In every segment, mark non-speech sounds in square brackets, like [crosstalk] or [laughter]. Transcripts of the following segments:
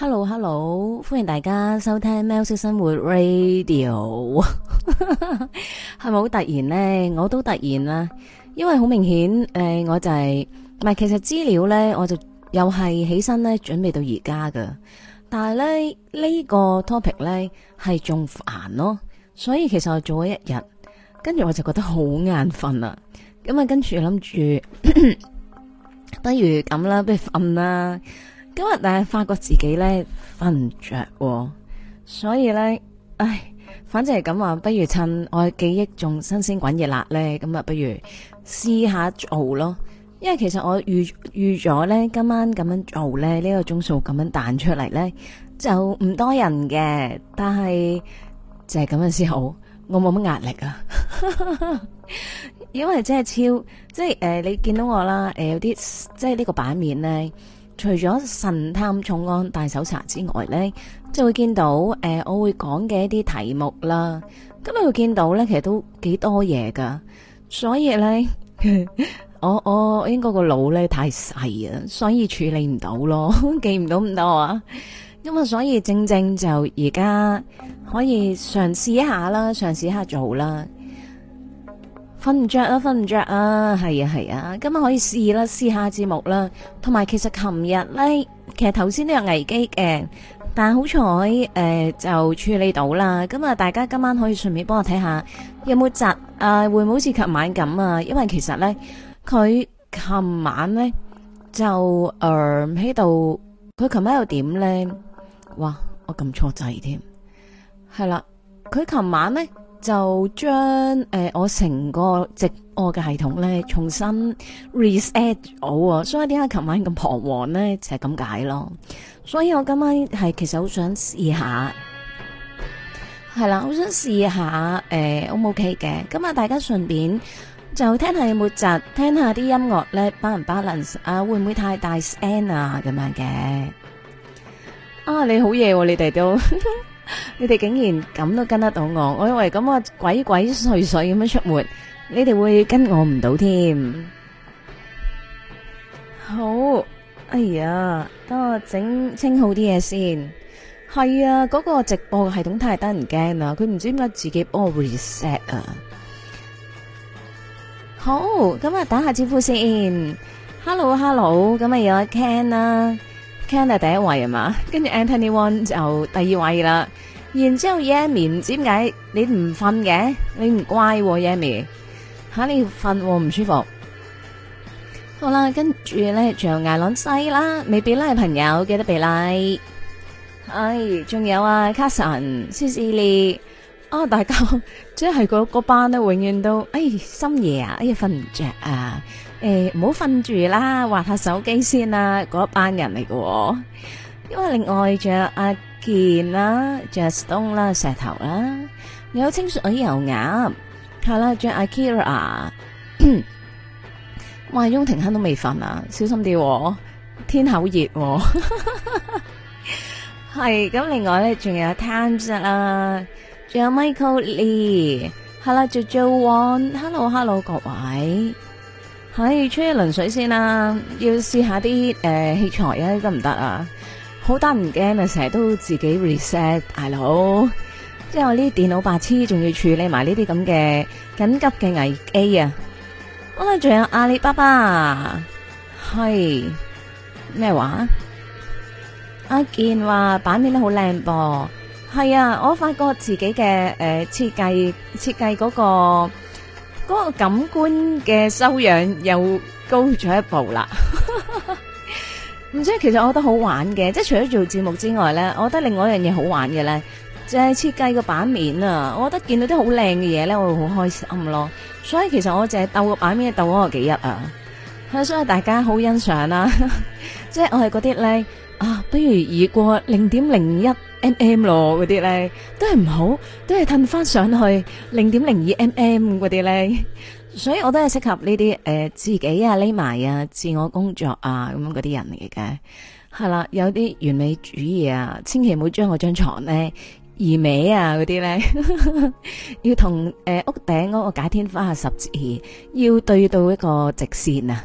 Hello，Hello，Hello，歡迎大家收聽《喵式生活 Radio》。係咪好突然呢？我都突然啦，因為好明顯，誒、呃，我就係，唔係，其實資料呢，我就又係起身呢準備到而家噶。但係咧，呢個 topic 呢，係仲煩咯，所以其實我做咗一日，跟住我就覺得好眼瞓啊。咁啊，跟住諗住，不如咁啦，不如瞓啦。因為但係發覺自己咧瞓唔着，所以咧，唉，反正係咁話，不如趁我記憶仲新鮮滾熱辣咧，咁啊，不如試下做咯。因為其實我預預咗咧，今晚咁樣做咧，這個、這呢個鐘數咁樣彈出嚟咧，就唔多人嘅。但係就係、是、咁樣先好，我冇乜壓力啊。 [laughs] 因為真係超，即係誒、呃，你見到我啦，誒，有啲即係呢個版面咧。除咗神探重案大搜查之外呢，就會見到誒、呃，我會講嘅一啲題目啦。今日會見到呢，其實都幾多嘢噶所以呢， [laughs] 我我應該個腦呢太細啊，所以處理唔到咯，記唔到咁多啊。咁啊，所以正正就而家可以嘗試一下啦，嘗試一下做啦。瞓唔著啊，瞓唔著啊，係啊，係啊，今日可以試啦，試下節目啦。同埋其實琴日咧，其實頭先都有危機嘅，但係好彩誒就處理到啦。咁啊，大家今晚可以順便幫我睇下有冇窒啊，會唔會好似琴晚咁啊？因為其實咧，佢琴晚咧就誒喺度，佢琴晚又點咧？哇，我撳錯掣添，係啦，佢琴晚咧。就將誒、呃、我成個直播嘅系統咧重新 reset 好啊，所以點解琴晚咁彷徨咧就係、是、咁解咯。所以我今晚係其實好想試下，係啦，好想試下誒 O 唔 O K 嘅。咁、呃、啊，大家順便就聽一下有冇集，聽一下啲音樂咧，balance balance 啊，會唔會太大 s a 聲啊咁樣嘅？啊，你好夜，啊，你哋都。 [laughs] 你哋竟然咁都跟得到我，我以為咁啊，鬼鬼祟祟咁樣出沒，你哋會跟我唔到添。好，哎呀，等我整清好啲嘢先。係啊，嗰個直播系統太得人驚啦，佢唔知點解自己幫我 reset 啊。好，咁啊，打下招呼先。Hello，hello，咁 Hello，啊有得聽啦。Ken 係第一位啊嘛，跟 [laughs] 住 Anthony One 就第二位啦， [laughs] 然之後 y a m i 唔知點解你唔瞓嘅，你唔乖 y a m i 吓，n 嚇，你瞓唔舒服。好啦，跟住咧仲有艾朗西啦，美碧啦，朋友記得備禮。唉、哎，仲有啊，Cassian、Susie [laughs] 卡神。 [laughs] 哦，大家即係嗰、嗰個班咧，永遠都哎深夜啊，哎呀瞓唔着啊，誒唔好瞓住啦，滑下手機先啦，嗰班人嚟嘅、哦。因為另外仲有阿健啦，仲有東啦，石頭啦，有清水油牙係啦，仲有 Akira， [coughs] 哇，雍庭亨都未瞓啊，小心啲、哦，天口熱、哦，係 [laughs] 咁，另外咧仲有 Times 啦。仲有 Michael Lee，係啦 [music] JoJo One，Hello Hello 各位，可、哎、吹一輪水先啦，要試下啲誒器材咧得唔得啊？好得唔驚啊？成日都自己 reset 大、哎、佬，即係我啲電腦白痴，仲要處理埋呢啲咁嘅緊急嘅危機啊！我哋仲有阿里巴巴，係、哎、咩話？阿、啊、健話版面都好靚噃。係啊，我發覺自己嘅誒設計設計嗰個、嗰個感官嘅修養又高咗一步啦。 [laughs] 唔知其實我覺得好玩嘅，即係除咗做節目之外咧，我覺得另外一樣嘢好玩嘅咧，就係設計個版面啊。我覺得見到啲好靚嘅嘢咧，我會好開心咯。所以其實我淨係鬥個版面鬥咗個幾日啊。所以大家好欣賞啦、啊。 [laughs] 即係我係嗰啲咧啊，不如以過零點零一。mm 咯，嗰啲咧都係唔好，都係褪翻上去零點零二 mm 嗰啲咧，所以我都係適合呢啲誒自己啊匿埋啊自我工作啊咁樣嗰啲人嚟嘅。係啦，有啲完美主義啊，千祈唔好將嗰張床咧移尾啊嗰啲咧，呢 [laughs] 要同誒、呃、屋頂嗰個假天花下十字，要對到一個直線啊。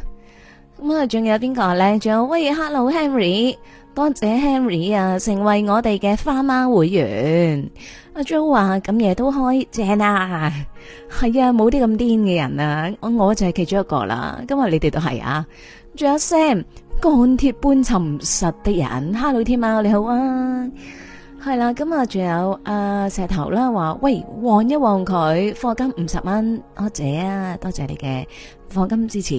咁啊，仲有邊個咧？仲有喂，Hello Henry。多謝 Henry 啊，成為我哋嘅花貓會員。阿 Jo 話咁夜都開正啊，係 [laughs] 啊，冇啲咁癲嘅人啊，我就係其中一個啦。今日你哋都係啊，仲有 Sam，鋼鐵般沉實的人。 [laughs] Hello，天喵，你好啊。係啦，咁啊，仲有啊，石頭啦，話喂，望一望佢，課金五十蚊，多謝啊，多謝你嘅課金支持。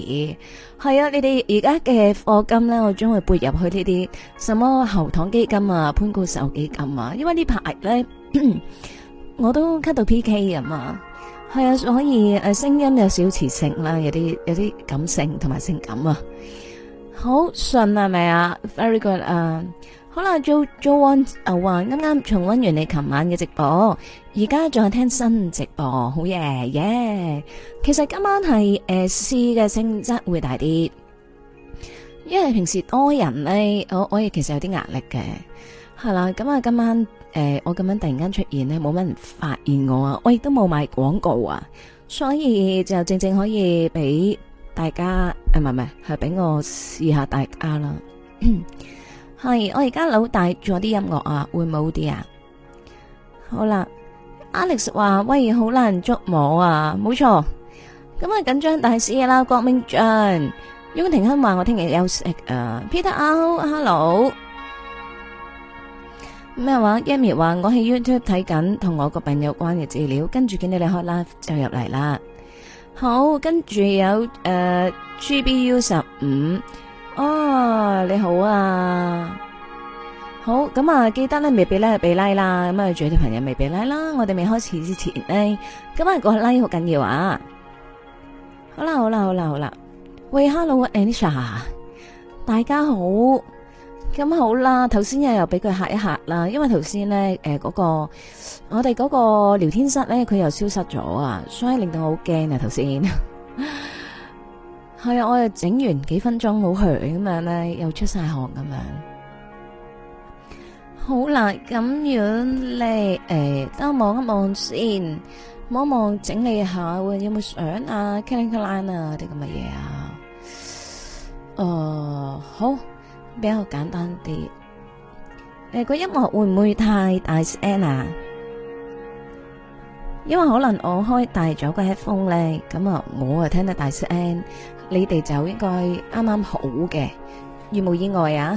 係啊，你哋而家嘅課金咧，我將會撥入去呢啲什麼喉糖基金啊、潘高壽基金啊，因為呢排咧 [coughs] 我都咳到 P K 啊嘛。係啊，所以誒聲音有少磁性啦，有啲有啲感性同埋性感啊。好順係咪啊？Very good 啊、uh！好啦，Jo Jo Ann 話啱啱重溫完你琴晚嘅直播，而家仲係聽新直播，好耶耶、yeah！其實今晚係誒試嘅性質會大啲，因為平時多人咧，我我亦其實有啲壓力嘅，係啦。咁啊，今晚誒、呃、我咁樣突然間出現咧，冇乜人發現我啊，我亦都冇買廣告啊，所以就正正可以俾大家誒，唔係唔係，係俾我試下大家啦。係，我而家老大做啲音樂啊，會冇啲啊？好啦，Alex 話：喂，好難捉摸啊，冇錯。咁啊緊張，但係試嘅啦。郭明俊，雍庭亨話：我聽日休息、啊。誒，Peter，Hello，咩話、啊、？Amy 話：我喺 YouTube 睇緊同我個病友有關嘅資料，跟住見到你開 live 就入嚟啦。好，跟住有誒 G B U 十五。呃 GBU15, 哦，你好啊，好咁啊，記得咧未俾拉就俾拉、like、啦，咁啊，仲有啲朋友未俾拉、like、啦，我哋未開始之前咧，今日嗰個拉好緊要啊，好啦好啦好啦好啦，喂，hello，Anisha，大家好，咁好啦，頭先又又俾佢吓一吓啦，因為頭先咧誒嗰個我哋嗰個聊天室咧佢又消失咗啊，所以令到我好驚啊頭先。剛才，係啊，我又整完幾分鐘好香咁樣咧，又出晒汗咁樣，好喇咁樣。你誒，等我望一望先，望一望整理下，會有冇相啊、clean clean 啊啲咁嘅嘢啊？誒，好，比較簡單啲。誒，個音樂會唔會太大聲啊？因為可能我開大咗個 headphone 咧，咁啊，我啊聽得大聲。你哋就應該啱啱好嘅，如無意外啊！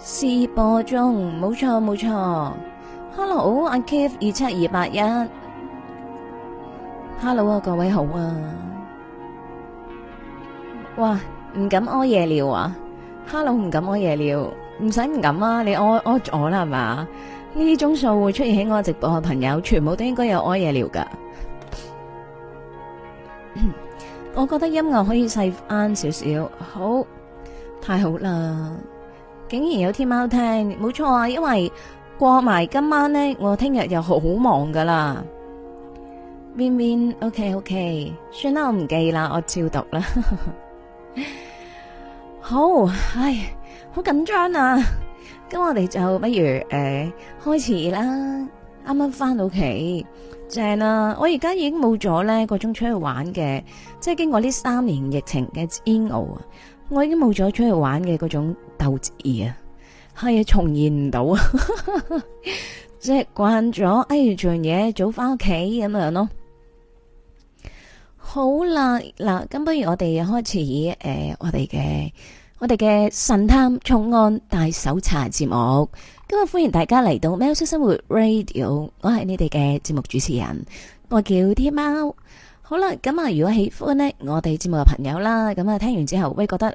試播中，冇錯冇錯。Hello，阿 K F 二七二八一。Hello, Hello 啊，各位好啊！哇，唔敢屙夜尿啊！Hello，唔敢屙夜尿，唔使唔敢啊！你屙屙咗啦係嘛？呢啲鐘數會出現喺我直播嘅朋友，全部都應該有屙夜尿噶。 [coughs] 我覺得音樂可以細翻少少，好，太好啦！竟然有天貓聽，冇錯啊，因為過埋今晚呢，我聽日又好忙噶啦。邊邊，OK OK，算啦，我唔記啦，我照讀啦。 [laughs] 好，唉，好緊張啊！咁我哋就不如誒、呃、開始啦，啱啱翻到屋企。正啦，啊，我而家已經冇咗咧嗰種出去玩嘅，即係經過呢三年疫情嘅煎熬啊，我已經冇咗出去玩嘅嗰種鬥志啊，係啊，重現唔到啊，即係慣咗哎呀，做完嘢早翻屋企咁樣咯。好啦，嗱，咁不如我哋又開始誒、呃，我哋嘅我哋嘅神探重案大搜查節目。今日歡迎大家嚟到喵式生活 Radio，我係你哋嘅節目主持人，我叫天喵。好啦，咁啊，如果喜歡呢，我哋節目嘅朋友啦，咁啊聽完之後會覺得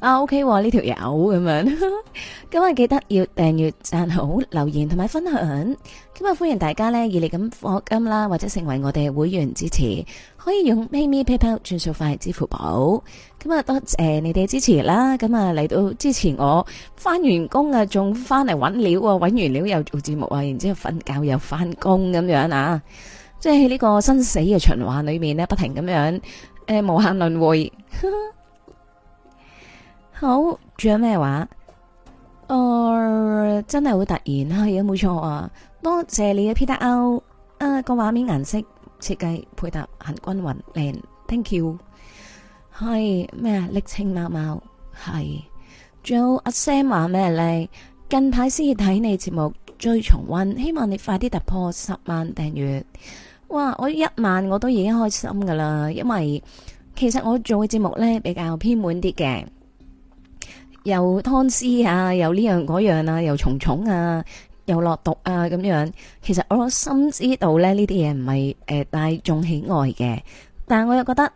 啊 OK 呢條友咁樣，咁 [laughs] 啊記得要訂閱讚好留言同埋分享。咁啊！歡迎大家呢，以烈咁放金啦，或者成為我哋會員支持，可以用 p a y m i PayPal、轉數快、支付寶。咁、嗯、啊，多謝你哋支持啦！咁、嗯、啊，嚟到之前我，翻完工啊，仲翻嚟揾料啊，揾完料又做節目啊，然之後瞓覺又翻工咁樣啊，即係呢個生死嘅循環裏面呢，不停咁樣誒、呃，無限輪回。好，仲有咩話？哦、呃，真係好突然，啊，係冇錯啊！多謝你嘅 P. T. O. 啊，個畫面顏色設計配搭很均匀靚，Thank you。係咩？瀝青貓貓係，仲有阿 Sam 話咩呢？近排先至睇你節目追重溫，希望你快啲突破十萬訂閱。哇！我一晚我都已經開心㗎喇，因為其實我做嘅節目呢比較偏門啲嘅，又湯師啊，又呢樣嗰樣啊，又重重啊。有落毒啊咁樣，其實我心知道咧呢啲嘢唔係誒大眾喜愛嘅，但係我又覺得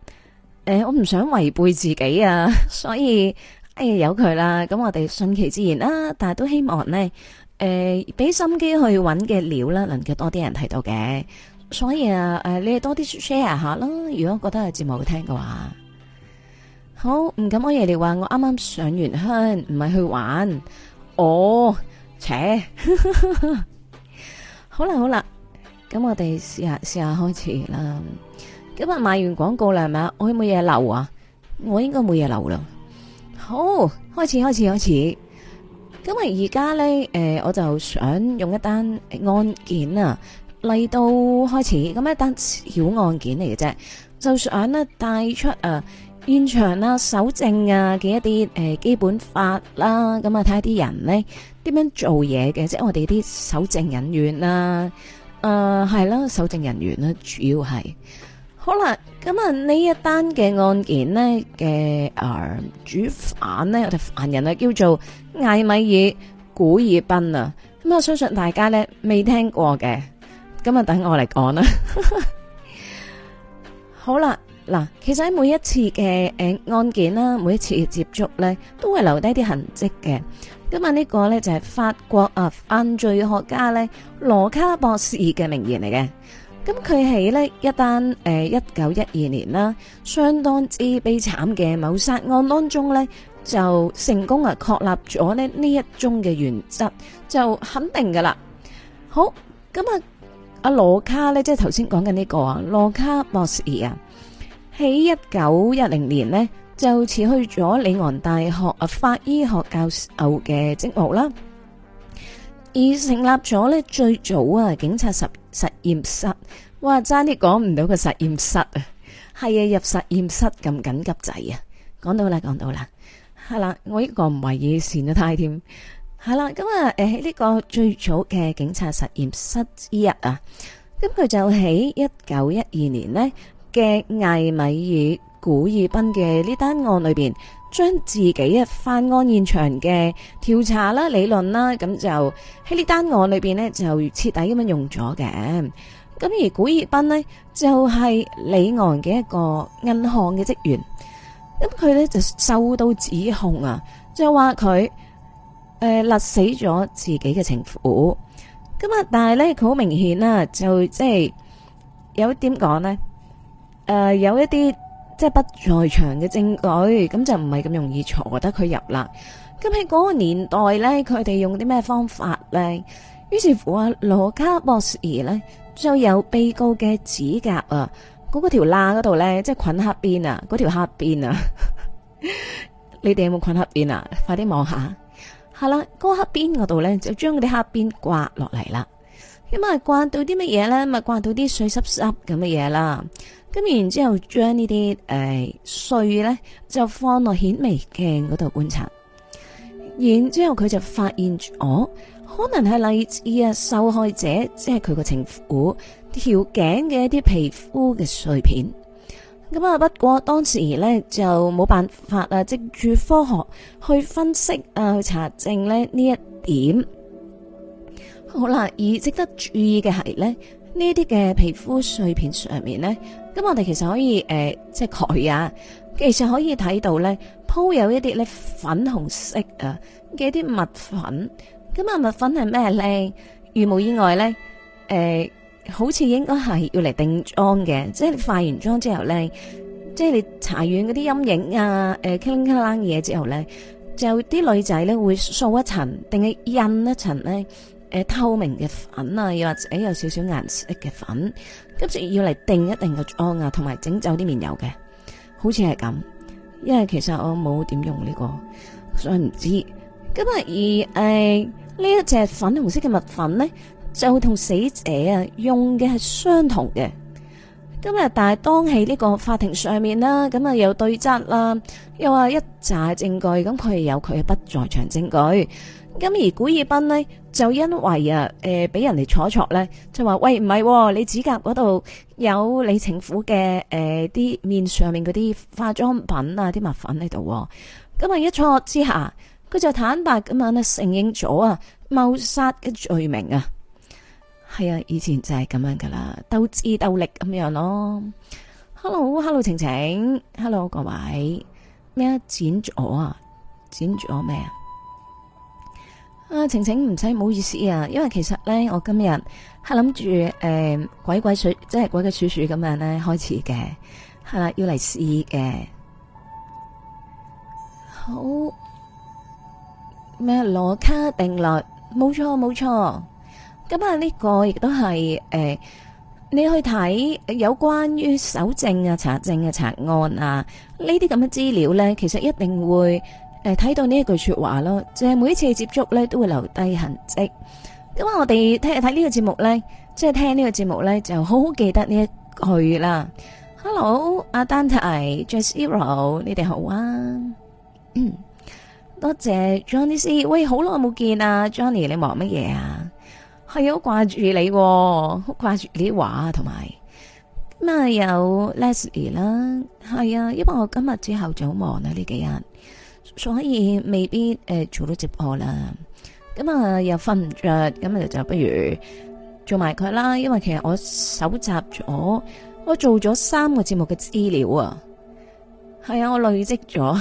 誒我唔想違背自己啊，所以誒由佢啦，咁我哋順其自然啦。但係都希望咧誒俾心機去揾嘅料啦，能夠多啲人睇到嘅。所以啊誒，你哋多啲 share 下啦。如果覺得係節目好聽嘅話，好唔敢安爺你話我啱啱上完香，唔係去玩哦。扯， [laughs] 好啦好啦，咁我哋試下試下開始啦。今日買完廣告啦，係咪啊？我有冇嘢漏啊？我應該冇嘢漏啦。好，開始開始開始。咁啊，而家咧誒，我就想用一單案件啊嚟到開始。咁一單小案件嚟嘅啫，就想咧帶出誒、啊、現場啦、啊、搜證啊嘅一啲誒、呃、基本法啦、啊。咁啊睇下啲人咧。點樣做嘢嘅，即係我哋啲搜證人員啦，誒係啦，搜證人員啦，主要係好啦。咁啊，呢一單嘅案件呢嘅，誒，主犯呢，我哋犯人啊，叫做艾米爾古爾賓啊。咁我相信大家呢未聽過嘅，咁啊，等我嚟講啦。好啦，嗱，其實喺每一次嘅誒案件啦，每一次嘅接觸呢，都會留低啲痕跡嘅。今日，呢個咧就係法國啊犯罪學家咧羅卡博士嘅名言嚟嘅。咁佢喺咧一單誒一九一二年啦，相當之悲慘嘅謀殺案當中咧，就成功啊確立咗咧呢一宗嘅原則，就肯定噶啦。好，咁啊阿羅卡咧，即係頭先講緊呢個啊羅卡博士啊，喺一九一零年咧。就辭去咗里昂大學啊法醫學教授嘅職務啦，而成立咗咧最早啊警察實實驗室，哇差啲講唔到個實驗室啊，係啊入實驗室咁緊急仔啊，講到啦講到啦，係啦，我呢個唔係以善嘅態添，係啦咁啊誒喺呢個最早嘅警察實驗室之一啊，咁佢就喺一九一二年呢嘅艾米爾。古爾賓嘅呢單案裏邊，將自己一翻案現場嘅調查啦、理論啦，咁就喺呢單案裏邊咧，就徹底咁樣用咗嘅。咁而古爾賓咧，就係里昂嘅一個銀行嘅職員。咁佢咧就受到指控啊，就話佢誒勒死咗自己嘅情婦。咁啊，但係咧佢好明顯啊，就即係有點講咧，誒有一啲。即係不在場嘅證據，咁就唔係咁容易坐得佢入啦。咁喺嗰個年代呢，佢哋用啲咩方法呢？於是乎啊，羅卡博士呢就有被告嘅指甲、那個、條那那條啊，嗰個條罅嗰度呢，即係菌黑邊啊，嗰條黑邊啊，你哋有冇菌黑邊啊？快啲望、那個、下來，係啦，嗰黑邊嗰度呢，就將嗰啲黑邊刮落嚟啦。咁啊，刮到啲乜嘢咧？咪啊，刮到、呃、啲碎濕濕咁嘅嘢啦。咁然之後將呢啲誒碎咧，就放落顯微鏡嗰度觀察。然之後佢就發現咗、哦、可能係嚟自，啊受害者，即係佢個情婦條頸嘅一啲皮膚嘅碎片。咁啊，不過當時咧就冇辦法啊，藉住科學去分析啊去查證咧呢一點。好啦，而值得注意嘅係咧，呢啲嘅皮膚碎片上面咧，咁我哋其實可以誒、呃，即係蓋啊。其實可以睇到咧，鋪有一啲咧粉紅色啊嘅一啲蜜粉。咁啊，蜜粉係咩咧？如無意外咧，誒、呃，好似應該係要嚟定妝嘅，即係你化完妝之後咧，即係你搽完嗰啲陰影啊，誒 clean clean 嘢之後咧，就啲女仔咧會掃一層，定係印一層咧。誒，透明嘅粉啊，又或者有少少顏色嘅粉，跟住要嚟定一定嘅妝啊，同埋整走啲面油嘅，好似係咁。因為其實我冇點用呢、這個，所以唔知道。咁啊，而誒呢、呃、一隻粉紅色嘅蜜粉呢，就同死者啊用嘅係相同嘅。今日但係當喺呢個法庭上面啦，咁啊有對質啦，又話一紮證據，咁佢有佢嘅不在場證據。咁而古爾斌呢，就因為、呃、坐坐就啊誒俾人哋錯錯咧，就話喂，唔係你指甲嗰度有你情婦嘅，誒啲面上面嗰啲化妝品啊啲蜜粉喺度咁啊、嗯、一錯之下佢就坦白咁樣咧，承認咗啊謀殺嘅罪名啊，係啊以前就係咁樣噶啦鬥智鬥力咁樣咯 hello hello 晴晴 hello 各位咩，剪咗啊？剪咗咩啊？啊晴晴唔使唔好意思啊，因為其實咧我今日係諗住誒鬼鬼祟即係鬼鬼祟祟咁樣咧開始嘅係啦，要嚟試嘅。好咩？羅卡定律冇錯冇錯，咁啊呢個亦都係誒你去睇有關於搜證啊查證嘅、啊、查案啊呢啲咁嘅資料咧，其實一定會。誒，睇到呢一句說話咯，就係每一次接觸咧都會留低痕跡。因為，我哋聽日睇呢個節目咧，即係聽呢個節目咧就好好記得呢一句啦。Hello，阿丹，I j a s e r o 你哋好啊？ [coughs] 多謝 Johnny C，喂，好耐冇見啊，Johnny，你忙乜嘢啊？係啊，好掛住你，好掛住你啲話同埋咁啊，有 Leslie 啦，係啊，因為我今日之後就好忙啦、啊，呢幾日。所以未必誒、呃、做到直播啦。咁、嗯、啊又瞓唔着，咁啊就不如做埋佢啦。因為其實我搜集咗，我做咗三個節目嘅資料啊。係啊，我累積咗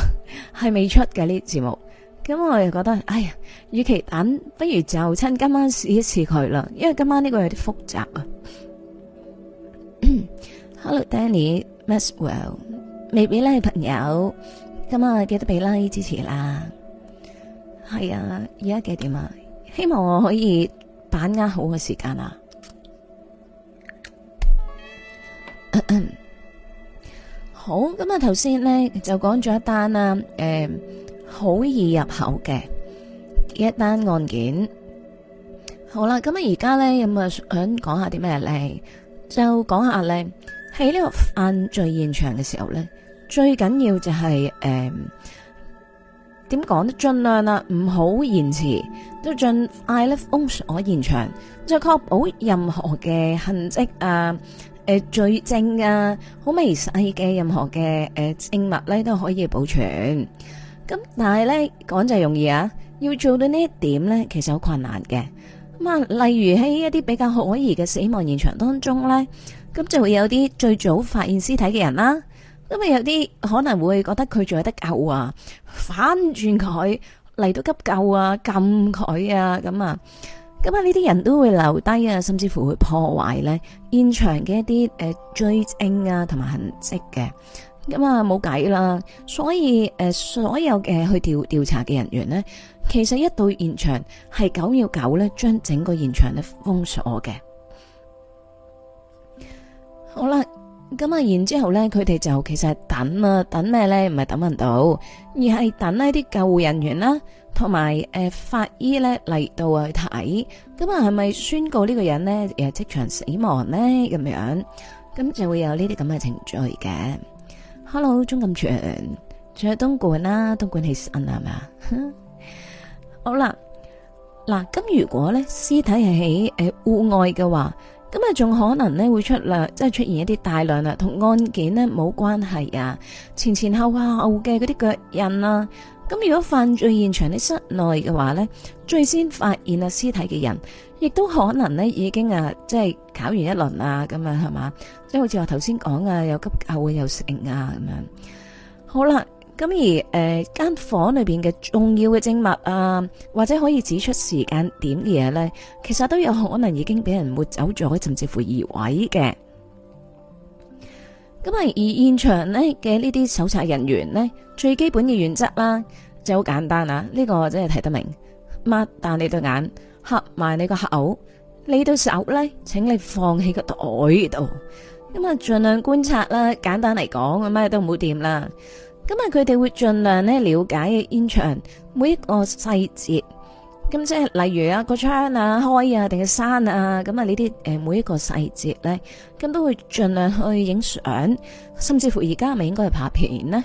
係未出嘅呢啲節目。咁、嗯、我又覺得，哎呀，與其等，不如就趁今晚試一次佢啦。因為今晚呢個有啲複雜啊。 [coughs] Hello，Danny，Miss Well，maybe 未必咧，朋友。咁啊，記得俾拉、like、支持啦！係啊，而家幾點啊？希望我可以把握好嘅時間啊咳咳！好，咁啊，頭先呢就講咗一單啦，誒，好易入口嘅一單案件。好啦，咁啊，而家呢，咁啊，想講下啲咩咧？就講下咧，喺呢個犯罪現場嘅時候咧。最緊要就係、是、誒，點講得盡量啦、啊，唔好延遲，都盡快咧封鎖現場，就確保任何嘅痕跡啊、誒、呃、罪證啊，好微細嘅任何嘅誒證物咧，都可以保存。咁但係咧講就容易啊，要做到呢一點咧，其實好困難嘅。咁啊，例如喺一啲比較可疑嘅死亡現場當中咧，咁就會有啲最早發現屍體嘅人啦。咁、嗯、啊，有啲可能會覺得佢仲有得救啊，反轉佢嚟到急救啊，撳佢啊，咁啊，咁啊，呢啲人都會留低啊，甚至乎會破壞咧現場嘅一啲誒罪證啊同埋痕迹嘅，咁啊冇計啦，所以誒、呃、所有嘅去調調查嘅人員呢，其實一到現場係九秒九咧，將整個現場咧封鎖嘅，好啦。咁啊，然之後咧，佢哋就其實係等啊，等咩咧？唔係等唔到，而係等呢啲救護人員啦，同埋誒法醫咧嚟到去睇，咁啊係咪宣告呢個人咧係即場死亡咧咁樣？咁就會有呢啲咁嘅程序嘅。Hello，鍾錦祥，仲喺東莞啦，東莞起身係咪啊？ [laughs] 好啦，嗱，咁如果咧屍體係喺誒戶外嘅話。咁啊，仲可能咧會出量，即係出現一啲大量啦，同案件呢冇關係啊，前前後後嘅嗰啲腳印啊，咁如果犯罪現場喺室內嘅話咧，最先發現啊屍體嘅人，亦都可能咧已經啊，即係搞完一輪啊，咁啊係嘛，即係好似我頭先講啊，有急救會有成啊咁樣，好啦。咁而誒、呃、間房裏邊嘅重要嘅證物啊，或者可以指出時間點嘅嘢呢，其實都有可能已經俾人抹走咗，甚至乎移位嘅。咁啊，而現場呢嘅呢啲搜查人員呢，最基本嘅原則啦，就好簡單啊。呢、這個我真係睇得明，擘大你對眼，合埋你個口，你對手呢，請你放喺個袋度。咁、嗯、啊，盡量觀察啦。簡單嚟講，咩都唔好掂啦。今日佢哋會盡量咧了解嘅現場每一個細節，咁即係例如一個窗啊，啊開啊，定係閂啊，咁啊呢啲誒每一個細節咧，咁都會盡量去影相，甚至乎而家咪應該係拍片呢。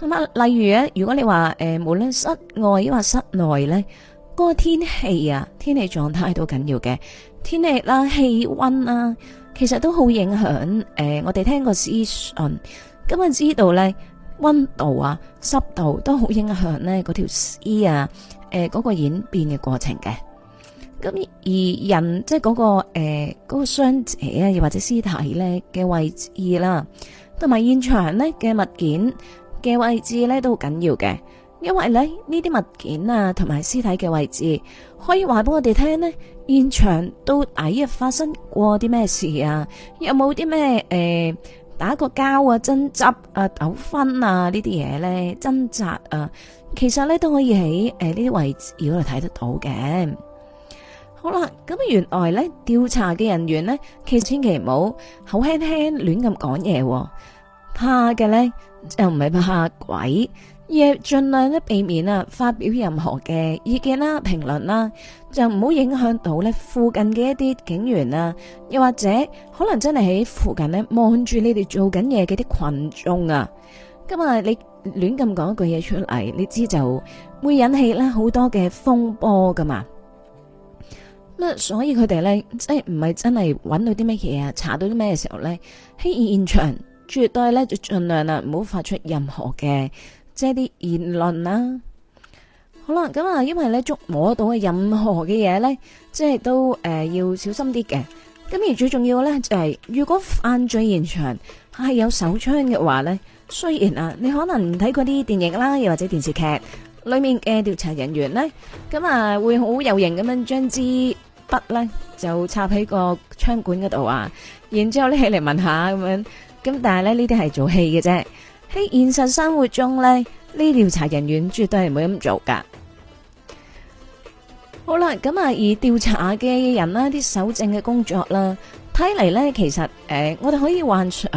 咁啊、嗯，例如咧、啊，如果你話誒，無論室外抑或室內咧，嗰、那個天氣啊，天氣狀態都緊要嘅天氣啦、啊，氣溫啊其實都好影響誒、呃。我哋聽過資訊，今日知道咧。温度啊、濕度都好影響咧嗰條屍啊、誒、呃、嗰、嗰個演變嘅過程嘅。咁而人即係嗰、嗰個誒嗰、呃嗰個傷者啊，又或者屍體咧嘅位置啦、啊，同埋現場呢嘅物件嘅位置咧都好緊要嘅。因為咧呢啲物件啊同埋屍體嘅位置，可以話俾我哋聽呢現場到底發生過啲咩事啊？有冇啲咩誒？呃打個交啊，爭執啊，糾紛啊，這些東西呢啲嘢咧，掙扎啊，其實咧都可以喺誒呢啲位置度睇得到嘅。好啦，咁原來咧調查嘅人員咧，其實千祈唔好口輕輕亂咁講嘢，怕嘅咧就唔係怕鬼。亦盡量咧避免啊，發表任何嘅意見啦、評論啦，就唔好影響到咧附近嘅一啲警員啊，又或者可能真係喺附近咧望住你哋做緊嘢嘅啲群眾啊。咁啊，你亂咁講一句嘢出嚟，你知就會引起咧好多嘅風波噶嘛。咁所以佢哋咧即係唔係真係揾到啲乜嘢啊，查到啲咩嘅時候咧，喺現場絕對咧就盡量啊，唔好發出任何嘅。即係啲言論啦，好啦，咁啊，因為咧捉摸到嘅任何嘅嘢咧，即係都誒、呃、要小心啲嘅。咁而最重要嘅咧就係、是，如果犯罪現場係有手槍嘅話咧，雖然啊，你可能睇過啲電影啦，又或者電視劇裏面嘅調查人員咧，咁啊會好有型咁樣將支筆咧就插喺個槍管嗰度啊，然之後咧嚟問下咁樣，咁但係咧呢啲係做戲嘅啫。喺現實生活中呢，呢調查人員絕對係唔會咁做噶好啦，咁啊，以調查嘅人啦，啲搜證嘅工作啦，睇嚟，呢，其實誒，我哋可以幻想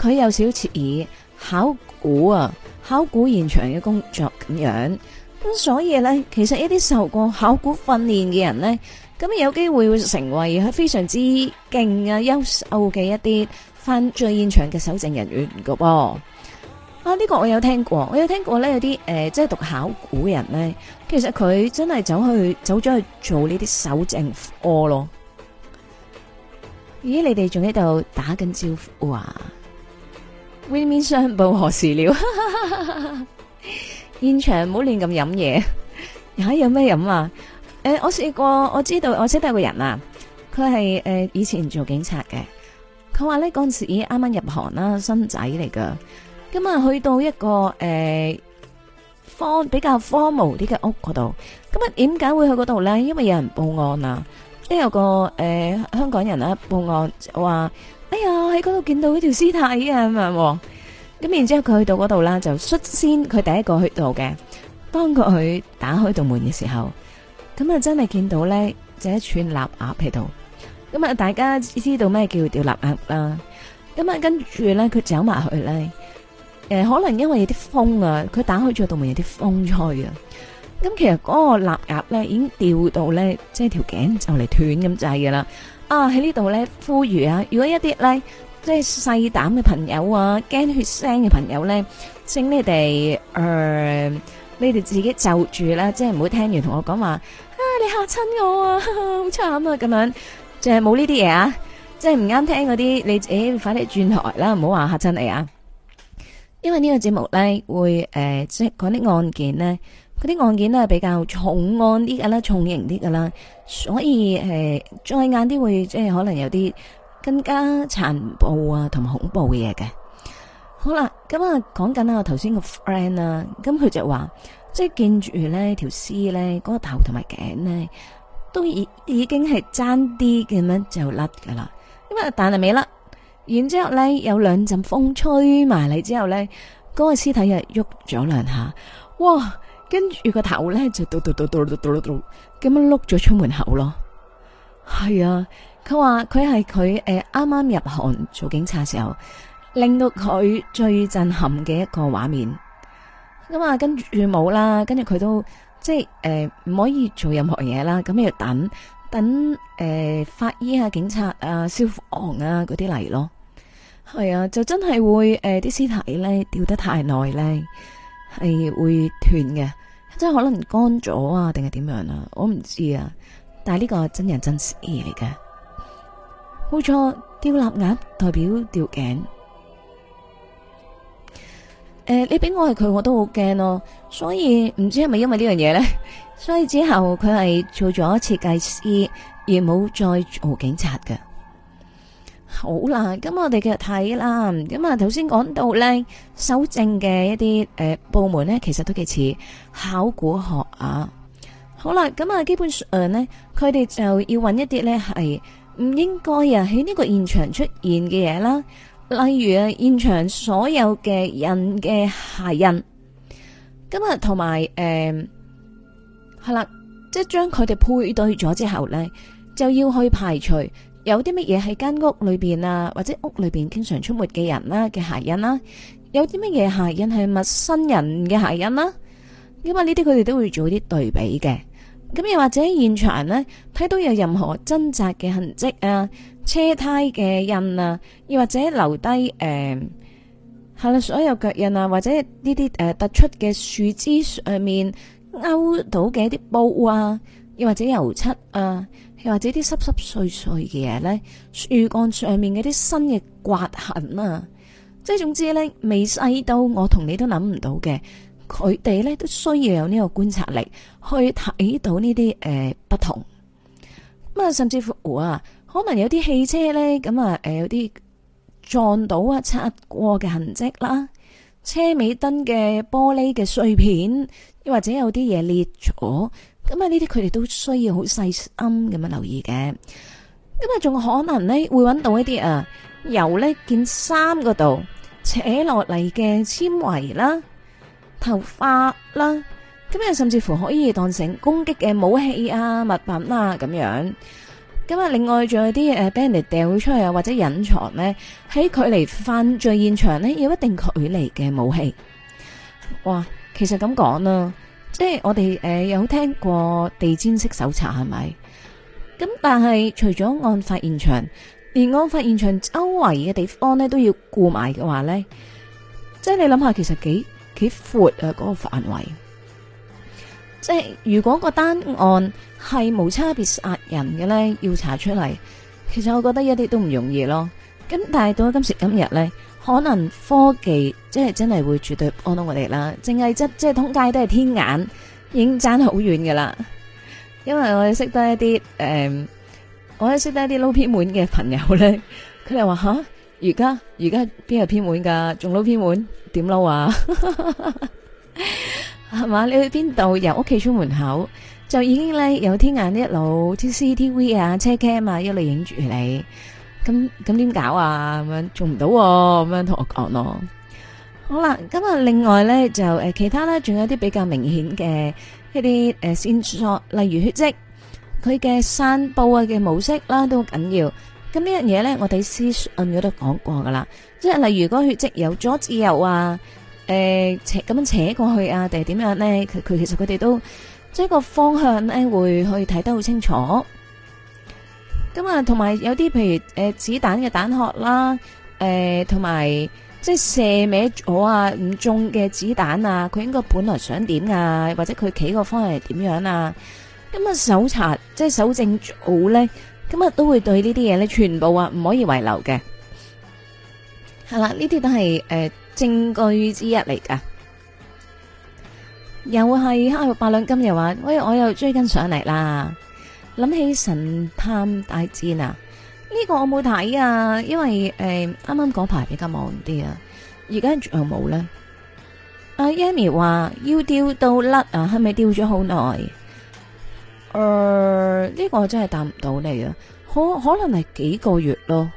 佢有少少似考古啊，考古現場嘅工作咁樣。咁所以呢，其實一啲受過考古訓練嘅人呢，咁有機會會成為非常之勁啊優秀嘅一啲犯罪現場嘅搜證人員噶噃。啊！呢個我有聽過，我有聽過咧，有啲誒，即係讀考古人咧，其實佢真係走去走咗去做呢啲手證科咯。咦？你哋仲喺度打緊招呼啊？冤冤相報何時了？ [laughs] 現場唔好亂咁飲嘢。有咩飲啊？誒、呃，我試過，我知道，我識得一個人啊，佢係誒以前做警察嘅。佢話咧嗰陣時啱啱入行啦、啊，新仔嚟噶。咁啊，去到一個誒、欸、方比較荒蕪啲嘅屋嗰度。咁啊，點解會去嗰度咧？因為有人報案啊，即有個誒、欸、香港人咧、啊、報案話：哎呀，喺嗰度見到一條屍體啊咁樣。咁然之後佢去到嗰度啦，就率先佢第一個去到嘅。當佢去打開道門嘅時候，咁啊真係見到咧，就是、一串臘鴨喺度。咁啊，大家知道咩叫吊臘鴨啦？咁啊，跟住咧，佢走埋去咧。誒，可能因為有啲風啊，佢打開咗道門有啲風吹啊，咁其實嗰個臘鴨咧已經掉到咧，即係條頸就嚟斷咁滯噶啦。啊，喺呢度咧呼籲啊，如果一啲咧即係細膽嘅朋友啊，驚血腥嘅朋友咧，請你哋誒、呃，你哋自己就住啦，即係唔好聽完同我講話啊，你吓親我啊，好慘啊咁樣，淨係冇呢啲嘢啊，即係唔啱聽嗰啲，你誒快啲轉台啦，唔好話吓親你啊。因為呢個節目咧會誒即係講啲案件咧，嗰啲案件咧比較重案啲噶啦，重刑啲噶啦，所以誒、呃、再晏啲會即係可能有啲更加殘暴啊同埋恐怖嘅嘢嘅。好啦，咁、嗯、啊講緊我、嗯、頭先個 friend 啊，咁佢就話即係見住咧條屍咧，嗰個頭同埋頸咧都已已經係爭啲咁樣就甩噶啦，咁但係未甩。然之後咧，有兩陣風吹埋嚟之後咧，嗰個屍體又喐咗兩下，哇！跟住個頭咧就嘟嘟嘟嘟嘟嘟嘟咁樣碌咗出門口咯。係啊、嗯，佢話佢係佢誒啱啱入行做警察時候，令到佢最震撼嘅一個畫面。咁啊，跟住冇啦，跟住佢都即係誒唔可以做任何嘢啦。咁你就等等誒法醫啊、警察啊、消防啊嗰啲嚟咯。係啊，就真係會誒，啲、呃、屍體咧吊得太耐咧，係會斷嘅，即係可能乾咗啊，定係點樣啊？我唔知啊，但係呢個係真人真事嚟嘅，冇錯，吊臘鴨代表吊頸。誒、呃，你俾我係佢，我都好驚咯。所以唔知係咪因為呢樣嘢咧，所以之後佢係做咗設計師，而冇再做警察嘅。好啦，咁我哋繼續睇啦，咁啊頭先講到咧，搜證嘅一啲誒、呃、部門咧，其實都幾似考古學啊。好啦，咁啊基本上咧，佢哋就要揾一啲咧，係唔應該啊喺呢個現場出現嘅嘢啦，例如啊現場所有嘅人嘅鞋印，咁啊同埋誒係啦，即係將佢哋配對咗之後咧，就要去排除。有啲乜嘢喺間屋裏邊啊，或者屋裏邊經常出沒嘅人啦、啊、嘅鞋印啦、啊，有啲乜嘢鞋印係陌生人嘅鞋印啦、啊，因為呢啲佢哋都會做啲對比嘅。咁又或者現場呢，睇到有任何掙扎嘅痕跡啊、車胎嘅印啊，又或者留低誒，係、嗯、啦所有腳印啊，或者呢啲誒突出嘅樹枝上面勾到嘅一啲布啊，又或者油漆啊。又或者啲濕濕碎碎嘅嘢咧，樹幹上面嗰啲新嘅刮痕啊，即係總之咧未細到我同你都諗唔到嘅，佢哋咧都需要有呢個觀察力去睇到呢啲誒不同。咁啊，甚至乎啊，可能有啲汽車咧咁啊，誒、呃、有啲撞到啊，擦過嘅痕跡啦，車尾燈嘅玻璃嘅碎片，又或者有啲嘢裂咗。咁啊！呢啲佢哋都需要好細心咁樣留意嘅。咁啊，仲可能呢會搵到一啲啊，由呢件衫嗰度扯落嚟嘅纖維啦、頭髮啦。咁啊，甚至乎可以當成攻擊嘅武器啊、物品啊咁樣。咁啊，另外仲有啲誒，俾人哋掉出去啊，或者隱藏呢，喺距離犯罪現場呢，有一定距離嘅武器。哇！其實咁講啦。即係我哋誒有聽過地毯式搜查係咪？咁但係除咗案發現場，連案發現場周圍嘅地方呢都要顧埋嘅話呢，即係你諗下，其實幾幾闊啊嗰個範圍。即係如果個單案係無差別殺人嘅呢，要查出嚟，其實我覺得一啲都唔容易咯。咁但係到今時今日呢。可能科技即係真係會絕對幫到我哋啦，淨係即即係通街都係天眼已經差好遠噶啦，因為我哋識得一啲誒、嗯，我哋識得一啲撈偏門嘅朋友咧，佢哋話吓，而家而家邊有偏門噶，仲撈偏門點撈啊？係 [laughs] 嘛，你去邊度由屋企出門口就已經咧有天眼呢一路 CCTV 啊車 cam 啊，一路影住你。咁咁點搞啊？咁樣做唔到，咁樣同我講咯。好啦，咁啊，另外咧就誒，其他咧仲有啲比較明顯嘅一啲誒線索，例如血迹，佢嘅散布啊嘅模式啦都好緊要。咁呢樣嘢咧，我哋先啱啱都講過噶啦，即係例如嗰個血迹有咗自由啊，誒扯咁樣扯過去啊，定係點樣咧？佢佢其實佢哋都即係個方向咧會可以睇得好清楚。咁啊，同埋有啲譬如誒、呃、子彈嘅彈殼啦，誒同埋即係射歪咗啊唔中嘅子彈啊，佢應該本來想點啊，或者佢企個方位係點樣啊？咁、嗯、啊，搜查即係搜證組咧，咁、嗯、啊都會對呢啲嘢咧全部啊唔可以遺留嘅，係啦，呢啲都係誒、呃、證據之一嚟噶。又係黑白兩金又話，喂，我又追緊上嚟啦。諗起神探大戰啊，呢、這個我冇睇啊，因為誒，啱啱嗰排比較忙啲啊，而家仲有冇咧。阿 Yamy 話要掉到甩啊，係咪掉咗好耐？誒，呢、呃這個我真係答唔到你啊，可可能係幾個月咯，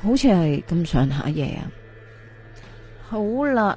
好似係咁上下嘢啊。好啦。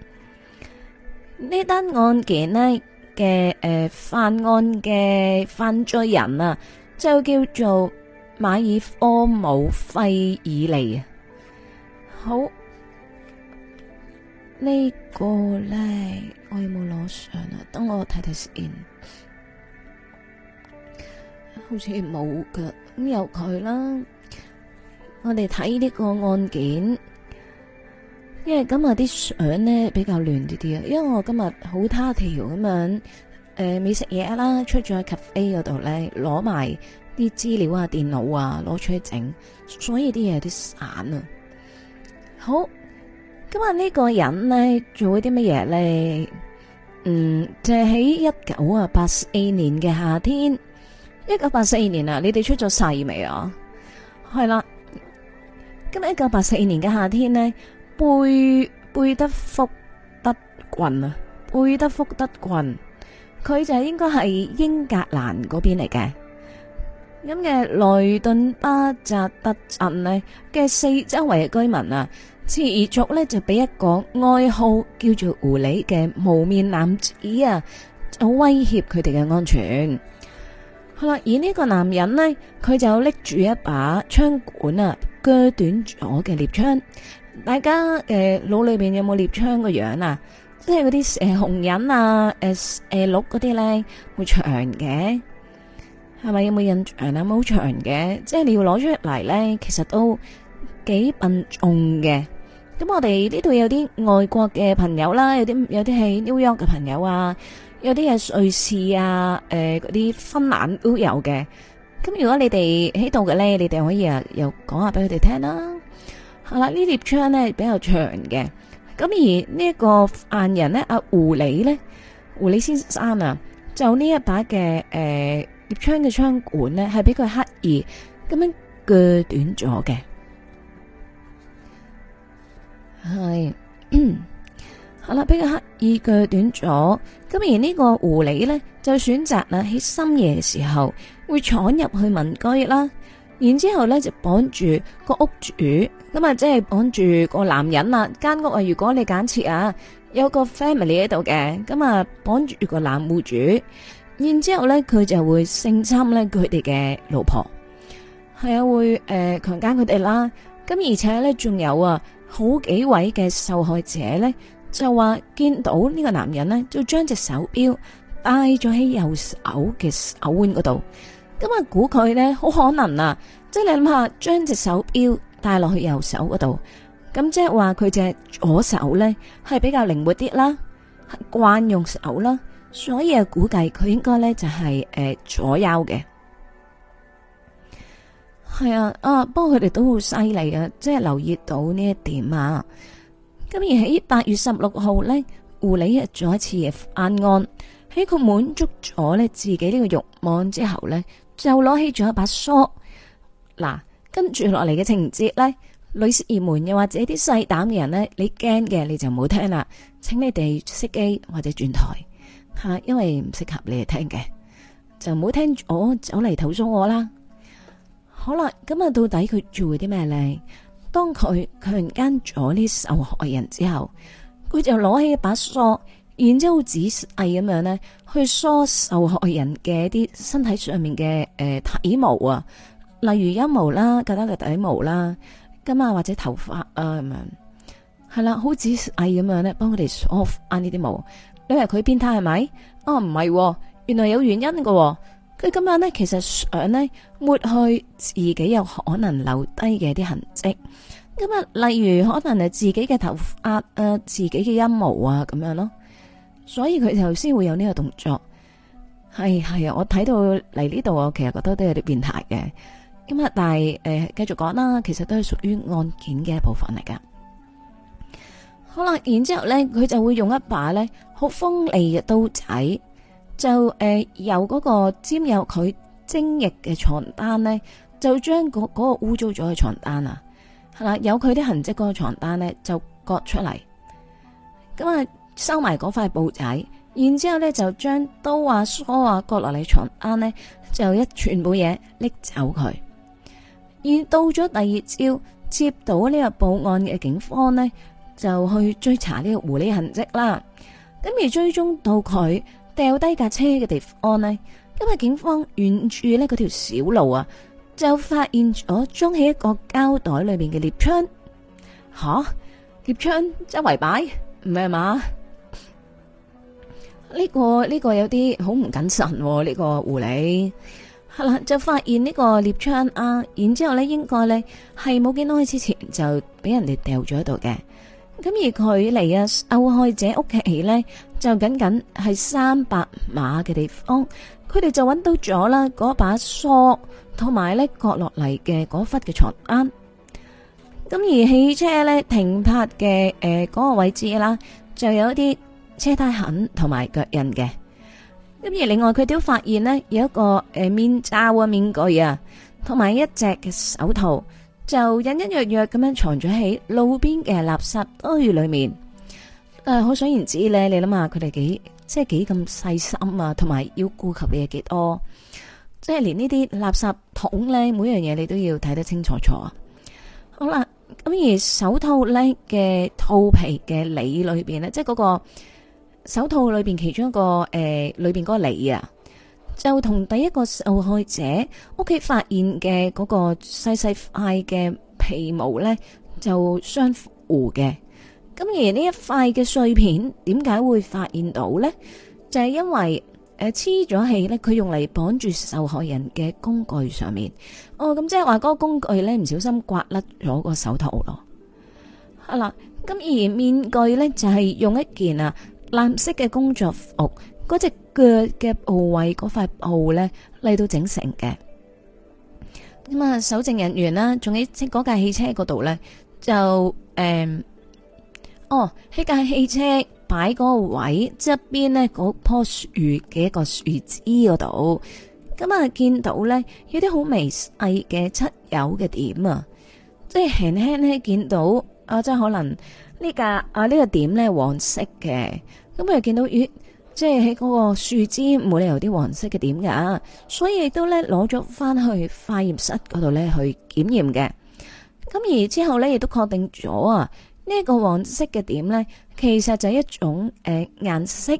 呢單案件咧嘅誒，犯案嘅犯罪人啊，就叫做馬爾科姆費爾利啊。好，呢個咧，我有冇攞相啊？等我睇睇先，好似冇㗎，咁由佢啦。我哋睇呢個案件。因為今日啲相咧比較亂啲啲啊，因為我今日好他條咁樣，誒，未食嘢啦，出咗喺 cafe 嗰度咧，攞埋啲資料啊、電腦啊攞出去整，所以啲嘢都散啊。好，今日呢個人咧做咗啲乜嘢咧？嗯，就係喺一九啊八四年嘅夏天，一九八四年啊，你哋出咗世未啊？係啦，今日一九八四年嘅夏天咧。貝貝德福德郡啊，貝德福德郡，佢就係應該係英格蘭嗰邊嚟嘅。咁嘅萊頓巴扎德鎮呢嘅四周圍嘅居民啊，持續呢，就俾一個愛好叫做狐狸嘅無面男子啊，好威脅佢哋嘅安全。好啦，而呢個男人呢，佢就拎住一把槍管啊，鋸短咗我嘅獵槍。大家誒腦、呃、裏邊有冇獵槍個樣子啊？即係嗰啲蛇熊人啊，誒、啊、誒、啊、鹿嗰啲咧，好長嘅，係咪有冇印象啊？冇長嘅，即係你要攞出嚟咧，其實都幾笨重嘅。咁我哋呢度有啲外國嘅朋友啦，有啲有啲係紐約嘅朋友啊，有啲係瑞士啊，誒嗰啲芬蘭都有嘅。咁如果你哋喺度嘅咧，你哋可以、啊、又講下俾佢哋聽啦。係啦，這窗呢獵槍咧比較長嘅，咁而呢一個犯人咧，阿、啊、狐狸咧，狐狸先生啊，就呢一把嘅誒獵槍嘅槍管咧係俾佢刻意咁樣鋸短咗嘅，係， [coughs] 好啦，俾佢刻意鋸短咗。咁而呢個狐狸咧就選擇啦喺深夜嘅時候會闖入去民居啦，然之後咧就綁住個屋主。咁、嗯、啊，即係綁住個男人啦。間屋啊，如果你假設啊，有個 family 喺度嘅，咁啊綁住個男戶主，然之後咧佢就會性侵咧佢哋嘅老婆，係、嗯、啊會誒強姦佢哋啦。咁、嗯、而且咧仲有啊，好幾位嘅受害者咧就話見到呢個男人咧就將隻手錶戴咗喺右手嘅手腕嗰度，咁、嗯、啊估佢咧好可能啊，即係你諗下將隻手錶。帶落去右手嗰度，咁即係話佢隻左手咧係比較靈活啲啦，慣用手啦，所以啊估計佢應該咧就係誒左右嘅。係啊啊，不過佢哋都好犀利啊，即係留意到呢一點啊。咁而喺八月十六號咧，狐狸又做一次犯案，喺佢滿足咗咧自己呢個慾望之後咧，就攞起咗一把梳嗱。跟住落嚟嘅情節呢，女士們又或者啲細膽嘅人呢，你驚嘅你就唔好聽啦，請你哋熄機或者轉台吓、啊，因為唔適合你哋聽嘅，就唔好聽我走嚟投訴我啦。好啦，咁、嗯、啊，到底佢做啲咩呢？當佢強姦咗呢受害人之後，佢就攞起一把梳，然之後仔細咁樣呢，去梳受害人嘅一啲身體上面嘅誒體毛啊。例如陰毛啦，或者個底毛啦，咁啊或者頭髮啊咁樣，係啦，好仔細咁樣咧，幫佢哋 off 啱呢啲毛。你話佢變態係咪？哦，唔係喎，原來有原因噶喎。佢咁樣咧其實想咧抹去自己有可能留低嘅啲痕跡。咁啊，例如可能係自己嘅頭髮啊，自己嘅陰毛啊咁樣咯。所以佢頭先會有呢個動作。係係啊，我睇到嚟呢度，我其實覺得都有啲變態嘅。今日但係誒，繼、呃、續講啦。其實都係屬於案件嘅一部分嚟噶。好啦，然之後咧，佢就會用一把咧好鋒利嘅刀仔，就誒由嗰個沾有佢精液嘅床單咧，就將嗰嗰個污糟咗嘅床單啊，係啦，有佢啲痕跡嗰個床單咧，就割出嚟。咁啊，收埋嗰塊布仔，然之後咧就將刀啊、梳啊割落嚟床單咧，就一全部嘢拎走佢。而到咗第二朝，接到呢個報案嘅警方呢，就去追查呢個狐狸痕跡啦。咁而追蹤到佢掉低架車嘅地方呢，因為警方沿住呢嗰條小路啊，就發現咗裝喺一個膠袋裏面嘅獵槍。吓、啊，獵槍周圍擺唔係嘛？呢、這個呢、這個有啲好唔謹慎喎、啊，呢、這個狐狸。啦，就發現呢個獵槍啊，然之後咧，應該咧係冇幾耐之前就俾人哋掉咗喺度嘅。咁而距離啊，受害者屋企咧就僅僅係三百碼嘅地方，佢哋就揾到咗啦嗰把梳，同埋咧割落嚟嘅嗰忽嘅床單。咁而汽車咧停泊嘅誒嗰個位置啦，就有一啲車胎痕同埋腳印嘅。咁而另外佢都發現呢，有一個誒，面罩啊，面具啊，同埋一隻嘅手套，就隱隱約約咁樣藏咗喺路邊嘅垃圾堆裏面。誒、呃，可想然知咧，你諗下佢哋幾即係幾咁細心啊，同埋要顧及嘢幾多，即係連呢啲垃圾桶咧，每樣嘢你都要睇得清楚楚。啊。好啦，咁而手套咧嘅套皮嘅裏裏邊咧，即係嗰、嗰個。手套裏邊其中一個誒、呃，裏邊嗰個泥啊，就同第一個受害者屋企發現嘅嗰個細細塊嘅皮毛呢，就相符嘅。咁而呢一塊嘅碎片點解會發現到呢？就係因爲誒黐咗氣呢，佢用嚟綁住受害人嘅工具上面。哦，咁即係話嗰個工具呢，唔小心刮甩咗個手套咯。係、嗯、啦，咁而面具呢，就係用一件啊。藍色嘅工作服，嗰隻腳嘅部位嗰塊布，咧嚟到整成嘅。咁、嗯、啊，搜證人員啦，仲喺嗰架汽車嗰度咧，就誒、嗯、哦，喺架汽車擺嗰個位側邊呢，嗰棵樹嘅一個樹枝嗰度，咁、嗯、啊見到咧有啲好微細嘅漆油嘅點、嗯、輕輕啊，即係輕輕咧見到啊，即係可能呢架啊呢個點咧黃色嘅。咁啊，見到咦，即係喺嗰個樹枝，冇理由啲黃色嘅點㗎，所以亦都咧攞咗翻去化驗室嗰度咧去檢驗嘅。咁而之後咧，亦都確定咗啊，呢、這、一個黃色嘅點咧，其實就一種誒顏、呃、色，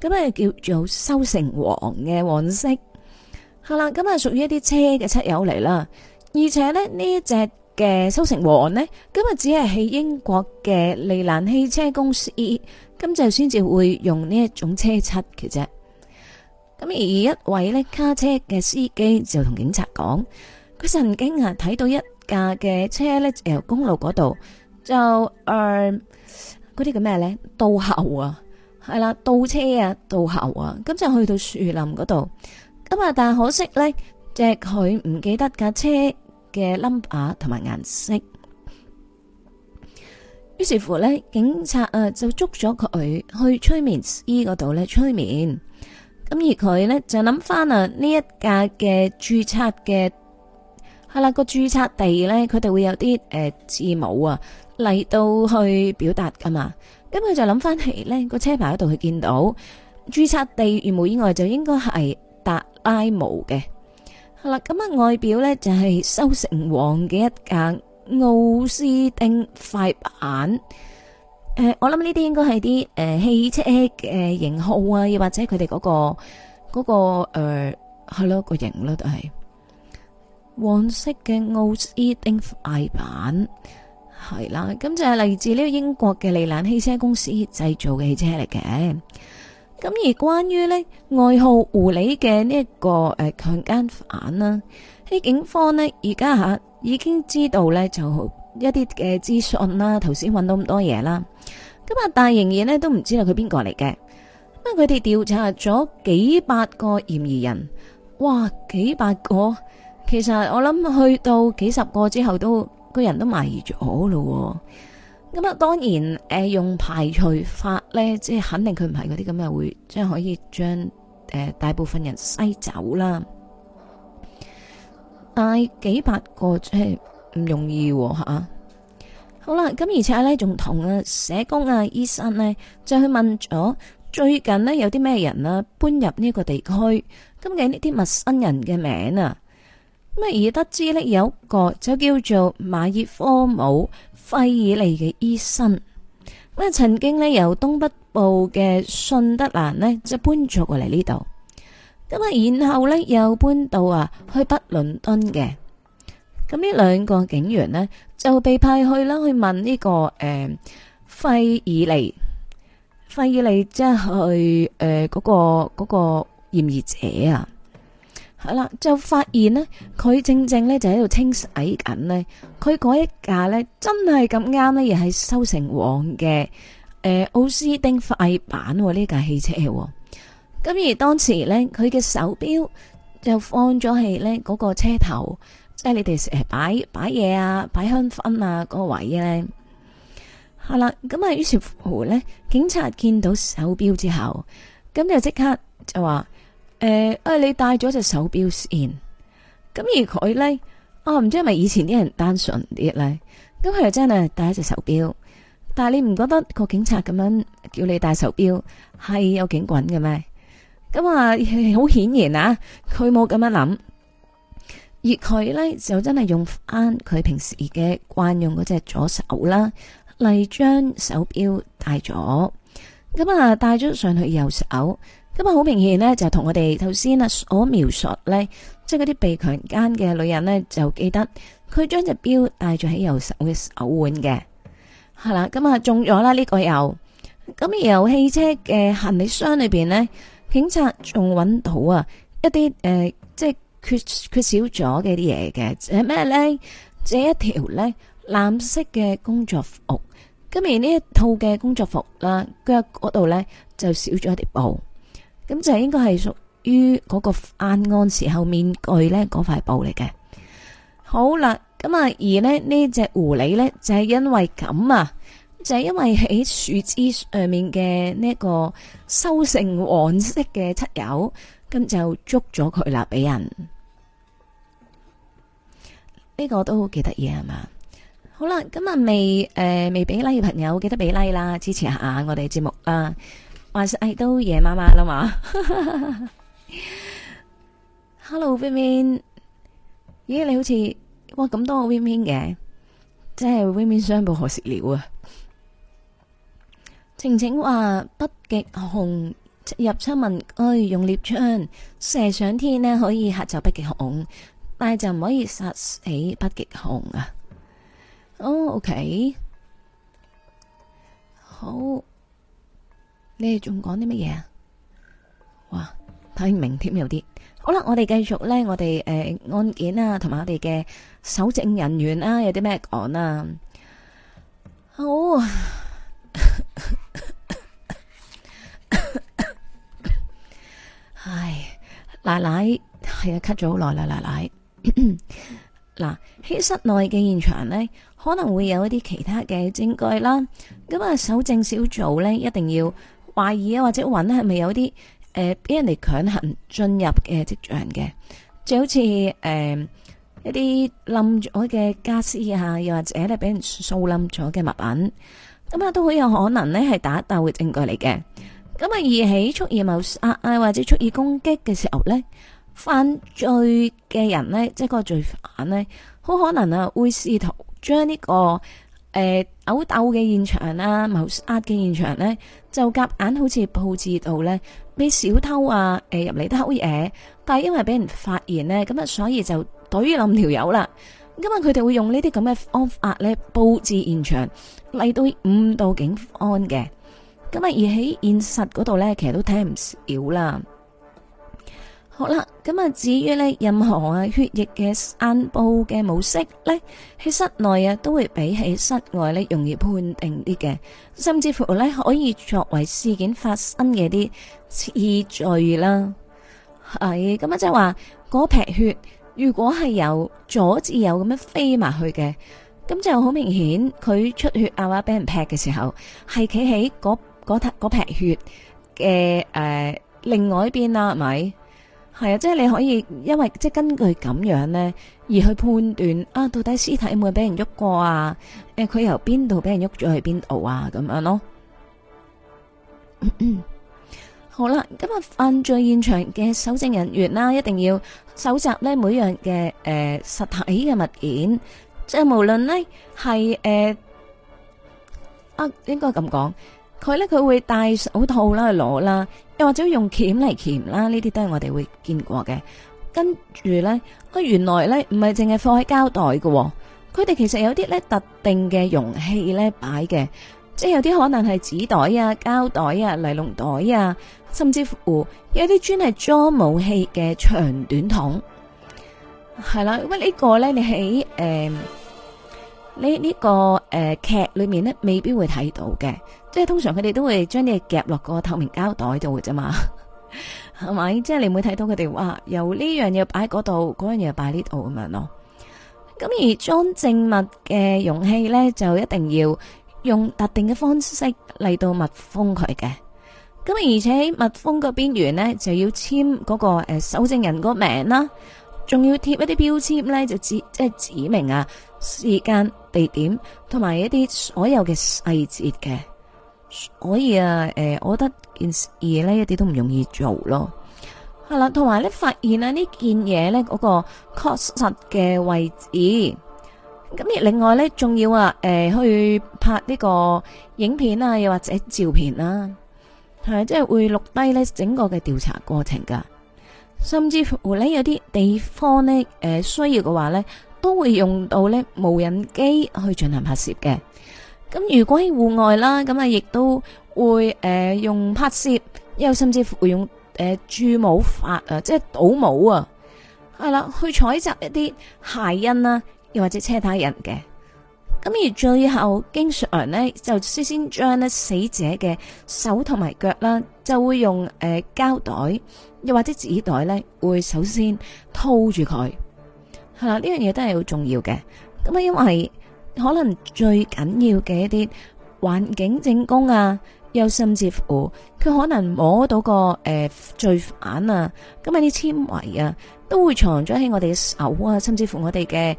咁啊叫做收成黃嘅黃色。係啦，咁啊屬於一啲車嘅漆油嚟啦，而且咧呢一隻。這個嘅收成王咧，今日只係喺英國嘅利蘭汽車公司，咁就先至會用呢一種車漆嘅啫。咁而一位咧卡車嘅司機就同警察講，佢曾經啊睇到一架嘅車咧就由公路嗰度就誒嗰啲叫咩咧倒後啊，係啦倒車啊倒後啊，咁就去到樹林嗰度。咁啊但係可惜咧，即係佢唔記得架車。嘅 number 同埋顏色，於是乎咧，警察誒、啊、就捉咗佢去催眠師嗰度咧催眠，咁而佢呢就諗翻啊呢一架嘅注冊嘅係啦個注冊地呢，佢哋會有啲誒、呃、字母啊嚟到去表達噶嘛，咁佢就諗翻起呢個車牌嗰度佢見到注冊地，如無意外就應該係達拉姆嘅。啦、嗯，咁啊外表咧就係、是、修成黃嘅一架奧斯汀快板。誒、呃，我諗呢啲應該係啲誒汽車嘅型號啊，又或者佢哋嗰個、那個誒係咯個型咯，都係黃色嘅奧斯汀快板。係啦，咁就係嚟自呢個英國嘅利蘭汽車公司製造嘅汽車嚟嘅。咁而關於呢外號狐狸嘅呢一個誒強奸犯啦，警方呢而家吓已經知道呢，就一啲嘅資訊啦，頭先搵到咁多嘢啦，咁啊但仍然呢都唔知道佢邊個嚟嘅。咁佢哋調查咗幾百個嫌疑人，哇幾百個，其實我諗去到幾十個之後都個人都迷咗咯。咁啊，當然誒，用排除法咧，即係肯定佢唔係嗰啲咁啊，會即係可以將誒大部分人篩走啦。但係幾百個即係唔容易吓。好啦，咁而且咧，仲同啊社工啊醫生呢，就去問咗最近呢有啲咩人啊搬入呢個地區，咁嘅呢啲陌生人嘅名啊，咁啊而得知呢，有個就叫做馬爾科姆費爾利嘅醫生咁啊，曾經呢由東北部嘅信德蘭搬咗過嚟呢度，咁啊，然後呢又搬到啊去北倫敦嘅。咁呢兩個警員呢就被派去啦，這個，去問呢個誒費爾利，費爾利即係去誒嗰，呃嗰個、嗰個嫌疑者啊。係啦， [music] 就發現呢，佢正正咧就喺度清洗緊呢。佢嗰一架呢，真係咁啱呢，而係收成王嘅誒奧斯丁快板呢架汽車。咁而當時呢，佢嘅手表就放咗喺呢嗰個車頭，即係你哋成日擺擺嘢啊，擺香薰啊嗰個位咧。係啦，咁啊於是乎呢，警察見到手表之後，咁就即刻就話。誒、哎，你戴咗隻手表先，咁而佢咧，啊唔知係咪以前啲人單純啲咧？咁佢又真係戴一隻手表，但係你唔覺得個警察咁樣叫你戴手表係有警棍嘅咩？咁啊，好顯然啊，佢冇咁樣諗。而佢咧就真係用翻佢平時嘅慣用嗰隻左手啦，嚟將手表戴咗。咁啊，戴咗上去右手。咁啊，好明顯咧，就同我哋頭先啊所描述咧，即係嗰啲被強姦嘅女人咧，就記得佢將隻表戴咗喺右手嘅手腕嘅係啦。咁啊中咗啦呢個又，咁由汽車嘅行李箱裏邊咧，警察仲搵到啊一啲誒，即係缺缺少咗嘅啲嘢嘅係咩咧？這一條咧藍色嘅工作服，跟住呢一套嘅工作服啦，腳嗰度咧就少咗一疊布。咁就係應該係屬於嗰個犯案時候面具咧，嗰塊布嚟嘅。好啦，咁啊，而咧，呢隻狐狸咧就係、是、因為咁啊，就係、是、因為喺樹枝上面嘅呢個收成黃色嘅七友，咁就捉咗佢啦，俾人。呢、這個都好、呃 like、幾得意係嘛？好啦，咁啊未誒未俾 like 嘅朋友記得俾 like 啦，支持下我哋節目啦。係都夜媽媽啦嘛，Hello，Vivian，咦你好似哇咁多 Vivian 嘅，即係 Vivian 商報何時了啊？晴晴話北極熊入出民區用獵槍射上天呢可以吓走北極熊，但係就唔可以殺死北極熊啊。哦，oh，OK，好。你哋仲講啲乜嘢啊？哇，睇唔明添有啲。好啦，我哋繼續呢，我哋誒案件啊，同埋我哋嘅搜證人員啊，有啲咩講啊？好，唉，奶奶係啊，咳咗好耐啦，奶奶。嗱，喺室內嘅現場呢，可能會有一啲其他嘅證據啦。咁啊，搜證小組呢一定要。懷疑啊，或者揾係咪有啲誒俾人哋強行進入嘅跡象嘅，就好似誒、呃、一啲冧咗嘅家私啊，又或者咧俾人掃冧咗嘅物品，咁啊都好有可能咧係打鬥嘅證據嚟嘅。咁啊而起蓄意謀殺啊啊或者蓄意攻擊嘅時候咧，犯罪嘅人咧，即係個罪犯咧，好可能啊會試圖將呢、這個。誒、呃，毆鬥嘅現場啦、啊，謀殺嘅現場咧，就夾硬，硬好似布置到咧，俾小偷啊，誒入嚟偷嘢，但係因為俾人發現咧，咁啊，所以就懟冧條友啦。咁啊，佢哋會用呢啲咁嘅方法咧布置現場，嚟到誤導警方嘅。咁啊，而喺現實嗰度咧，其實都睇唔少啦。好啦，咁啊，至於咧，任何啊血液嘅散布嘅模式咧，喺室內啊都會比起室外咧容易判定啲嘅，甚至乎咧可以作為事件發生嘅啲次序啦。係咁啊，即係話嗰撇血如果係由左至右咁樣飛埋去嘅，咁就好明顯佢出血啊，話俾人劈嘅時候係企喺嗰嗰嗰撇血嘅誒另外一邊啦，係咪？係啊，即係你可以，因為即係根據咁樣呢，而去判斷啊，到底屍體有冇俾人喐過啊？誒，佢由邊度俾人喐咗去邊度啊？咁樣咯。好啦，今日犯罪現場嘅搜證人員啦，一定要搜集呢每樣嘅誒實體嘅物件，即係無論呢係誒啊，應該咁講。佢咧，佢會戴手套啦去攞啦，又或者用鉗嚟鉗啦。呢啲都係我哋會見過嘅。跟住咧，佢原來咧唔係淨係放喺膠袋嘅。佢哋其實有啲咧特定嘅容器咧擺嘅，即係有啲可能係紙袋啊、膠袋啊、尼龍袋啊，甚至乎有啲專係裝武器嘅長短筒係啦。喂，個呢個咧，你喺誒呢呢個誒劇、呃、裏面咧，未必會睇到嘅。即係通常佢哋都會將啲嘢夾落個透明膠袋度啫嘛，係咪？即係你會睇到佢哋話由呢樣嘢擺嗰度，嗰樣嘢擺呢度咁樣咯。咁而裝證物嘅容器咧，就一定要用特定嘅方式嚟到密封佢嘅。咁而且密封個邊緣咧就要簽嗰個誒，搜證人個名啦，仲要貼一啲標籤咧，就指即係指明啊時間、地點同埋一啲所有嘅細節嘅。所以啊，誒、呃，我覺得件事呢，一啲都唔容易做咯，係啦，同埋咧發現啊呢件嘢呢，嗰、那個確實嘅位置，咁另外呢，仲要啊，誒、呃、去拍呢個影片啊，又或者照片啦、啊，係即係會錄低呢整個嘅調查過程㗎，甚至乎呢，有啲地方呢，誒、呃、需要嘅話呢，都會用到呢無人機去進行拍攝嘅。咁如果喺戶外啦，咁啊亦都會誒、呃、用拍攝，又甚至乎會用誒注、呃、模法，即係倒模啊，係啦，去採集一啲鞋印啦，又或者車胎印嘅。咁而最後，經常咧就先先將咧死者嘅手同埋腳啦，就會用誒膠、呃、袋，又或者紙袋咧，會首先套住佢，係啦，呢樣嘢都係好重要嘅。咁咧因為，可能最緊要嘅一啲環境證供啊，又甚至乎佢可能摸到個誒罪犯、呃、啊，咁啊啲纖維啊，都會藏咗喺我哋嘅手啊，甚至乎我哋嘅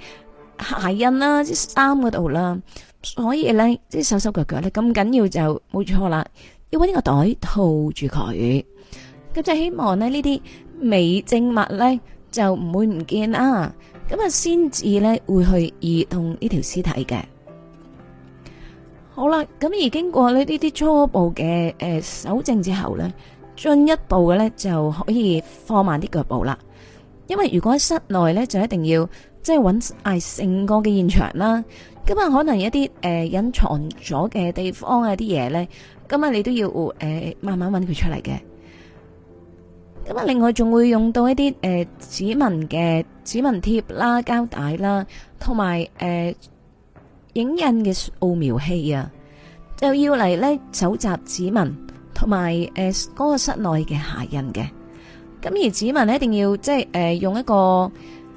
鞋印啦、啊、啲衫嗰度啦，所以咧即係手手腳腳咧咁緊要就冇錯啦，要搵呢個袋套住佢，咁就希望咧呢啲微證物咧就唔會唔見啦。咁啊，先至咧會去移動呢條屍體嘅。好啦，咁而經過呢呢啲初步嘅誒搜證之後咧，進一步嘅咧就可以放慢啲腳步啦。因為如果喺室內咧，就一定要即係搵嗌成個嘅現場啦。咁啊，可能一啲誒、呃、隱藏咗嘅地方啊，啲嘢咧，咁啊，你都要誒、呃、慢慢搵佢出嚟嘅。咁啊！另外仲會用到一啲誒、呃、指紋嘅指紋貼啦、膠帶啦，同埋誒影印嘅掃描器啊，就要嚟咧搜集指紋，同埋誒嗰個室內嘅鞋印嘅。咁而指紋一定要即係誒、呃、用一個，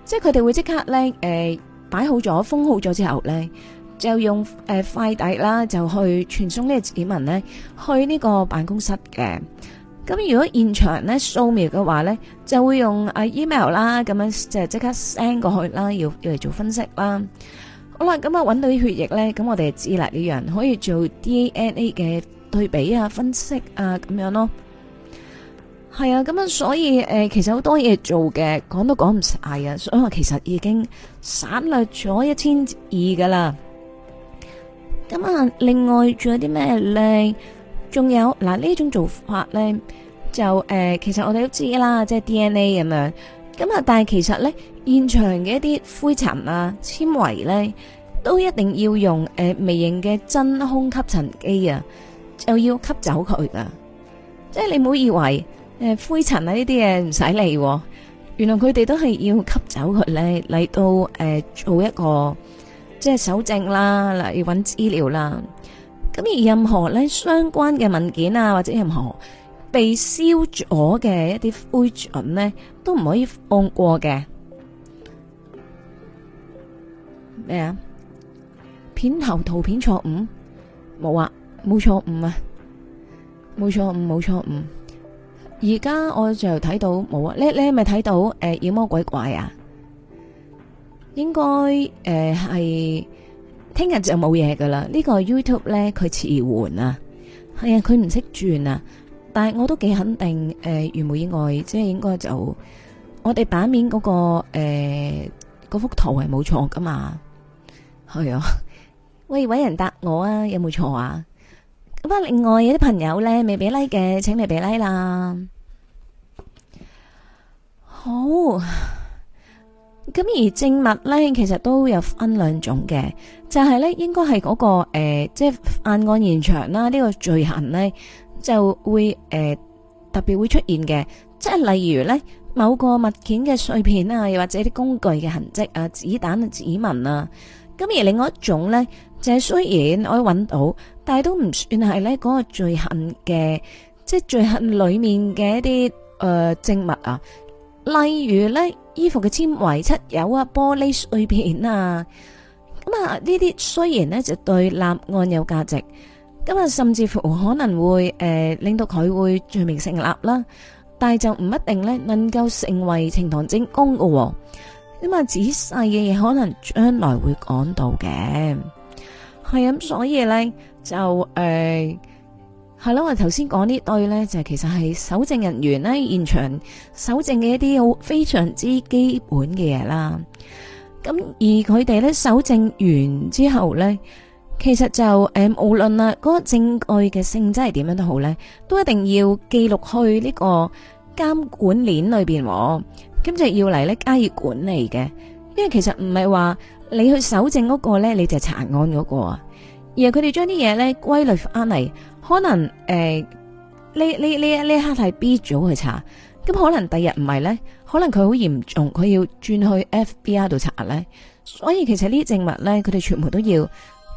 即係佢哋會即刻咧誒擺好咗封好咗之後咧，就用誒快遞啦，就去傳送呢個指紋咧去呢個辦公室嘅。咁如果現場咧掃描嘅話咧，就會用啊 email 啦，咁樣即係即刻 send 過去啦，要要嚟做分析啦。好啦，咁啊揾到啲血液咧，咁我哋資歷啲人可以做 DNA 嘅對比啊、分析啊咁樣咯。係啊，咁啊，所以誒，其實好多嘢做嘅，講都講唔晒啊。所以我其實已經省略咗一千二㗎啦。咁啊，另外仲有啲咩咧？仲有嗱，呢種做法咧，就誒、呃，其實我哋都知啦，即、就、係、是、DNA 咁樣。咁啊，但係其實咧，現場嘅一啲灰塵啊、纖維咧，都一定要用誒、呃、微型嘅真空吸塵機啊，就要吸走佢噶。即係你唔好以為誒、呃、灰塵啊呢啲嘢唔使理，原來佢哋都係要吸走佢咧，嚟到誒、呃、做一個即係搜證啦、啊，嗱要揾資料啦。咁而任何咧相關嘅文件啊，或者任何被燒咗嘅一啲灰燼咧，都唔可以放過嘅。咩啊？片頭圖片錯誤？冇啊，冇錯誤啊，冇錯誤，冇錯誤。而家我就睇到冇啊，你你係咪睇到誒？妖、呃、魔鬼怪啊？應該誒係。呃聽日就冇嘢噶啦，呢、這個 YouTube 咧佢遲緩啊，係啊佢唔識轉啊，但係我都幾肯定誒，如無意外即係應該就我哋版面嗰、那個誒、呃、幅圖係冇錯噶嘛，係啊，喂，偉人答我啊，有冇錯啊？咁啊，另外有啲朋友咧未俾 like 嘅，請你俾 e、like、啦。好。咁而證物咧，其實都有分兩種嘅，就係、是、咧應該係嗰個、呃、即係案案現場啦，呢、這個罪行咧就會誒、呃、特別會出現嘅，即係例如咧某個物件嘅碎片啊，又或者啲工具嘅痕跡啊、子彈、指紋啊。咁、啊、而另外一種咧，就係雖然可以揾到，但係都唔算係咧嗰個罪行嘅，即係罪行裏面嘅一啲誒證物啊。例如咧，衣服嘅纖維、漆油啊、玻璃碎片啊，咁啊呢啲雖然呢就對立案有價值，咁啊，甚至乎可能會誒、呃、令到佢會罪名成立啦，但係就唔一定呢能夠成為呈堂證供嘅，咁啊仔細嘅嘢可能將來會講到嘅，係咁，所以咧就誒。呃係啦，我頭先講呢堆咧，就係、是、其實係搜證人員咧，現場搜證嘅一啲好非常之基本嘅嘢啦。咁而佢哋咧搜證完之後咧，其實就誒無論啦嗰個證據嘅性質係點樣都好咧，都一定要記錄去呢個監管鏈裏邊。咁、哦、就要嚟咧加以管理嘅，因為其實唔係話你去搜證嗰、那個咧，你就係查案嗰、那個啊。而佢哋將啲嘢咧歸類翻嚟，可能誒，呢呢呢呢一刻係 B 組去查，咁可能第日唔係咧，可能佢好嚴重，佢要轉去 FBR 度查咧。所以其實呢啲證物咧，佢哋全部都要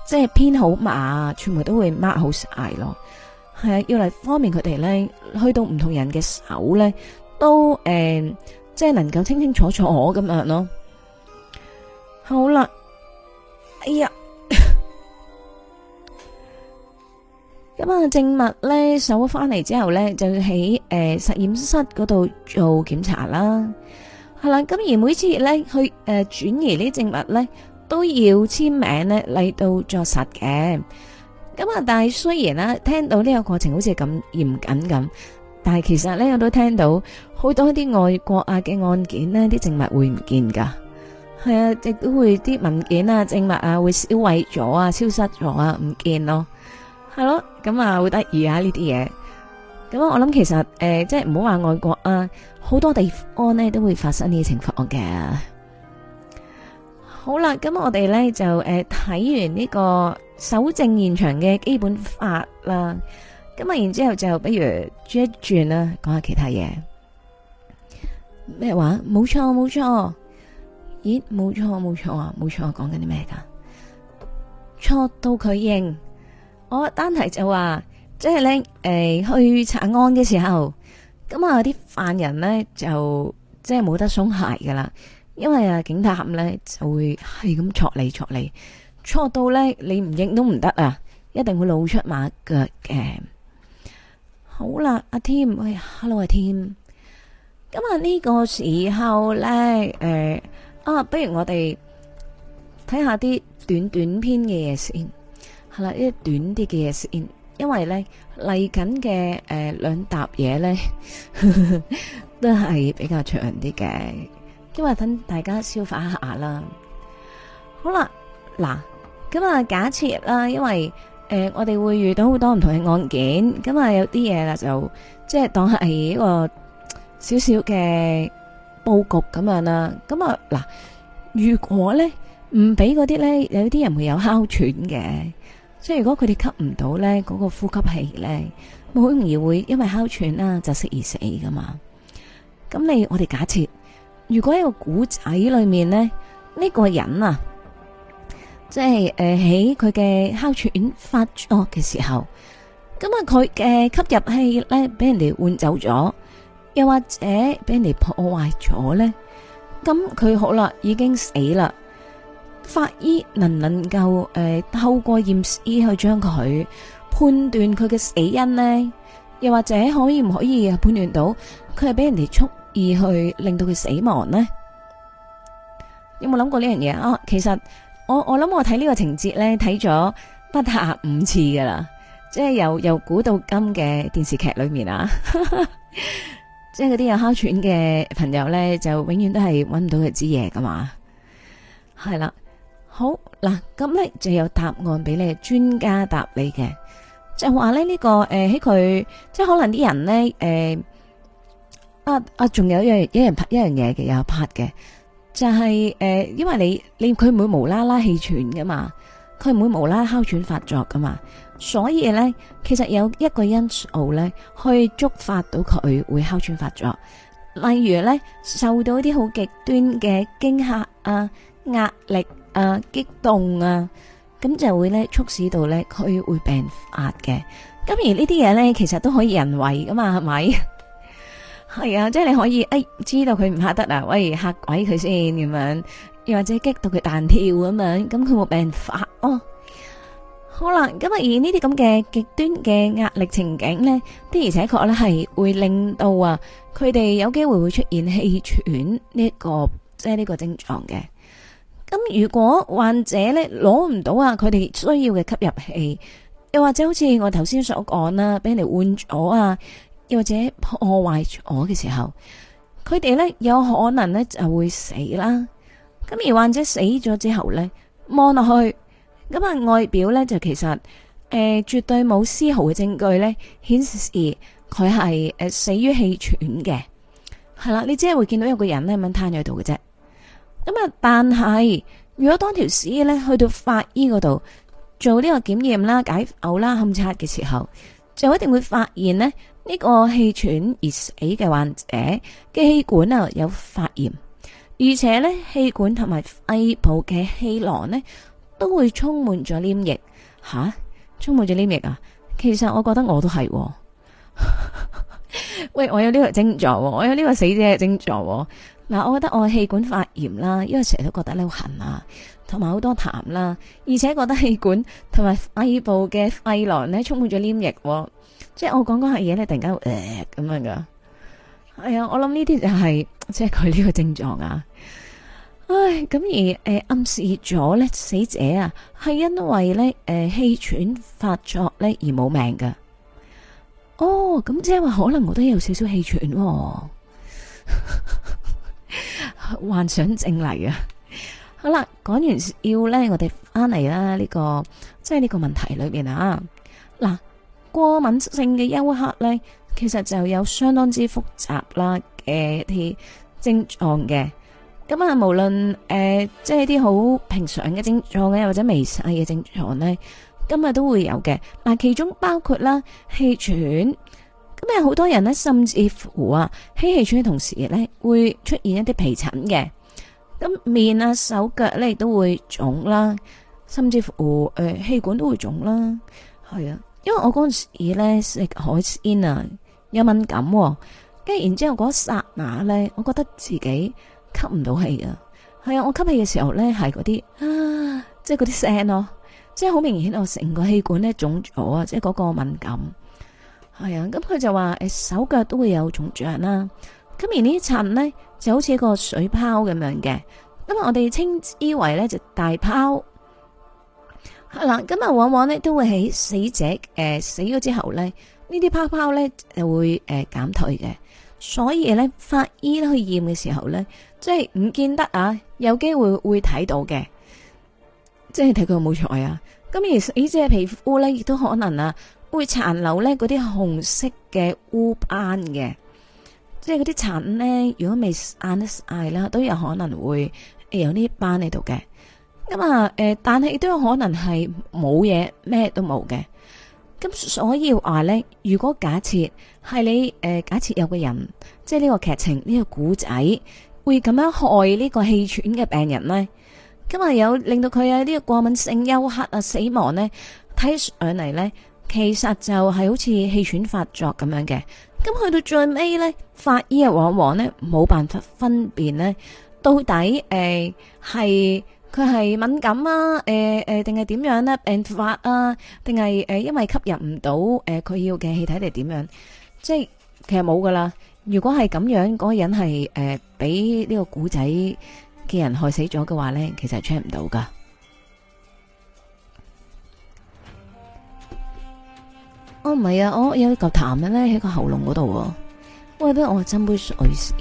即係編好碼，全部都會 mark 好晒咯。係啊，要嚟方便佢哋咧，去到唔同人嘅手咧，都誒、呃，即係能夠清清楚楚咁樣咯。好啦，哎呀！咁啊，證物咧收翻嚟之後咧，就喺誒實驗室嗰度做檢查啦，係啦。咁而每次咧去誒轉移呢啲證物咧，都要簽名咧嚟到作實嘅。咁啊，但係雖然啦，聽到呢個過程好似咁嚴謹咁，但係其實咧，我都聽到好多啲外國啊嘅案件咧，啲證物會唔見噶，係啊，亦都會啲文件啊、證物啊會銷毀咗啊、消失咗啊、唔見咯。係、嗯、咯，咁啊會得意啊呢啲嘢，咁我諗其實誒、呃，即係唔好話外國啊，好多地方咧都會發生呢啲情況嘅。好啦，咁我哋咧就誒睇、呃、完呢個搜證現場嘅基本法啦，咁啊然之後就不如轉一轉啦，講下其他嘢。咩話？冇錯冇錯，咦？冇錯冇錯啊！冇錯，錯，我講緊啲咩噶？錯到佢應。我、哦、單提就話，即係咧，誒、呃、去查案嘅時候，咁啊啲犯人咧就即係冇得鬆鞋噶啦，因為啊警探咧就會係咁戳你戳你，戳到咧你唔認都唔得啊，一定會露出馬腳嘅。好啦，阿添、哎，喂，hello 阿添！咁啊呢個時候咧，誒、呃、啊，不如我哋睇下啲短短篇嘅嘢先。係啦，呢啲短啲嘅嘢先，因為咧嚟緊嘅誒兩沓嘢咧都係比較長啲嘅，因為等大家消化一下啦。好啦，嗱，咁啊假設啦，因為誒、呃、我哋會遇到好多唔同嘅案件，咁啊有啲嘢啦就即係當係一個少少嘅佈局咁樣啦。咁啊嗱，如果咧唔俾嗰啲咧，有啲人會有哮喘嘅。即係如果佢哋吸唔到咧，嗰個呼吸器咧，好容易會因為哮喘啦窒息而死噶嘛。咁你我哋假設，如果一個古仔裏面咧，呢個人啊，即係誒喺佢嘅哮喘發作嘅時候，咁啊佢嘅吸入器咧俾人哋換走咗，又或者俾人哋破壞咗咧，咁佢好啦，已經死啦。法醫能唔能夠誒、呃、透過驗屍去將佢判斷佢嘅死因呢？又或者可以唔可以判斷到佢係俾人哋蓄意去令到佢死亡呢？有冇諗過呢樣嘢啊？其實我我諗我睇呢個情節咧，睇咗不下五次噶啦，即係由由古到今嘅電視劇裏面啊， [laughs] 即係嗰啲有哮喘嘅朋友咧，就永遠都係搵唔到佢支嘢噶嘛，係啦。好嗱，咁咧就有答案俾你，專家答你嘅就話咧，呢個誒喺佢即係可能啲人咧誒，啊啊，仲、啊、有一樣一樣一樣嘢嘅，有一 p 嘅就係、是、誒、呃，因為你你佢唔會無啦啦氣喘噶嘛，佢唔會無啦啦哮喘發作噶嘛，所以咧其實有一個因素咧去觸發到佢會哮喘發作，例如咧受到一啲好極端嘅驚嚇啊壓力。誒，激動啊，咁就會咧促使到咧佢會病發嘅。咁而呢啲嘢咧，其實都可以人為噶嘛，係咪？係啊，即係你可以，誒，知道佢唔吓得啦，喂，嚇鬼佢先咁樣，又或者激到佢彈跳咁樣，咁佢冇病發哦。好啦，咁啊而呢啲咁嘅極端嘅壓力情景咧，的而且確咧係會令到啊，佢哋有機會會出現氣喘呢個，即係呢個症狀嘅。咁如果患者咧攞唔到啊，佢哋需要嘅吸入器，又或者好似我頭先所講啦，俾人哋換咗啊，又或者破壞咗嘅時候，佢哋咧有可能咧就會死啦。咁而患者死咗之後咧，望落去咁啊外表咧就其實誒、呃、絕對冇絲毫嘅證據咧顯示佢係誒死於氣喘嘅，係啦，你只係會見到有個人咧咁樣癱咗喺度嘅啫。咁啊！但係如果當條屍咧去到法醫嗰度做呢個檢驗啦，解剖啦，勘測嘅時候，就一定會發現呢呢，呢個氣喘而死嘅患者嘅氣管啊有發炎，而且呢氣管同埋肺部嘅氣囊呢都會充滿咗黏液。吓、啊，充滿咗黏液啊！其實我覺得我都係、哦， [laughs] 喂，我有呢個症狀，我有呢個死者嘅症狀。嗱，我覺得我氣管發炎啦，因為成日都覺得喉好痕啊，同埋好多痰啦，而且覺得氣管同埋肺部嘅肺囊咧充滿咗黏液。即係我講講下嘢咧，突然間誒咁樣噶。係、哎、啊，我諗呢啲就係、是、即係佢呢個症狀啊。唉，咁而誒、呃、暗示咗咧死者啊係因為咧誒氣喘發作咧而冇命㗎。哦，咁即係話可能我都有少少氣喘。幻想症嚟啊！ [laughs] 好啦，講完要咧，我哋翻嚟啦。呢個即係呢個問題裏邊啊，嗱，過敏性嘅休克咧，其實就有相當之複雜啦嘅、呃就是、一啲症狀嘅。咁啊無論誒，即係啲好平常嘅症狀嘅或者微細嘅症狀咧，今日都會有嘅。嗱，其中包括啦，氣喘。咩？好多人咧，甚至乎啊，氣氣喘嘅同時咧，會出現一啲皮疹嘅。咁面啊、手腳咧，都會腫啦。甚至乎誒，氣管都會腫啦。係啊，因為我嗰陣時咧食海鮮啊，有敏感、哦，跟然之後嗰一剎那咧，我覺得自己吸唔到氣啊。係啊，我吸氣嘅時候咧，係嗰啲啊，即係嗰啲聲咯，即係好明顯，我成個氣管咧腫咗啊，即係嗰個敏感。係啊，咁佢就話誒手腳都會有腫脹啦。咁而一層呢層呢就好似個水泡咁樣嘅，咁啊我哋稱之為咧就大泡。嗱、啊，今日往往呢都會喺死者誒、呃、死咗之後咧，呢啲泡泡咧會誒減、呃、退嘅，所以咧法醫去驗嘅時候咧，即係唔見得啊，有機會會睇到嘅，即係睇佢有冇在啊。咁而死者皮膚咧亦都可能啊。會殘留咧嗰啲紅色嘅烏斑嘅，即係嗰啲疹咧。如果未暗晒啦，都有可能會有呢啲斑喺度嘅。咁啊，誒，但係亦都有可能係冇嘢，咩都冇嘅。咁所以話咧，如果假設係你誒，假設有個人即係呢個劇情呢個古仔會咁樣害呢個氣喘嘅病人咧，咁啊，有令到佢有呢個過敏性休克啊死亡咧，睇上嚟。咧。其實就係好似氣喘發作咁樣嘅，咁去到最尾咧，法醫啊往往咧冇辦法分辨咧，到底誒係佢係敏感啊，誒誒定係點樣咧，病發啊，定係誒因為吸入唔到誒佢要嘅氣體定係點樣？即係其實冇噶啦，如果係咁樣嗰個人係誒俾呢個古仔嘅人害死咗嘅話咧，其實係 check 唔到噶。哦，唔係啊，我有嚿痰嘅咧，喺個喉嚨嗰度，喂，不如我斟杯水先。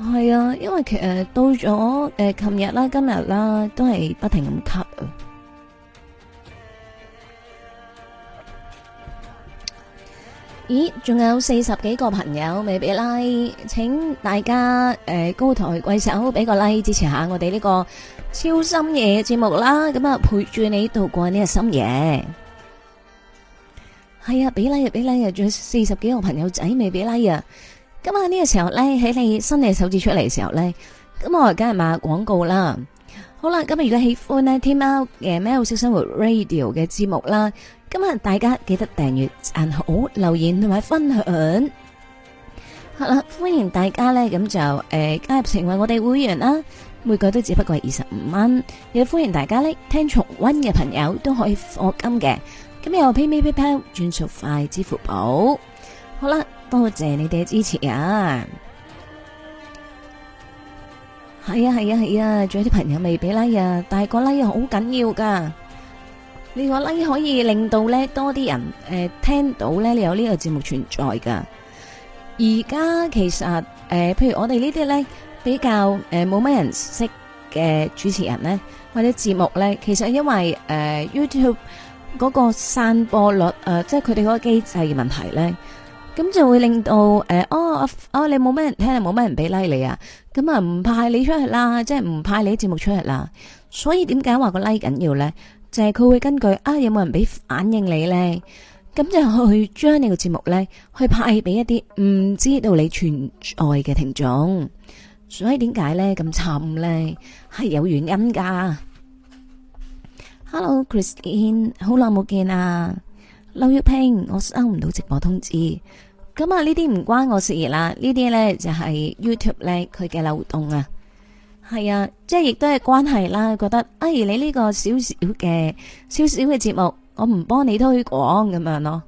係啊，因為其實到咗誒，琴日啦、今日啦，都係不停咁咳啊。咦，仲有四十幾個朋友未俾 like。請大家誒、呃、高抬貴手俾個 like、like，支持下我哋呢個超深夜嘅節目啦，咁啊陪住你度過呢個深夜。係啊，俾 like 又俾 like 又，仲有四十幾個朋友仔未俾 like 呀。Like、啊！咁啊呢個時候咧，喺你新嘅手指出嚟嘅時候咧，咁我而梗係買廣告啦。好啦，咁啊如果你喜歡呢天喵嘅 m 喵式生活 radio 嘅節目啦。今日大家記得訂閱、讚好、留言同埋分享。好啦，歡迎大家咧，咁就誒、呃、加入成為我哋會員啦。每個都只不過二十五蚊。亦歡迎大家咧聽重温嘅朋友都可以課金嘅。咁有 PayMe PayPal 轉數快支付寶。好啦，多謝你哋嘅支持啊！係啊係啊係啊，仲、啊啊、有啲朋友未俾 like 啊，大個 like 又好緊要㗎。呢個 like 可以令到咧多啲人誒聽到咧，你有呢個節目存在噶。而家其實誒，譬如我哋呢啲咧比較誒冇乜人識嘅主持人咧，或者節目咧，其實係因為誒 YouTube 嗰個散播率誒，即係佢哋嗰個機制嘅問題咧，咁就會令到誒哦哦，你冇乜人聽，冇乜人俾 like 你啊，咁啊唔派你出去啦，即係唔派你啲節目出去啦。所以點解話個 like 緊要咧？就係佢會根據啊有冇人俾反應你呢？咁就去將你個節目呢，去派俾一啲唔知道你存在嘅聽眾，所以點解呢？咁慘呢？係有原因噶。Hello Christine，好耐冇見啊，劉玉平，我收唔到直播通知，咁啊呢啲唔關我事啦，呢啲呢，就係 YouTube 呢，佢嘅漏洞啊。係啊，即係亦都係關係啦。覺得哎，你呢個小小嘅、小小嘅節目，我唔幫你推廣咁樣咯。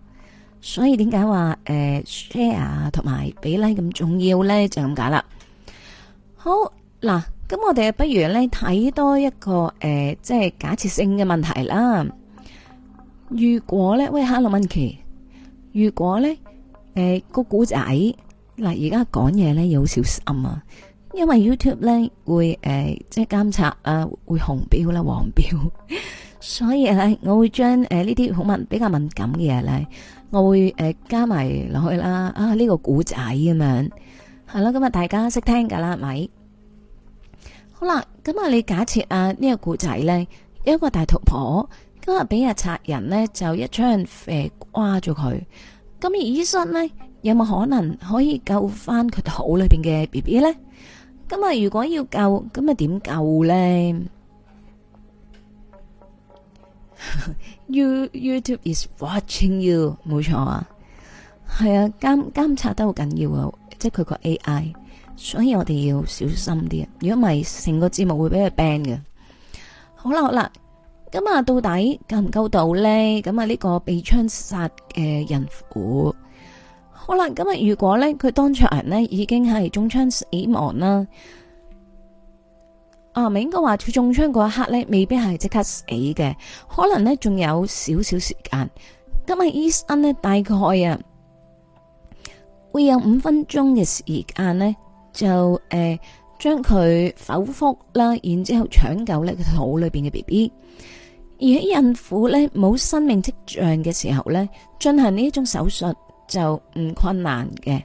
所以點解話誒 share 同埋比例咁重要咧？就咁解啦。好嗱，咁我哋不如咧睇多一個誒、呃，即係假設性嘅問題啦。如果咧，喂，Hello Monkey，如果咧，誒個古仔嗱，而家講嘢咧要小心啊。因為 YouTube 咧會誒即係監察啊，會紅標啦、黃標， [laughs] 所以咧，我會將誒呢啲好敏比較敏感嘅嘢咧，我會誒、呃、加埋落去啦啊呢、這個古仔咁樣，係啦，咁、嗯、今日大家識聽噶啦，係咪？好啦，咁啊你假設啊、這個、呢個古仔咧，有一個大肚婆今日俾個賊人咧就一槍誒瓜咗佢，咁而醫生咧有冇可能可以救翻佢肚裏邊嘅 B B 咧？咁啊！如果要救，咁啊點救呢？You YouTube is watching you，冇錯啊，係啊，監監察得好緊要啊，即係佢個 AI，所以我哋要小心啲啊！如果唔係，成個節目會俾佢 ban 嘅。好啦好啦，咁啊到底夠唔夠到呢？咁啊呢個被槍殺嘅孕婦。好啦，今日如果咧，佢當場呢已經係中槍死亡啦。啊，唔係應該話佢中槍嗰一刻咧，未必係即刻死嘅，可能咧仲有少少時間。今日醫生咧大概啊，會有五分鐘嘅時間呢，就誒將佢剖腹啦，然之後搶救呢佢肚裏邊嘅 B B。而喺孕婦咧冇生命跡象嘅時候咧，進行呢一種手術。就唔困難嘅，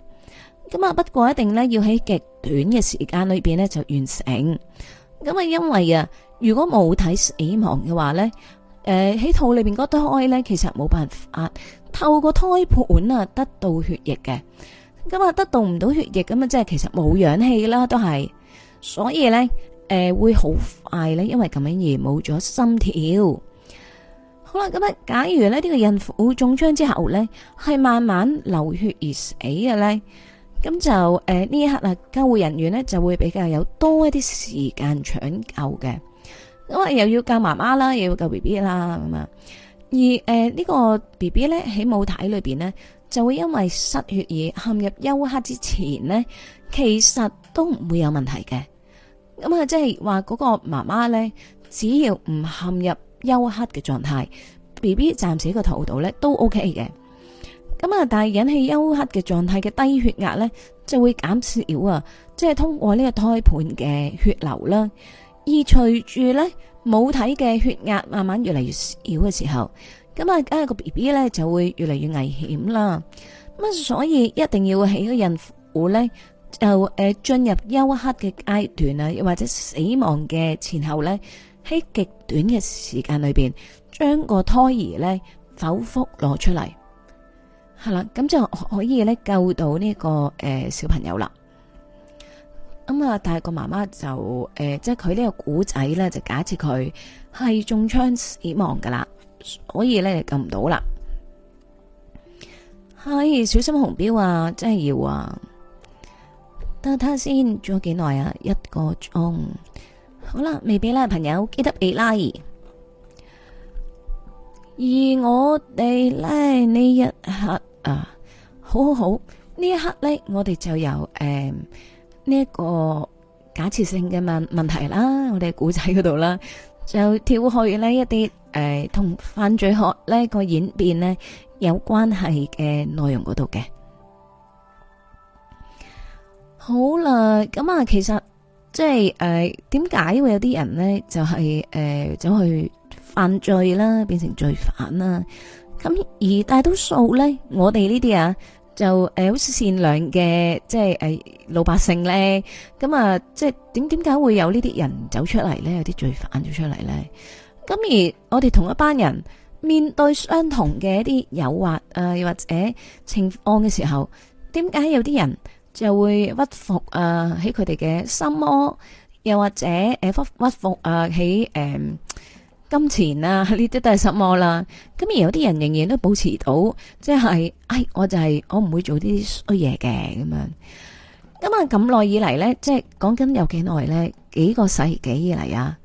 咁啊不過一定呢，要喺極短嘅時間裏邊呢就完成，咁啊因為啊如果冇睇死亡嘅話呢，誒、呃、喺肚裏邊嗰胎呢，其實冇辦法透過胎盤啊得到血液嘅，咁啊得到唔到血液咁啊即係其實冇氧氣啦都係，所以呢，誒、呃、會好快呢，因為咁樣而冇咗心跳。好啦，咁啊，假如咧呢個孕婦中槍之後咧，係慢慢流血而死嘅咧，咁就誒呢、呃、一刻啊，救護人員咧就會比較有多一啲時間搶救嘅。咁、嗯、啊，又要救媽媽啦，又要救 B B 啦，咁啊、嗯。而誒、呃這個、呢個 B B 咧喺母體裏邊咧，就會因為失血而陷入休克之前咧，其實都唔會有問題嘅。咁、嗯、啊，即係話嗰個媽媽咧，只要唔陷入。休克嘅狀態，B B 暫時喺個頭度咧都 O K 嘅。咁啊，但係引起休克嘅狀態嘅低血壓咧，就會減少啊，即係通過呢個胎盤嘅血流啦。而隨住咧母體嘅血壓慢慢越嚟越少嘅時候，咁啊，梗係個 B B 咧就會越嚟越危險啦。咁啊，所以一定要喺個孕婦咧就誒進入休克嘅階段啊，又或者死亡嘅前後咧。喺極短嘅時間裏邊，將個胎兒咧剖腹攞出嚟，係 [laughs] 啦，咁就可以咧救到呢、這個誒、呃、小朋友啦。咁、嗯、啊，但係個媽媽就誒、呃，即係佢呢個古仔咧，就假設佢係中槍死亡噶啦，所以咧就救唔到啦。係、哎、小心紅標啊，真係要啊！得睇下先仲有幾耐啊？一個鐘。好啦，未必咧，朋友記得你啦。而我哋咧呢一刻啊，好好好，呢一刻呢，我哋就由誒呢一個假設性嘅問問題啦，我哋古仔嗰度啦，就跳去呢一啲誒同犯罪學呢個演變呢有關係嘅內容嗰度嘅。好啦，咁、嗯、啊，其實。即係誒，點、呃、解會有啲人咧就係、是、誒、呃、走去犯罪啦，變成罪犯啦？咁而大多數咧，我哋呢啲啊就誒、呃，好善良嘅即係誒、呃、老百姓咧，咁啊即係點點解會有呢啲人走出嚟咧？有啲罪犯走出嚟咧？咁而我哋同一班人面對相同嘅一啲誘惑啊，又、呃、或者情況嘅時候，點解有啲人？就會屈服啊，喺佢哋嘅心魔，又或者誒、呃、屈服啊喺誒、嗯、金錢啊呢啲都係心魔啦。咁而有啲人仍然都保持到，即、就、係、是，唉、哎，我就係、是、我唔會做啲衰嘢嘅咁樣。咁啊咁耐以嚟咧，即係講緊有幾耐咧？幾個世紀以嚟啊，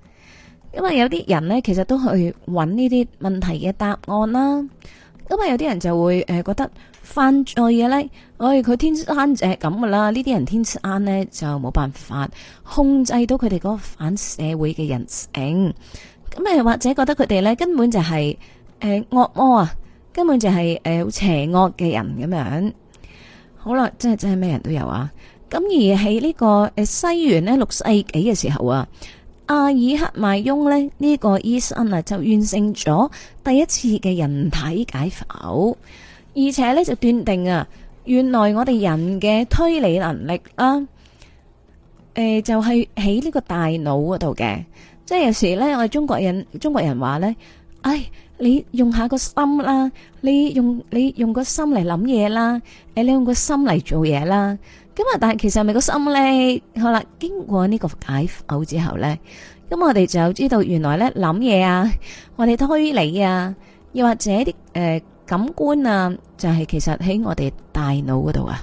咁有啲人咧，其實都去揾呢啲問題嘅答案啦。因為有啲人就會誒覺得犯罪嘢咧，哎佢天生就係咁噶啦，呢啲人天生呢就冇辦法控制到佢哋嗰個反社會嘅人性，咁誒或者覺得佢哋咧根本就係誒惡魔啊，根本就係誒邪惡嘅人咁樣，好啦，真係真係咩人都有啊，咁而喺呢個誒西元咧六世紀嘅時候啊。阿爾克邁翁呢呢、呢個醫生啊就完成咗第一次嘅人體解剖，而且呢就斷定啊，原來我哋人嘅推理能力啊，誒、呃、就係喺呢個大腦嗰度嘅，即係有時呢，我哋中國人中國人話呢，哎你用下個心啦，你用你用個心嚟諗嘢啦，誒你用個心嚟做嘢啦。咁啊！但係其實係咪個心咧？好啦，經過呢個解剖之後咧，咁我哋就知道原來咧諗嘢啊，我哋推理啊，又或者啲誒感官啊，就係其實喺我哋大腦嗰度啊。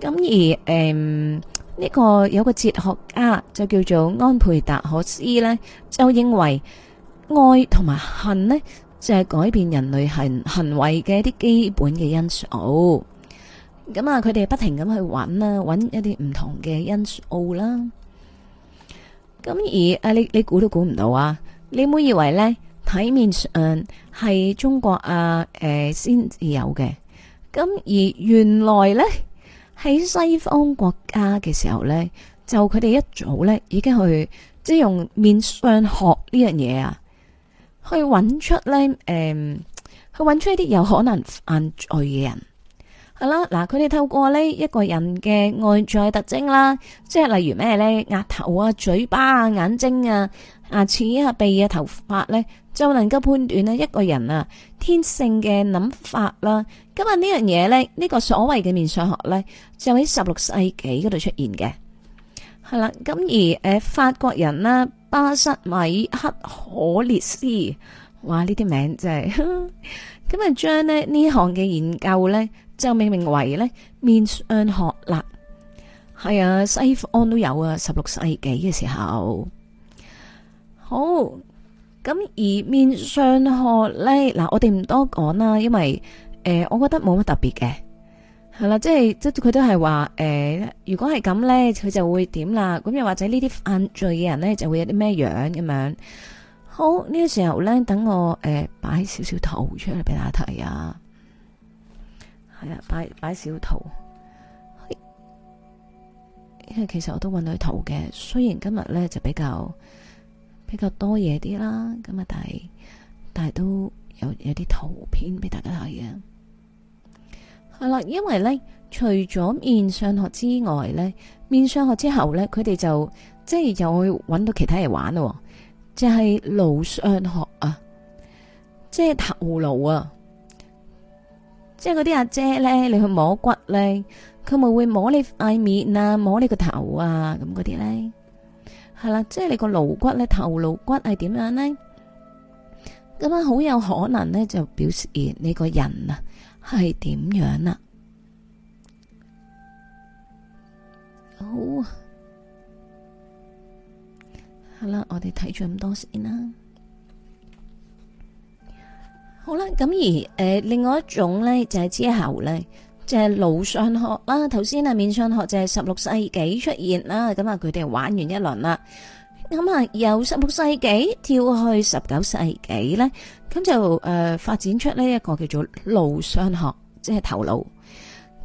咁而誒呢個有個哲學家就叫做安培達可斯咧，就認為愛同埋恨咧，就係改變人類行行為嘅一啲基本嘅因素。咁啊，佢哋不停咁去揾啦，揾一啲唔同嘅因素啦。咁而啊，你你估都估唔到啊！你唔好以為咧，睇面相係中國啊誒先至、呃、有嘅。咁而原來咧，喺西方國家嘅時候咧，就佢哋一早咧已經去即係用面相學呢樣嘢啊，去揾出咧誒、呃，去揾出一啲有可能犯罪嘅人。係啦，嗱，佢哋透過呢一個人嘅外在特徵啦，即係例如咩咧，額頭啊、嘴巴啊、眼睛啊、牙齒啊、鼻啊、頭髮咧，就能夠判斷呢一個人啊天性嘅諗法啦。咁啊，呢樣嘢咧，呢個所謂嘅面相學咧，就喺十六世紀嗰度出現嘅。係啦，咁而誒，法國人啦，巴塞米克可列斯，哇，呢啲名真係咁啊，將呢呢項嘅研究咧，就命名為咧面相學啦，係啊，西方都有啊，十六世紀嘅時候。好，咁而面相學咧，嗱，我哋唔多講啦，因為誒、呃，我覺得冇乜特別嘅，係啦，即係即佢都係話誒，如果係咁咧，佢就會點啦。咁又或者呢啲犯罪嘅人咧，就會有啲咩樣咁樣。好呢、這個時候咧，等我誒擺、呃、少少圖出嚟俾大家睇啊。係啊，擺擺小圖，因為其實我都搵到圖嘅。雖然今日咧就比較比較多嘢啲啦，咁啊，但係但係都有有啲圖片俾大家睇嘅。係啦，因為咧除咗面相學之外咧，面相學之後咧，佢哋就即係又會搵到其他嘢玩咯，就係顱相學啊，即係頭顱啊。即係嗰啲阿姐咧，你去摸骨咧，佢咪會摸你塊面啊，摸你個頭啊，咁嗰啲咧，係啦，即係你個顱骨咧，頭顱骨係點樣咧？咁樣好有可能咧，就表示你個人啊係點樣啦。好，係啦，我哋睇住咁多先啦。好啦，咁而誒，另外一種咧，就係之後咧，就係腦相學啦。頭先啊，面相學就係十六世紀出現啦，咁啊，佢哋玩完一輪啦。咁啊，由十六世紀跳去十九世紀咧，咁就誒發展出呢一個叫做腦相學，即係、就是、頭腦。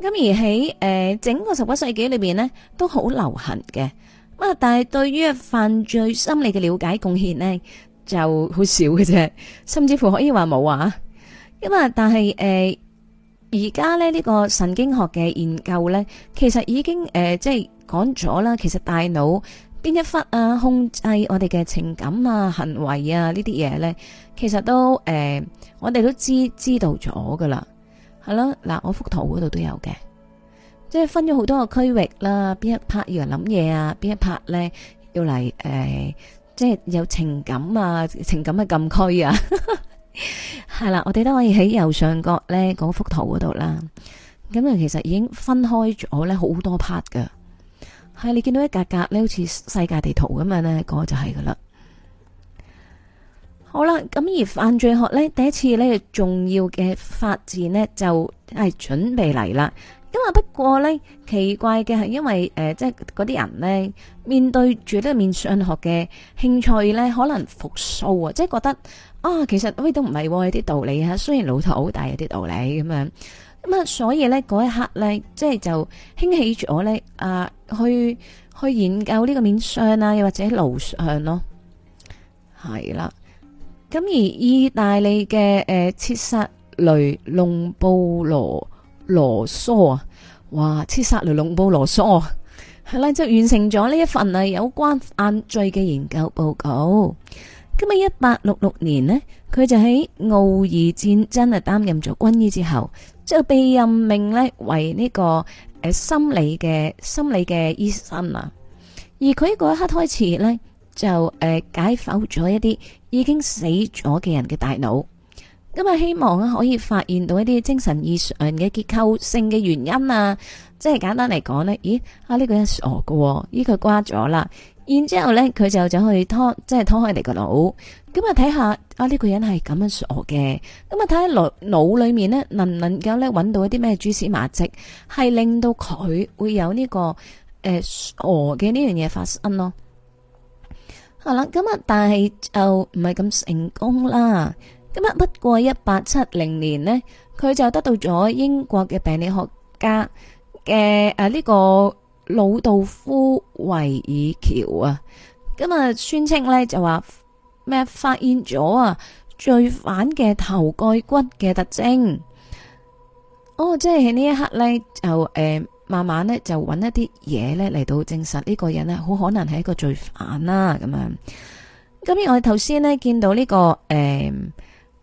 咁而喺誒整個十九世紀裏邊咧，都好流行嘅。咁啊，但係對於犯罪心理嘅了解貢獻呢。就好少嘅啫，甚至乎可以話冇啊！因為，但係誒，而家咧呢、這個神經學嘅研究咧，其實已經誒、呃、即係講咗啦。其實大腦邊一忽啊，控制我哋嘅情感啊、行為啊呢啲嘢咧，其實都誒、呃，我哋都知知道咗噶啦。係咯，嗱，我幅圖嗰度都有嘅，即係分咗好多個區域啦。邊一 part 要嚟諗嘢啊？邊一 part 咧要嚟誒？呃即係有情感啊，情感嘅禁區啊，係 [laughs] 啦，我哋都可以喺右上角咧嗰幅圖嗰度啦。咁啊，其實已經分開咗咧好多 part 噶係你見到一格格咧，好似世界地圖咁樣咧，嗰個就係噶啦。好啦，咁而犯罪學咧，第一次咧重要嘅發展咧就係準備嚟啦。咁啊！不過咧，奇怪嘅係，因為誒、呃，即係嗰啲人咧，面對住呢個面相學嘅興趣咧，可能復甦啊，即係覺得啊，其實喂都唔係有啲道理啊，雖然老頭好大有啲道理咁、啊、樣，咁啊，所以咧嗰一刻咧，即係就興起咗我咧啊，去去研究呢個面相啊，又或者喺路上咯，係啦。咁而意大利嘅誒、呃、切薩雷隆布羅羅梭啊，哇！切薩雷龍布羅梭，係啦，就完成咗呢一份啊有關犯罪嘅研究報告。咁啊，一八六六年呢，佢就喺奧義戰爭啊擔任咗軍醫之後，就被任命呢為呢、這個誒、呃、心理嘅心理嘅醫生啊。而佢嗰一刻開始呢，就誒、呃、解剖咗一啲已經死咗嘅人嘅大腦。咁啊，希望啊可以發現到一啲精神異常嘅結構性嘅原因啊，即係簡單嚟講呢咦啊呢個人傻噶，依佢瓜咗啦，然之後呢佢就走去拖，即係拖開你個腦，咁啊睇下啊呢個人係咁樣傻嘅，咁啊睇下腦裏面呢能唔能夠咧搵到一啲咩蛛絲馬迹，係令到佢會有呢、呢個誒、呃、傻嘅呢樣嘢發生咯。好啦，咁啊但係就唔係咁成功啦。咁啊！不過一八七零年呢，佢就得到咗英國嘅病理學家嘅誒呢個老道夫維爾喬啊。咁啊宣稱呢就話咩發現咗啊罪犯嘅頭蓋骨嘅特徵哦，即係喺呢一刻呢，就誒、呃、慢慢呢，就揾一啲嘢呢嚟到證實呢個人呢，好可能係一個罪犯啦、啊。咁樣咁，我哋頭先呢見到呢、這個誒。呃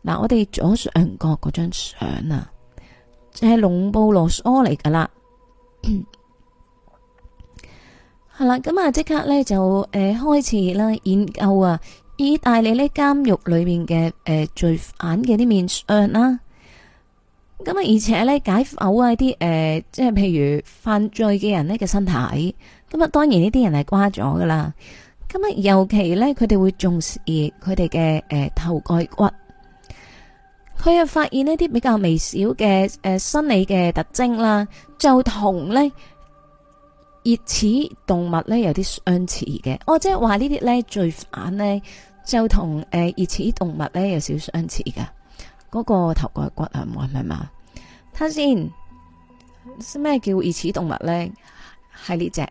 嗱，我哋左上角嗰張相啊，就係、是、龍布羅梭嚟噶啦，係 [coughs] 啦。咁啊，即刻咧就誒開始啦，研究啊，意大利呢監獄裏面嘅誒罪犯嘅啲面相啦。咁啊，而且咧解剖啊啲誒，即、呃、係譬如犯罪嘅人呢嘅身體。咁啊，當然呢啲人係瓜咗噶啦。咁啊，尤其咧佢哋會重視佢哋嘅誒頭蓋骨。佢又發現呢啲比較微小嘅誒、呃、生理嘅特徵啦，就同呢熱齒動物呢有啲相似嘅。我、哦、即係話呢啲呢，罪犯呢，就同誒、呃、熱齒動物呢有少相似噶。嗰、那個頭蓋骨係、啊、咪？嘛？睇下先，咩叫熱齒動物呢？係呢隻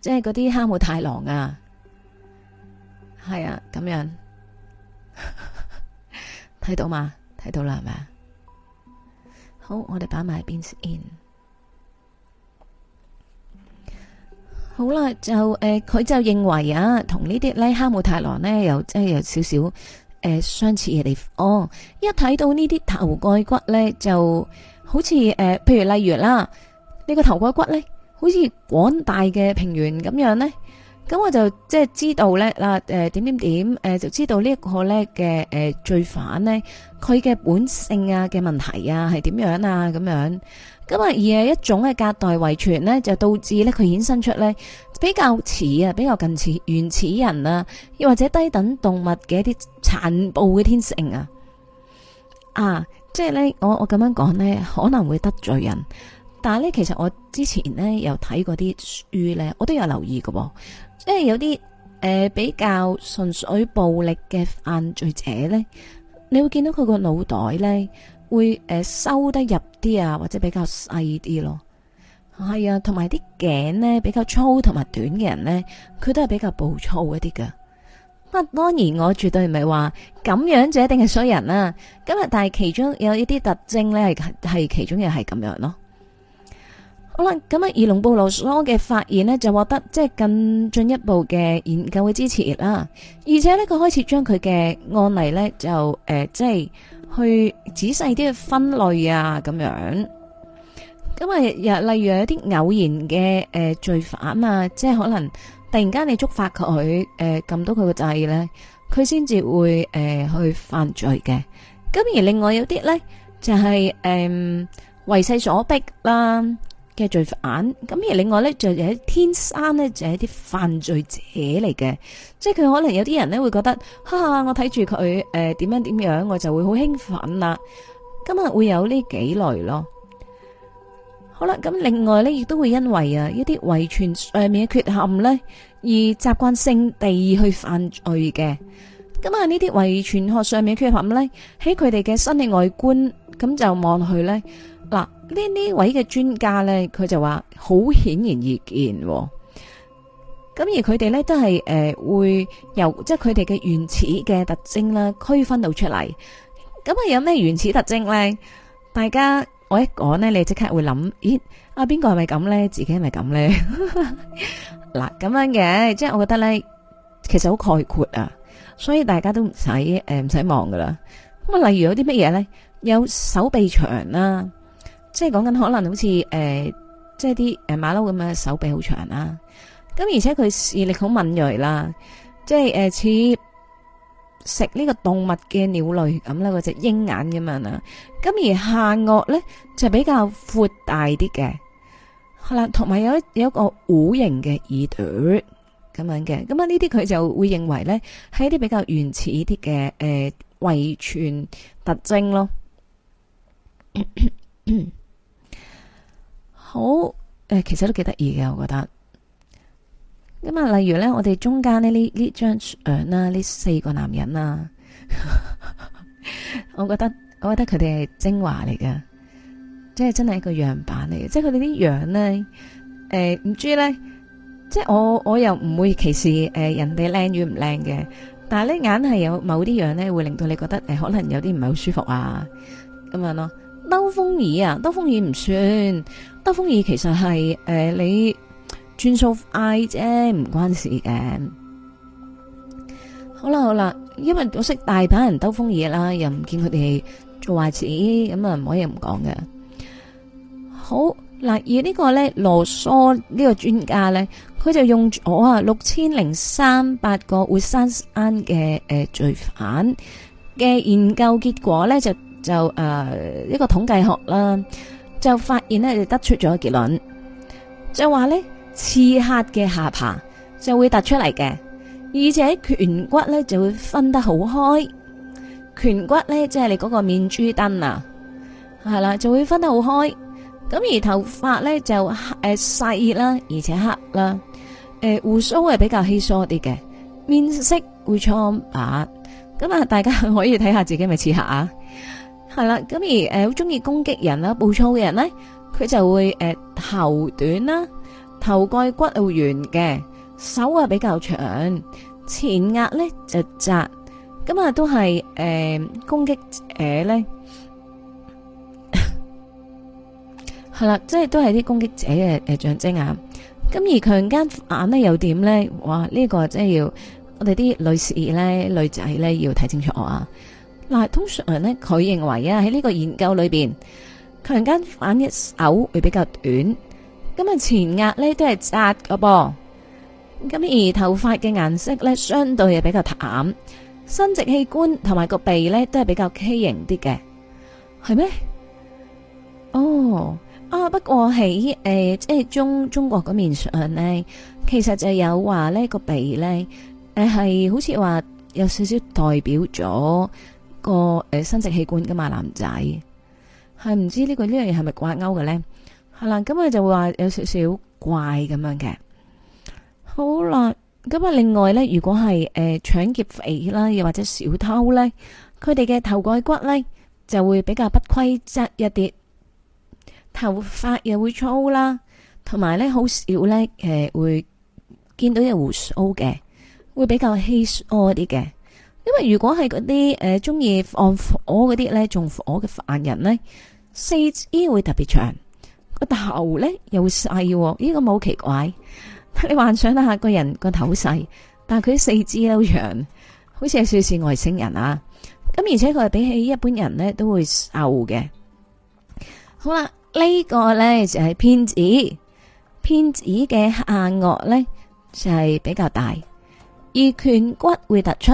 即係嗰啲哈姆太郎啊，係啊咁樣。 [laughs] 睇到嘛？睇到啦，係咪啊？好，我哋擺埋邊先。好啦，就誒，佢、呃、就認為啊，同呢啲咧哈姆太郎呢，又即係有少少誒相似嘅地方。一睇到呢啲頭蓋骨呢，就好似誒、呃，譬如例如啦，呢、呢個頭蓋骨呢，好似廣大嘅平原咁樣呢。咁我就即係知道咧嗱，誒、呃、點點點，誒、呃、就知道個呢一個咧嘅誒罪犯咧，佢嘅本性啊嘅問題啊係點樣啊咁樣，咁啊而係一種嘅隔代遺傳咧，就導致咧佢衍生出咧比較似啊，比較近似原始人啊，又或者低等動物嘅一啲殘暴嘅天性啊，啊，即係咧我我咁樣講咧可能會得罪人。但係咧，其實我之前咧有睇過啲書咧，我都有留意嘅、哦，即係有啲誒、呃、比較純粹暴力嘅犯罪者咧，你會見到佢個腦袋咧會誒、呃、收得入啲啊，或者比較細啲咯。係啊，同埋啲頸咧比較粗同埋短嘅人咧，佢都係比較暴躁一啲㗎。不過當然我絕對唔係話咁樣就一定係衰人啦、啊。咁日但係其中有一啲特徵咧，係其中嘅係咁樣咯。好啦，咁啊，二龍布羅所嘅發現呢，就獲得即係更進一步嘅研究嘅支持啦。而且呢，佢開始將佢嘅案例呢，就誒、呃，即係去仔細啲去分類，啊，咁樣咁啊，又例如有啲偶然嘅誒、呃、罪犯啊，即係可能突然間你觸發佢誒撳到佢個掣呢，佢先至會誒、呃、去犯罪嘅。咁而另外有啲呢，就係、是、誒、呃、為勢所逼啦。嘅罪犯，咁而另外咧就係天生咧就係啲犯罪者嚟嘅，即係佢可能有啲人咧會覺得，哈哈，我睇住佢誒點樣點樣，我就會好興奮啦。咁咪會有呢幾類咯。好啦，咁另外咧亦都會因為啊一啲遺傳上面嘅缺陷咧而習慣性地去犯罪嘅。咁啊呢啲遺傳學上面嘅缺陷咧喺佢哋嘅生理外觀咁就望落去咧。嗱，呢呢位嘅專家咧，佢就話好顯然易見，哦，咁而佢哋咧都係誒、呃、會由即係佢哋嘅原始嘅特徵啦，區分到出嚟。咁啊有咩原始特徵咧？大家我一講咧，你即刻會諗，咦啊邊個係咪咁咧？自己係咪咁咧？嗱 [laughs] 咁樣嘅，即係我覺得咧，其實好概括啊，所以大家都唔使誒唔使忙噶啦。咁、呃、啊，例如有啲乜嘢咧？有手臂長啦，啊。即係講緊可能好似誒、呃，即係啲誒馬騮咁樣嘅手臂好長啦，咁而且佢視力好敏銳啦，即係誒似食呢個動物嘅鳥類咁啦，嗰隻鷹眼咁樣啦，咁而下顎咧就比較闊大啲嘅，好啦，同埋有有一個弧形嘅耳朵咁樣嘅，咁啊呢啲佢就會認為咧係一啲比較原始啲嘅誒遺傳特徵咯。 [coughs] 好誒，其實都幾得意嘅，我覺得。咁啊，例如咧，我哋中間呢呢呢張相啦，呢四個男人啦、啊， [laughs] 我覺得我覺得佢哋係精華嚟嘅，即係真係一個樣板嚟嘅。即係佢哋啲樣咧，誒唔知咧，即係我我又唔會歧視誒、呃、人哋靚與唔靚嘅，但係咧眼係有某啲樣咧會令到你覺得誒、呃、可能有啲唔係好舒服啊，咁樣咯。兜風耳啊，兜風耳唔算，兜風耳其實係誒、呃、你轉數快啫，唔關事嘅。好啦好啦，因為我識大把人兜風耳啦，又唔見佢哋做壞事，咁啊唔可以唔講嘅。好嗱，而這個呢個咧羅嗦呢個專家咧，佢就用咗啊六千零三百個活生生嘅誒罪犯嘅研究結果咧就。就誒、呃，一個統計學啦，就發現咧，就得出咗結論，就話咧，刺客嘅下巴就會突出嚟嘅，而且顴骨咧就會分得好開，顴骨咧即係你嗰個面珠燈啊，係啦，就會分得好開。咁而頭髮咧就黑誒晒熱啦，而且黑啦，誒胡鬚係比較稀疏啲嘅，面色會蒼白。咁啊，大家可以睇下自己係咪刺客啊。係啦，咁而誒好中意攻擊人啦，暴躁嘅人咧，佢就會誒、呃、頭短啦，頭蓋骨圓嘅，手啊比較長，前額咧就窄，咁啊、呃、都係誒、呃、攻擊誒咧，係 [laughs] 啦，即係都係啲攻擊者嘅誒、呃、象徵啊。咁而強姦眼咧又點咧？哇，呢、這個即係要我哋啲女士咧、女仔咧要睇清楚我啊！嗱，通常咧，佢認為啊，喺呢個研究裏邊，強姦犯嘅手會比較短，咁啊前額咧都係窄㗎噃，咁而頭髮嘅顏色咧相對係比較淡，生殖器官同埋個鼻咧都係比較畸形啲嘅，係咩？哦，啊，不過喺誒即係中中國嗰面上咧，其實就有話呢個鼻咧誒係好似話有少少代表咗。個誒、呃、生殖器官噶嘛，男仔係唔知道、這個這個、東西是的呢個呢樣嘢係咪掛鈎嘅咧？係、嗯、啦，咁、嗯、啊就會話有少少怪咁樣嘅。好啦，咁、嗯、啊另外咧，如果係誒搶劫匪啦，又或者小偷咧，佢哋嘅頭蓋骨咧就會比較不規則一啲，頭髮又會粗啦，同埋咧好少咧誒、呃、會見到有鬍鬚嘅，會比較稀疏一啲嘅。因為如果係嗰啲誒鍾意放火嗰啲咧，縱火嘅犯人咧，四肢會特別長，頭呢又小，這個頭咧又細。呢個冇奇怪，但你幻想一下，個人個頭細，但係佢四肢又長，好似係算是外星人啊。咁而且佢係比起一般人咧都會瘦嘅。好啦，這個、呢個咧就係、是、騙子，騙子嘅下顎咧就係、是、比較大，而顴骨會突出。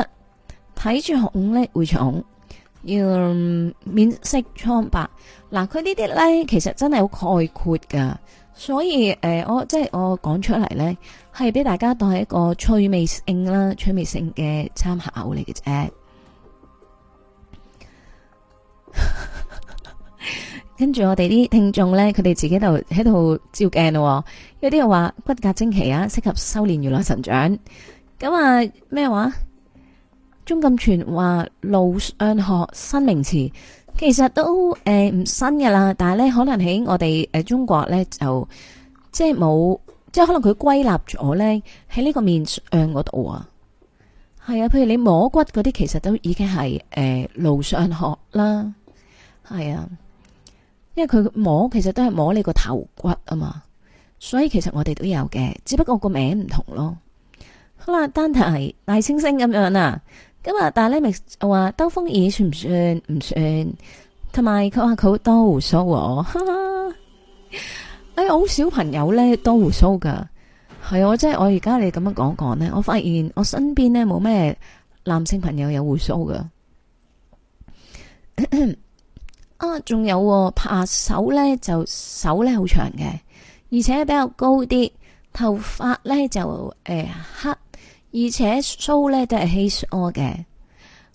睇住紅咧會重，要面、嗯、色蒼白。嗱，佢呢啲咧其實真係好概括噶，所以誒、呃，我即係我講出嚟咧，係俾大家當係一個趣味性啦、趣味性嘅參考嚟嘅啫。 [laughs] 跟住我哋啲聽眾咧，佢哋自己就喺度照鏡咯、啊。有啲又話骨骼精奇啊，適合修煉娛樂神掌。咁啊咩話？鍾錦全話：顱相學新名詞，其實都誒唔、欸、新㗎啦。但係咧，可能喺我哋誒中國咧，就即係冇，即係可能佢歸納咗咧喺呢個面上嗰度啊。係啊，譬如你摸骨嗰啲，其實都已經係誒顱相學啦。係啊，因為佢摸其實都係摸你個頭骨啊嘛，所以其實我哋都有嘅，只不過個名唔同咯。好啦，單係大猩猩咁樣啊。今日但係呢，我話兜風耳算唔算唔算？同埋佢話佢好多鬍鬚，哎，好少朋友咧多鬍鬚噶係我即係我而家你咁樣講講咧，我發現我身邊咧冇咩男性朋友有鬍鬚噶。啊，仲有喎，拍手咧就手咧好長嘅，而且比較高啲，頭髮咧就欸，黑。而且呢，鬚咧都係稀疏嘅。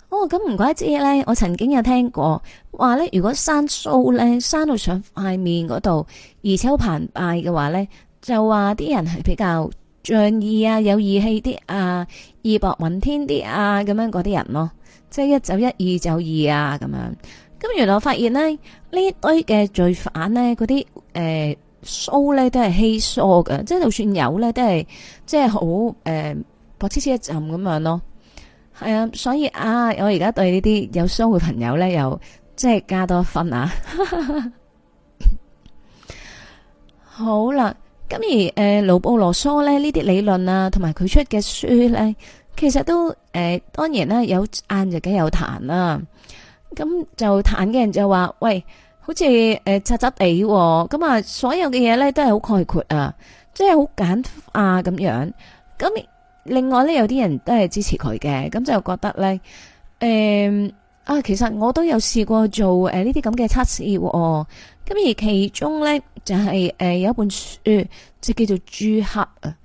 哦，咁唔怪之咧，我曾經有聽過話咧。如果生鬚咧生到上塊面嗰度，而且好澎湃嘅話咧，就話啲人係比較仗義啊，有義氣啲啊，義薄雲天啲啊，咁樣嗰啲人咯，即係一走一，二走二啊，咁樣。咁原來我發現咧，呢堆嘅罪犯咧，嗰啲誒鬚咧都係稀疏嘅，即係就算有咧，都係即係好誒。呃我黐黐一陣咁樣咯，係啊，所以啊，我而家對呢啲有商會朋友咧，又即係加多分啊。 [laughs] 好啦，咁而誒，盧、呃、布羅梭咧呢啲理論啊，同埋佢出嘅書咧，其實都誒、呃，當然啦，有讚就梗有彈啦，啊。咁、嗯、就彈嘅人就話，喂，好似誒、扎、呃、扎地咁、哦、啊、嗯，所有嘅嘢咧都係好概括啊，即係好簡化咁樣。咁、嗯。另外咧，有啲人都係支持佢嘅，咁就覺得咧，誒、嗯、啊，其實我都有試過做誒呢啲咁嘅測試喎。咁、呃哦、而其中咧就係、是、誒、呃、有一本書，呃、就叫做《朱克》啊。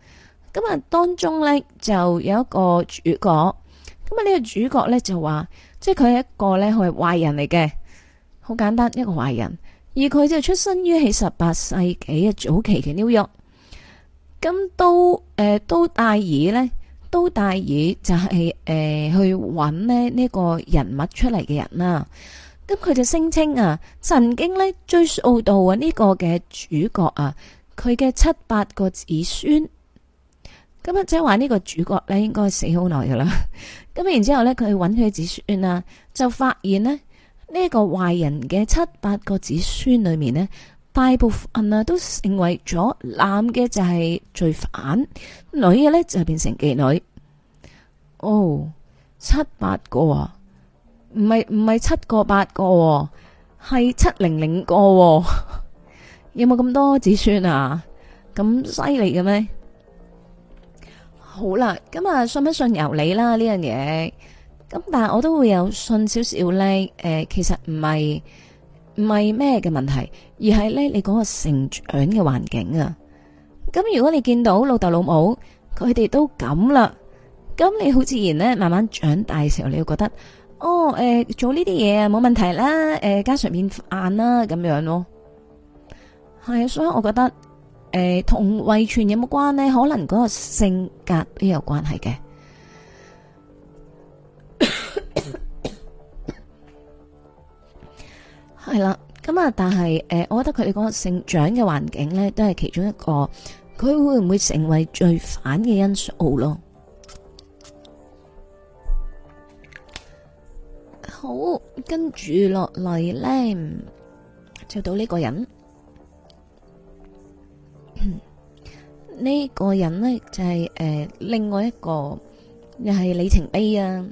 咁啊當中咧就有一個主角，咁啊呢個主角咧就話，即係佢係一個咧，佢係壞人嚟嘅，好簡單，一個壞人。而佢就出生於喺十八世紀嘅早期嘅紐約。咁都誒都帶嘢咧，都帶嘢就係、是、誒、呃、去揾呢呢、這個人物出嚟嘅人啦、啊。咁佢就聲稱啊，曾經咧追溯到啊呢個嘅主角啊，佢嘅七八個子孫。咁啊即係話呢個主角咧應該死好耐噶啦。咁 [laughs] 然之後咧佢去揾佢子孫啦、啊，就發現呢呢、這個壞人嘅七八個子孫裏面咧。大部分啊都成為咗男嘅就係罪犯，女嘅咧就係變成妓女。哦、oh,，七八個啊，唔係唔係七個八個，啊，係七零零個，啊， [laughs] 有冇咁多子孫啊？咁犀利嘅咩？好啦，咁、嗯、啊信不信由你啦，呢樣嘢。咁、嗯、但係我都會有信少少咧。誒、呃，其實唔係。唔係咩嘅問題，而係呢你嗰個成長嘅環境啊。咁如果你見到老豆老母佢哋都咁啦，咁你好自然呢，慢慢長大嘅時候，你會覺得哦誒、呃、做呢啲嘢啊冇問題啦，誒家常便飯啦咁樣咯、哦。係啊，所以我覺得誒同遺傳有冇關呢，可能嗰個性格都有關係嘅。 [laughs] 係啦，咁啊，但係誒，我覺得佢哋嗰個成長嘅環境咧，都係其中一個，佢會唔會成為最反嘅因素咯？好，跟住落嚟咧，就到呢個人，呢個人咧就係誒另外一個，又係里程碑啊。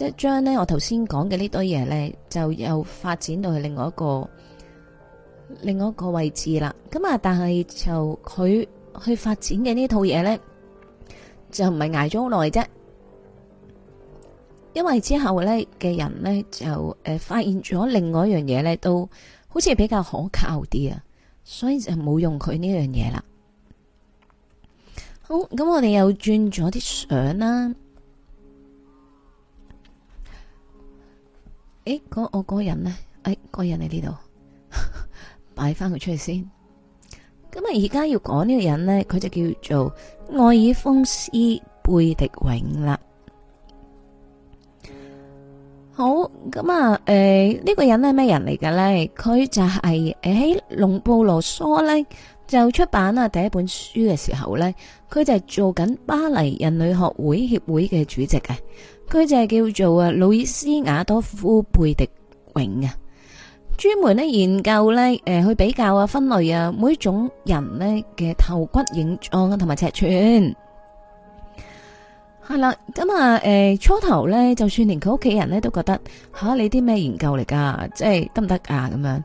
即係將呢，我頭先講嘅呢堆嘢呢，就又發展到去另外一個另外一個位置啦。咁啊，但係就佢去發展嘅呢套嘢呢，就唔係挨咗好耐啫。因為之後呢嘅人呢，就誒發現咗另外一樣嘢呢，都好似比較可靠啲啊，所以就冇用佢呢樣嘢啦。好，咁我哋又轉咗啲相啦。誒，我嗰、哎、 [laughs] 個人呢，誒，個人喺呢度，擺翻佢出去先。咁啊，而家要講呢個人呢，佢就叫做愛爾豐斯貝迪永啦。好，咁、嗯、啊，誒，呢個人係咩人嚟嘅呢？佢就係喺龍布羅梭呢就出版第一本書嘅時候呢，佢就係做緊巴黎人類學會協會嘅主席嘅。佢就係叫做啊路爾斯雅多夫貝迪永啊，專門咧研究咧，誒去比較啊分類啊每種人咧嘅頭骨形狀同埋尺寸。係啦，咁啊誒初頭咧，就算連佢屋企人咧都覺得吓、啊、你啲咩研究嚟噶，即係得唔得啊咁樣？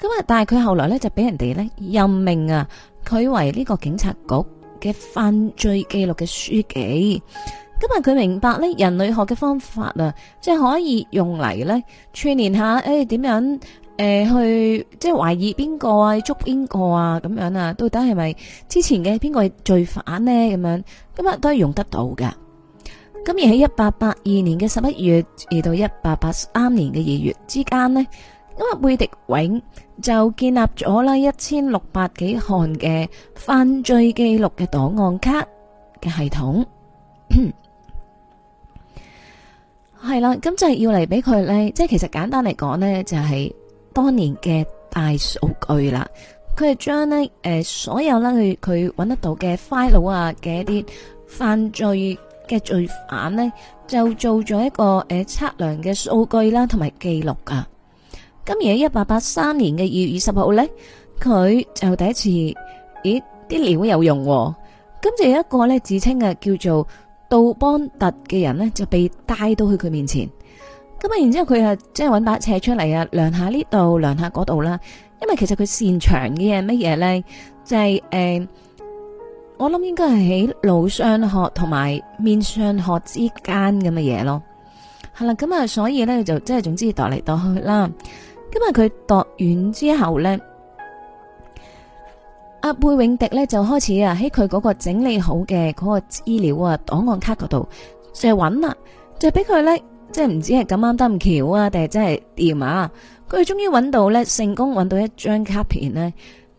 咁啊，但係佢後來咧就俾人哋咧任命啊，佢為呢個警察局嘅犯罪記錄嘅書記。今日佢明白咧，人類學嘅方法啊，即係可以用嚟咧串聯下，誒點樣誒去即係懷疑邊個啊，捉邊個啊咁樣啊，到底係咪之前嘅邊個係罪犯呢？咁樣，今日都係用得到㗎。咁而喺一八八二年嘅十一月，而到一八八三年嘅二月之間呢，今日貝迪永就建立咗啦一千六百幾項嘅犯罪記錄嘅檔案卡嘅系統。 [coughs] 係啦，咁就係要嚟俾佢咧，即係其實簡單嚟講咧，就係當年嘅大數據啦。佢係將咧誒所有咧佢佢揾得到嘅 file 啊嘅一啲犯罪嘅罪犯咧，就做咗一個誒測量嘅數據啦，同埋記錄噶。而喺一八八三年嘅二月二十號咧，佢就第一次咦啲料有用喎，咁就有一個咧自稱嘅叫做。杜邦特嘅人咧就被帶到去佢面前，咁啊，然之後佢啊即係揾把尺出嚟啊，量下呢度，量下嗰度啦。因為其實佢擅長嘅嘢乜嘢咧，就係、是、誒、呃，我諗應該係喺腦相學同埋面相學之間咁嘅嘢咯。係啦，咁啊，所以咧就即係總之度嚟度去啦。咁啊，佢度完之後咧。阿貝永迪咧就開始啊喺佢嗰個整理好嘅嗰個資料啊檔案卡嗰度就揾啦，就俾佢咧即係唔知係咁啱得咁橋啊，定係真係掂啊！佢終於揾到咧，成功揾到一張卡片咧，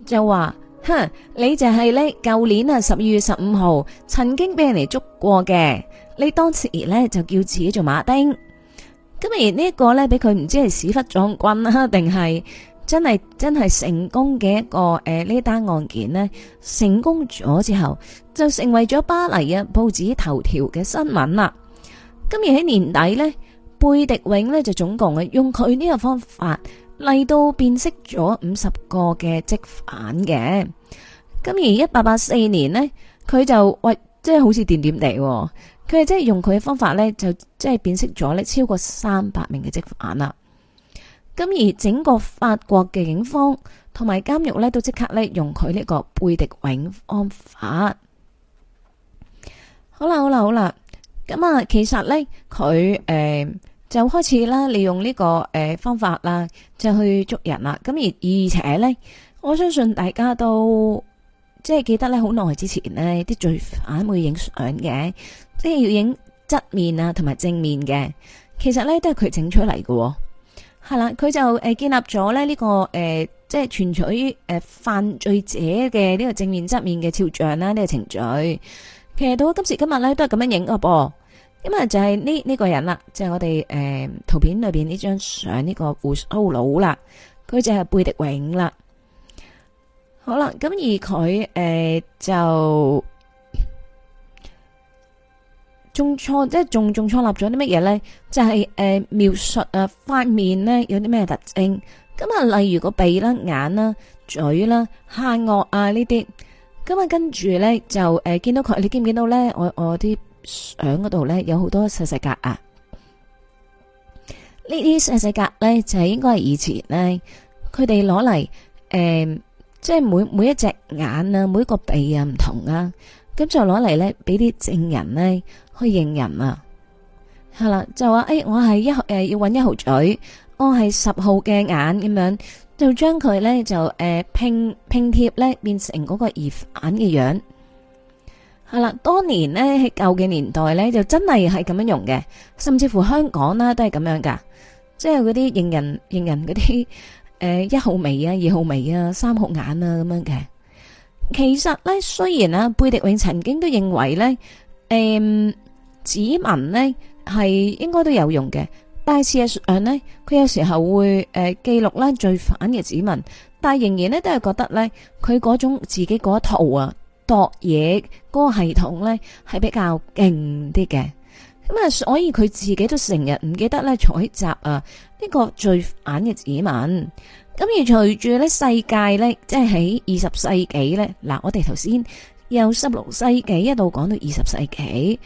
就話：哼，你就係咧舊年啊十二月十五號曾經俾人嚟捉過嘅，你當時咧就叫自己做馬丁。咁而呢一個咧俾佢唔知係屎忽撞棍啊定係。真係真係成功嘅一個誒呢、呃、單案件咧，成功咗之後就成為咗巴黎嘅報紙頭條嘅新聞啦。今年喺年底呢貝迪永呢就總共用佢呢個方法嚟到辨識咗五十個嘅積犯嘅。今年一八八四年呢，佢就喂即係好似掂掂哋、啊，佢係即係用佢嘅方法呢，就即係辨識咗咧超過三百名嘅積犯啦。咁而整個法國嘅警方同埋監獄咧，都即刻咧用佢呢個貝迪永方法。好啦，好啦，好啦。咁啊，其實咧，佢誒、呃、就開始啦，利用呢、這個誒、呃、方法啦，就去捉人啦。咁而而且咧，我相信大家都即係記得咧，好耐之前咧啲罪犯會影相嘅，即係要影側面啊同埋正面嘅。其實咧都係佢整出嚟嘅。係、嗯、啦，佢就誒建立咗咧呢個誒，即係存取於誒犯罪者嘅呢個正面側面嘅肖像啦，呢、這個程序。其實到今時今日咧，都係咁樣影、這個噃。咁啊，就係呢呢個人啦，即係我哋誒圖片裏邊呢張相呢個胡修魯啦，佢就係貝迪永啦。好啦，咁、嗯、而佢誒、呃、就。仲錯即係仲仲錯立咗啲乜嘢咧？就係誒描述啊，塊面咧有啲咩特徵咁啊？例如個鼻啦、眼啦、嘴啦、下顎啊呢啲咁啊，跟住咧就誒見到佢，你見唔見到咧？我我啲相嗰度咧有好多細細格啊。呢啲細細格咧就係應該係以前咧，佢哋攞嚟誒，即係每每一隻眼啊，每一個鼻啊唔同啊，咁就攞嚟咧俾啲證人咧。去認人啊，係啦，就話誒、哎，我係一，、呃、一號誒，要搵一號嘴，我係十號嘅眼咁樣，就將佢咧就誒、呃、拼拼貼咧，變成嗰個耳眼嘅樣。係啦，當年呢，喺舊嘅年代咧，就真係係咁樣用嘅，甚至乎香港啦、啊、都係咁樣噶，即係嗰啲認人認人嗰啲誒一號眉啊，二號眉啊，三號眼啊咁樣嘅。其實咧，雖然啊，貝迪永曾經都認為咧，誒、嗯。指紋呢係應該都有用嘅，但係事實上呢，佢有時候會誒、呃、記錄咧最反嘅指紋，但係仍然呢都係覺得呢，佢嗰種自己嗰一套啊，度嘢嗰個系統呢係比較勁啲嘅。咁啊，所以佢自己都成日唔記得呢採集啊呢個最反嘅指紋。咁而隨住呢世界呢，即係喺二十世紀呢，嗱，我哋頭先由十六世紀一路講到二十世紀。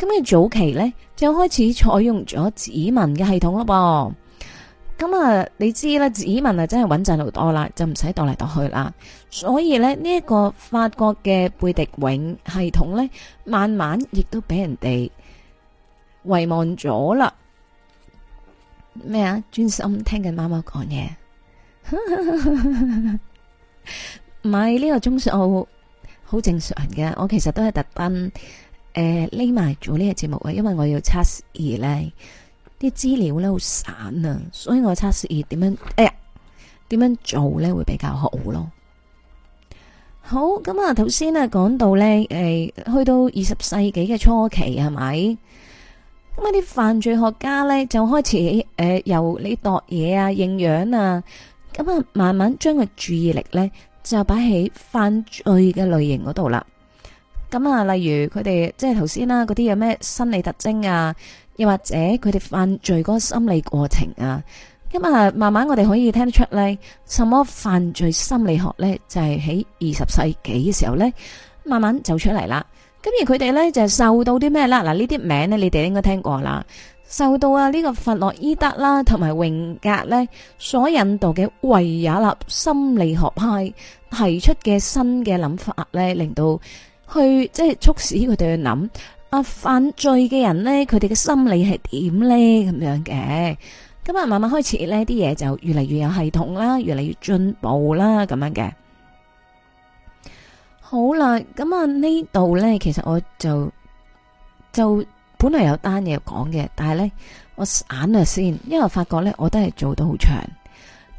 咁嘅早期咧，就開始採用咗指紋嘅系統咯噃。咁啊，你知啦，指紋啊真係穩陣好多啦，就唔使度嚟度去啦。所以咧，呢、這、一個法國嘅貝迪永系統咧，慢慢亦都俾人哋遺忘咗啦。咩啊？專心聽緊貓貓講嘢。唔係呢個鐘數好正常嘅，我其實都係特登。誒、呃，匿埋做呢個節目啊，因為我要測試二咧，啲資料咧好散啊，所以我測試二點樣，哎呀，點樣做咧會比較好咯。好，咁、嗯、啊，頭先啊講到咧，誒、嗯，去到二十世紀嘅初期係咪？咁啊，啲、嗯、犯罪學家咧就開始誒、呃、由你度嘢啊、營養啊，咁、嗯、啊，慢慢將個注意力咧就擺喺犯罪嘅類型嗰度啦。咁啊，例如佢哋即係頭先啦，嗰啲有咩心理特徵啊，又或者佢哋犯罪嗰個心理過程啊。咁啊，慢慢我哋可以聽得出呢，什麼犯罪心理學咧，就係喺二十世紀嘅時候咧，慢慢走出就出嚟啦。咁而佢哋咧就係受到啲咩啦？嗱，呢啲名咧，你哋應該聽過啦。受到啊呢個弗洛伊德啦，同埋榮格咧所引導嘅維也納心理學派提出嘅新嘅諗法咧，令到。去即係促使佢哋去諗，啊犯罪嘅人呢，佢哋嘅心理係點呢？咁樣嘅。咁啊慢慢開始呢啲嘢，就越嚟越有系統啦，越嚟越進步啦，咁樣嘅。好啦，咁啊呢度呢，其實我就就本來有單嘢講嘅，但係呢，我閃咗先，因為我發覺呢，我都係做到好長。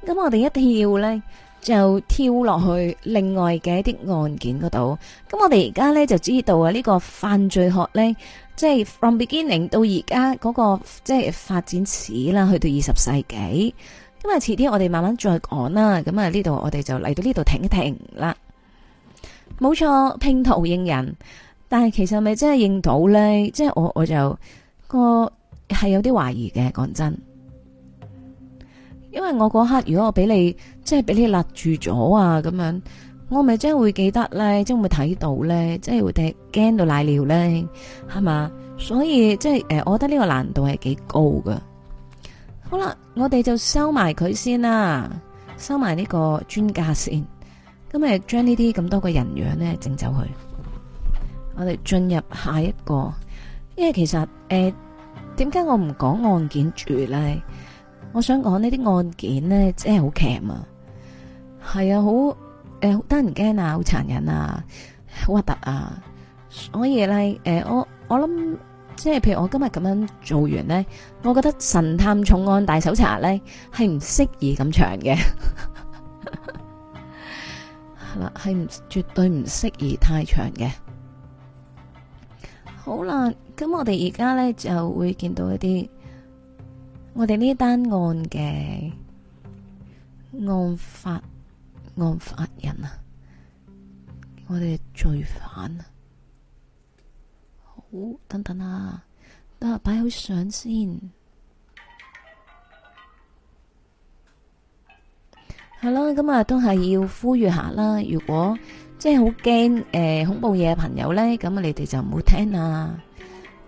咁我哋一定要呢就跳落去另外嘅一啲案件嗰度，咁我哋而家咧就知道啊，呢個犯罪學咧，即係 from beginning 到而家嗰個即係發展史啦，去到二十世紀。咁啊，遲啲我哋慢慢再講啦。咁啊，呢度我哋就嚟到呢度停一停啦。冇錯，拼圖認人，但係其實咪真係認到咧？即係我我就個係有啲懷疑嘅，講真。因為我嗰刻如果我俾你即係俾你勒住咗啊咁樣，我咪真係會記得咧，即係會睇到咧，即係會驚到瀨尿咧，係嘛？所以即係誒，我覺得呢個難度係幾高噶。好啦，我哋就收埋佢先啦，收埋呢個專家先。今日將呢啲咁多個人樣咧整走佢。我哋進入下一個，因為其實誒，呃、點解我唔講案件住咧？我想講呢啲案件呢，真係好 c a 啊，係啊，好、呃、誒，好得人驚啊，好殘忍啊，好核突啊！所以咧，誒、呃，我我諗，即係譬如我今日咁樣做完呢，我覺得《神探重案大搜查》呢， [laughs] 係唔適宜咁長嘅，係啦，係唔絕對唔適宜太長嘅。好啦，咁我哋而家呢，就會見到一啲。我哋呢單案嘅案發案發人啊，我哋罪犯啊，好等等啊，等下擺好相先。係咯，咁啊都係要呼籲下啦。如果即係好驚誒恐怖嘢嘅朋友呢，咁啊你哋就唔好聽啦。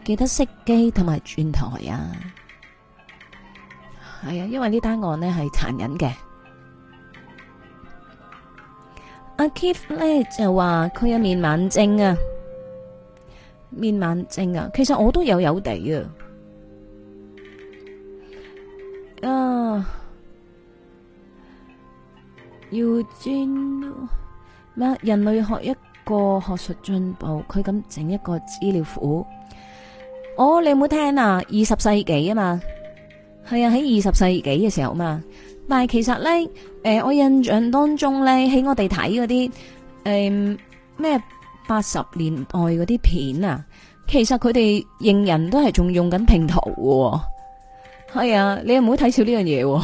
記得熄機同埋轉台啊。係啊，因為呢單案呢係殘忍嘅。阿 Keith 呢就話佢有面盲症啊，面盲症啊。其實我都有有地啊。啊，要轉乜人類學一個學術進步，佢咁整一個資料庫。哦，你有冇聽啊？二十世紀啊嘛。係啊，喺二十世紀嘅時候嘛，但係其實呢，誒、呃，我印象當中呢，喺我哋睇嗰啲誒咩八十年代嗰啲片啊，其實佢哋認人都係仲用緊拼圖喎，係啊，你又唔好睇少呢樣嘢，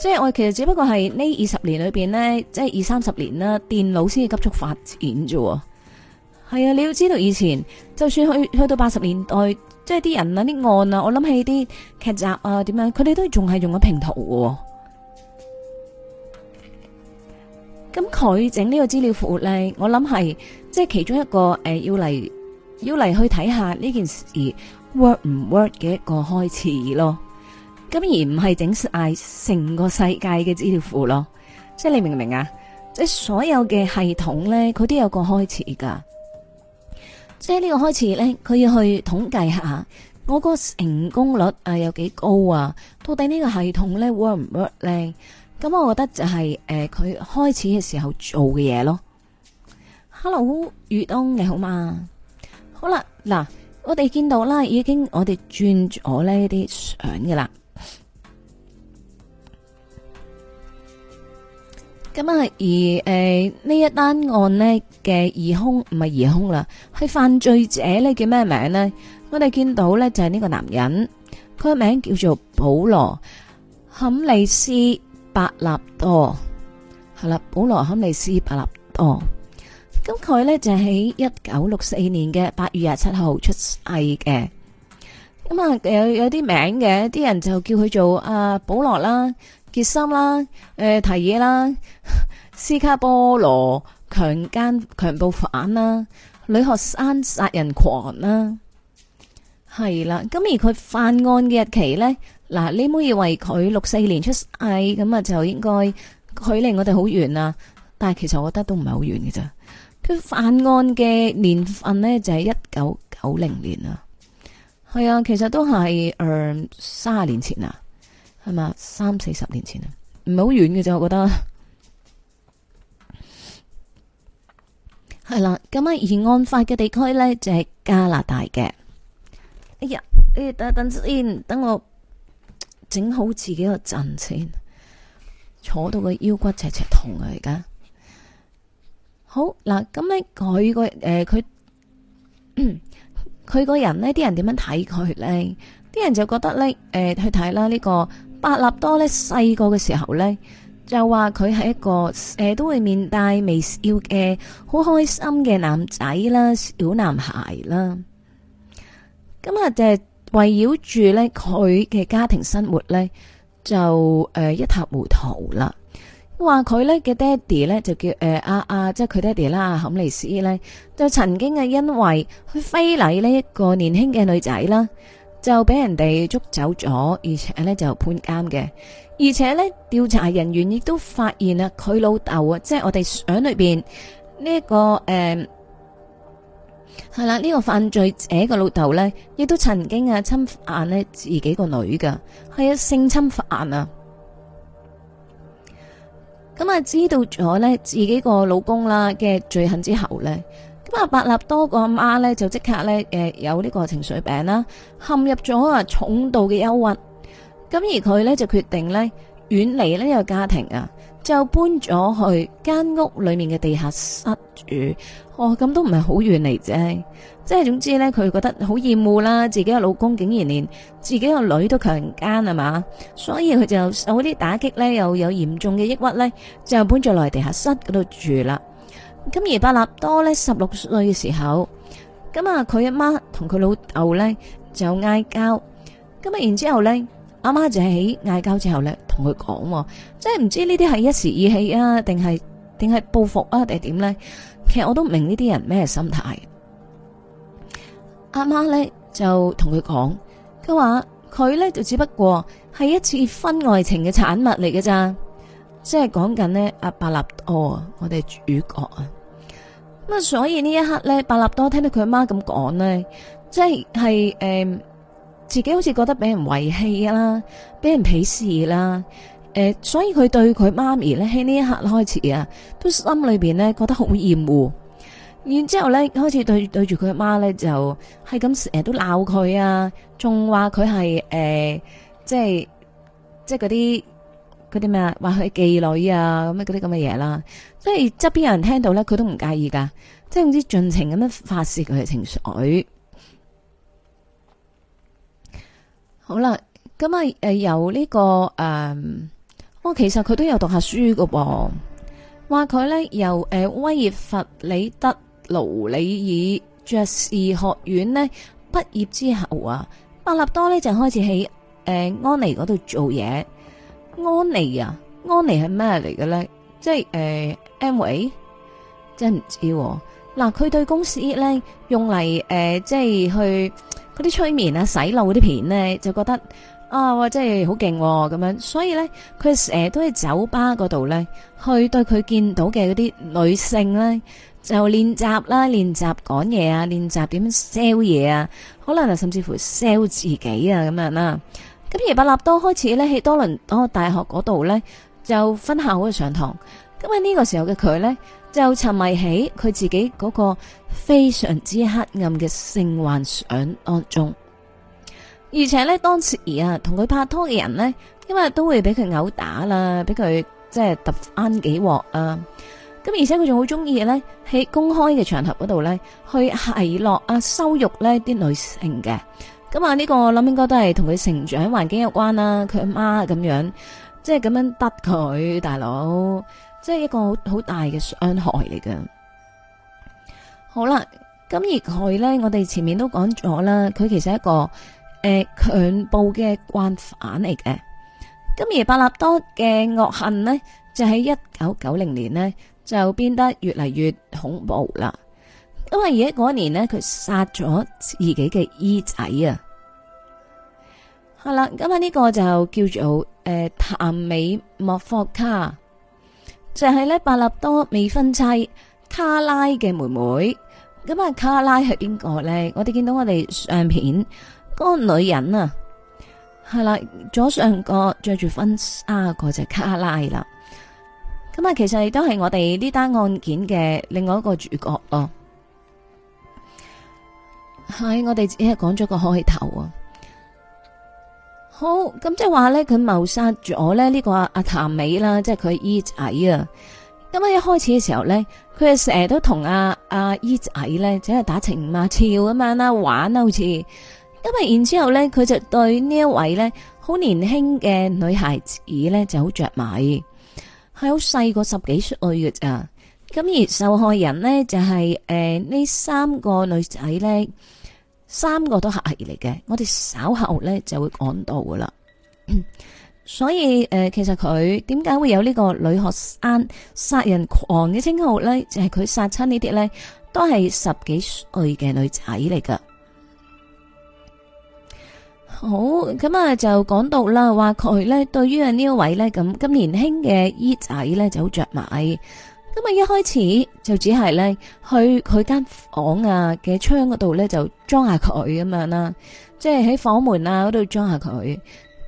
即係我其實只不過係呢二十年裏邊呢，即係二三十年啦，電腦先至急速發展啫，係啊，你要知道以前就算去去到八十年代。即係啲人啊，啲案啊，我諗起啲劇集啊，點樣佢哋都仲係用咗平圖喎，哦。咁佢整呢個資料庫咧，我諗係即係其中一個誒、呃，要嚟要嚟去睇下呢件事 work 唔 work 嘅一個開始咯。咁而唔係整晒成個世界嘅資料庫咯。即係你明唔明啊？即係所有嘅系統咧，佢都有個開始噶。即係呢個開始咧，佢要去統計下我個成功率啊有幾高啊，到底呢個系統咧 work 唔 work 咧？咁我覺得就係誒佢開始嘅時候做嘅嘢咯。Hello，月東你好嘛？好啦，嗱，我哋見到啦，已經我哋轉咗呢啲相噶啦。咁啊，而誒呢一單案呢嘅疑凶唔係疑凶啦，係犯罪者呢，叫咩名呢？我哋見到呢就係呢個男人，佢個名叫做保羅坎利斯伯納多，係、就是呃、啦，保羅坎利斯伯納多。咁佢呢就喺一九六四年嘅八月廿七號出世嘅。咁啊，有有啲名嘅，啲人就叫佢做阿保羅啦。傑森啦，誒、呃，提嘢啦，斯卡波羅強姦強暴犯啦，女學生殺人狂啦，係啦，咁而佢犯案嘅日期呢？嗱，你唔好以為佢六四年出世，咁啊就應該佢離我哋好遠啊，但係其實我覺得都唔係好遠嘅咋，佢犯案嘅年份呢，就係一九九零年啊，係啊，其實都係誒三十年前啊。係嘛？三四十年前啊，唔係好遠嘅啫，我覺得。係啦，咁啊，而案發嘅地區呢，就係、是、加拿大嘅。哎呀，誒，等一等先，等我整好自己個陣先。坐到個腰骨赤赤痛啊，而家。好，嗱，咁呢，佢個誒，佢佢、嗯、個人呢，啲人點樣睇佢呢？啲人就覺得呢，誒、呃，去睇啦呢、這個。巴納多咧，細個嘅時候咧，就話佢係一個誒、呃、都會面帶微笑嘅好開心嘅男仔啦，小男孩啦。咁啊就圍繞住咧佢嘅家庭生活咧，就誒、呃、一塌糊塗啦。話佢咧嘅爹哋咧就叫誒阿阿即係佢爹哋啦，阿坎尼斯咧就曾經係因為去非禮呢一個年輕嘅女仔啦。就俾人哋捉走咗，而且呢就判監嘅。而且呢調查人員亦都發現啦，佢老豆啊，即係我哋相裏邊呢個誒，係啦，呢個犯罪者個老豆呢，亦都曾經啊侵犯呢自己個女噶，係一性侵犯啊。咁啊，知道咗呢自己個老公啦嘅罪行之後呢。咁啊，伯納多個阿媽呢，就即刻呢，誒，有呢個情緒病啦，陷入咗啊，重度嘅憂鬱。咁而佢呢，就決定呢，遠離呢個家庭啊，就搬咗去間屋裏面嘅地下室住。哦，咁都唔係好遠嚟啫，即係總之呢，佢覺得好厭惡啦，自己個老公竟然連自己個女都強奸呀嘛，所以佢就受啲打擊呢，又有嚴重嘅抑鬱呢，就搬咗落地下室嗰度住啦。咁而巴納多呢，十六歲嘅時候，咁啊，佢阿媽同佢老豆呢，就嗌交，咁啊，然之後呢阿媽就喺嗌交之後呢，同佢講，即係唔知呢啲係一時意氣啊，定係定係報復啊，定係點呢？其實我都唔明呢啲人咩心態。阿媽呢，就同佢講，佢話佢呢，就只不過係一次婚外情嘅產物嚟嘅咋。即係講緊咧阿伯納多啊，我哋主角啊，咁啊，所以呢一刻咧，伯納多聽到佢阿媽咁講咧，即係係誒，自己好似覺得俾人遺棄啦，俾人鄙視啦，誒、呃，所以佢對佢媽咪咧喺呢一刻開始啊，都心裏邊咧覺得好厭惡，然之後咧開始對對住佢阿媽咧就係咁成日都鬧佢啊，仲話佢係誒，即係即係嗰啲。佢啲咩話佢妓女啊咁啊嗰啲咁嘅嘢啦，即係側邊有人聽到咧，佢都唔介意噶，即係唔知盡情咁樣發泄佢嘅情緒。好啦，咁啊誒由呢、這個誒，我、嗯哦、其實佢都有讀下書噶噃，話佢咧由誒、呃、威爾弗里德勞里爾爵士學院呢畢業之後啊，伯納多咧就開始喺誒、呃、安妮嗰度做嘢。安妮啊，安妮係咩嚟嘅咧？即係誒、呃、Amway 真唔知道、啊。嗱，佢對公司咧用嚟誒、呃，即係去嗰啲催眠啊、洗腦嗰啲片咧，就覺得啊，即係好勁咁樣。所以咧，佢成日都喺酒吧嗰度咧，去對佢見到嘅嗰啲女性咧，就練習啦，練習講嘢啊，練習點樣 sell 嘢啊，可能啊，甚至乎 sell 自己啊咁樣啦、啊。咁而伯納多開始咧喺多倫多大學嗰度呢，就分校嘅上堂，咁喺呢個時候嘅佢呢，就沉迷喺佢自己嗰個非常之黑暗嘅性幻想當中，而且呢，當時啊同佢拍拖嘅人呢，因為都會俾佢毆打啦，俾佢即係揼翻幾鑊啊！咁而且佢仲好中意呢，喺公開嘅場合嗰度呢，去奚落啊、羞辱呢啲女性嘅。咁啊，呢個諗應該都係同佢成長環境有關啦，佢阿媽咁樣，即係咁樣得佢大佬，即係一個好大嘅傷害嚟㗎。好啦，咁而佢咧，我哋前面都講咗啦，佢其實係一個誒、呃、強暴嘅慣犯嚟嘅。咁而伯納多嘅惡行呢，就喺一九九零年呢，就變得越嚟越恐怖啦。因為而家嗰年呢，佢殺咗自己嘅姨仔啊！係、嗯、啦，咁啊呢個就叫做誒譚、呃、美莫霍卡，就係咧伯納多未婚妻卡拉嘅妹妹。咁、嗯、啊，卡拉係邊個咧？我哋見到我哋相片，個女人啊，係、嗯、啦，左上角着住婚紗嗰隻卡拉啦。咁、嗯、啊，其實亦都係我哋呢單案件嘅另外一個主角咯、啊。係、嗯、我哋只係講咗個開頭啊。好，咁即係話咧，佢謀殺咗咧呢個阿譚美啦，即係佢姨仔啊。咁啊，一開始嘅時候咧，佢係成日都同阿阿姨仔咧，即係打情罵俏咁樣啦，玩啦，好似。咁啊，然之後咧，佢就對呢一位咧，好年輕嘅女孩子咧，就好着迷，係好細個十幾歲嘅咋。咁而受害人咧就係誒呢三個女仔咧。三個都客係嚟嘅，我哋稍後咧就會講到噶啦。 [coughs] 所以誒、呃，其實佢點解會有呢個女學生殺人狂嘅稱號咧？就係佢殺親呢啲咧，都係十幾歲嘅女仔嚟噶。好，咁啊就講到啦，話佢咧對於呢一位咧咁咁年輕嘅姨仔咧就好著迷。咁啊！一開始就只係咧，去佢間房啊嘅窗嗰度咧，就裝下佢咁樣啦，即係喺房門啊嗰度裝下佢。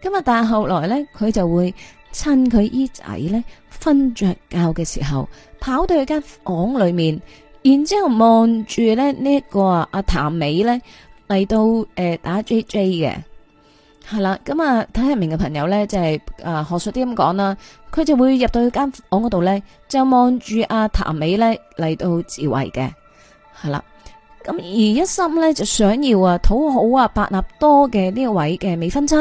咁啊，但係後來咧，佢就會趁佢姨仔咧瞓着覺嘅時候，跑到佢間房裏面，然之後望住咧呢一、這個阿譚美咧嚟到，誒、呃、打 J J 嘅。係、嗯、啦，咁啊，睇下面嘅朋友咧，就係啊，學術啲咁講啦，佢就會入到間房嗰度咧，就望住阿譚美咧嚟到自衛嘅，係、嗯、啦，咁、嗯、而一心咧就想要啊討好啊伯納多嘅呢一位嘅未婚妻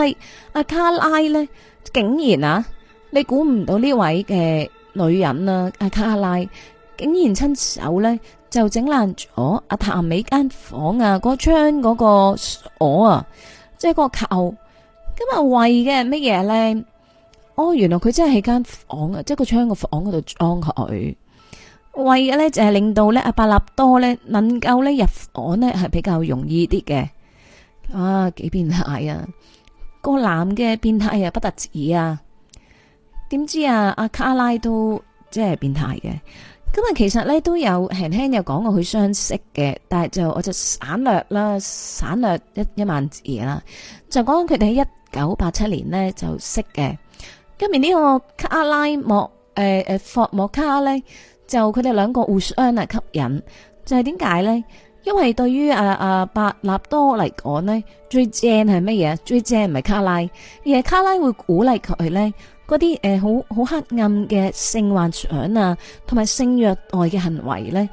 阿卡拉咧，竟然啊，你估唔到呢位嘅女人啊，阿卡拉竟然親手咧就整爛咗阿譚美間房啊，房啊嗰個窗嗰個鎖啊，即係個球。咁啊，為嘅乜嘢咧？哦，原來佢真係喺間房啊，即係個窗個房嗰度裝佢。為嘅咧就係、是、令到咧阿巴納多咧能夠咧入房咧係比較容易啲嘅。啊，幾變態啊！個男嘅變態啊，不得止啊！點知啊，阿卡拉都即係變態嘅。今日其實咧都有輕輕有講過佢相識嘅，但係就我就省略啦，省略一一萬字啦，就講佢哋一九八七年咧就識嘅，今年呢個卡拉莫誒誒、呃、霍莫卡咧，就佢哋兩個互相啊吸引，就係點解咧？因為對於啊啊伯納多嚟講咧，最正係乜嘢？最正唔係卡拉，而係卡拉會鼓勵佢咧，嗰啲誒好好黑暗嘅性幻想啊，同埋性虐待嘅行為咧，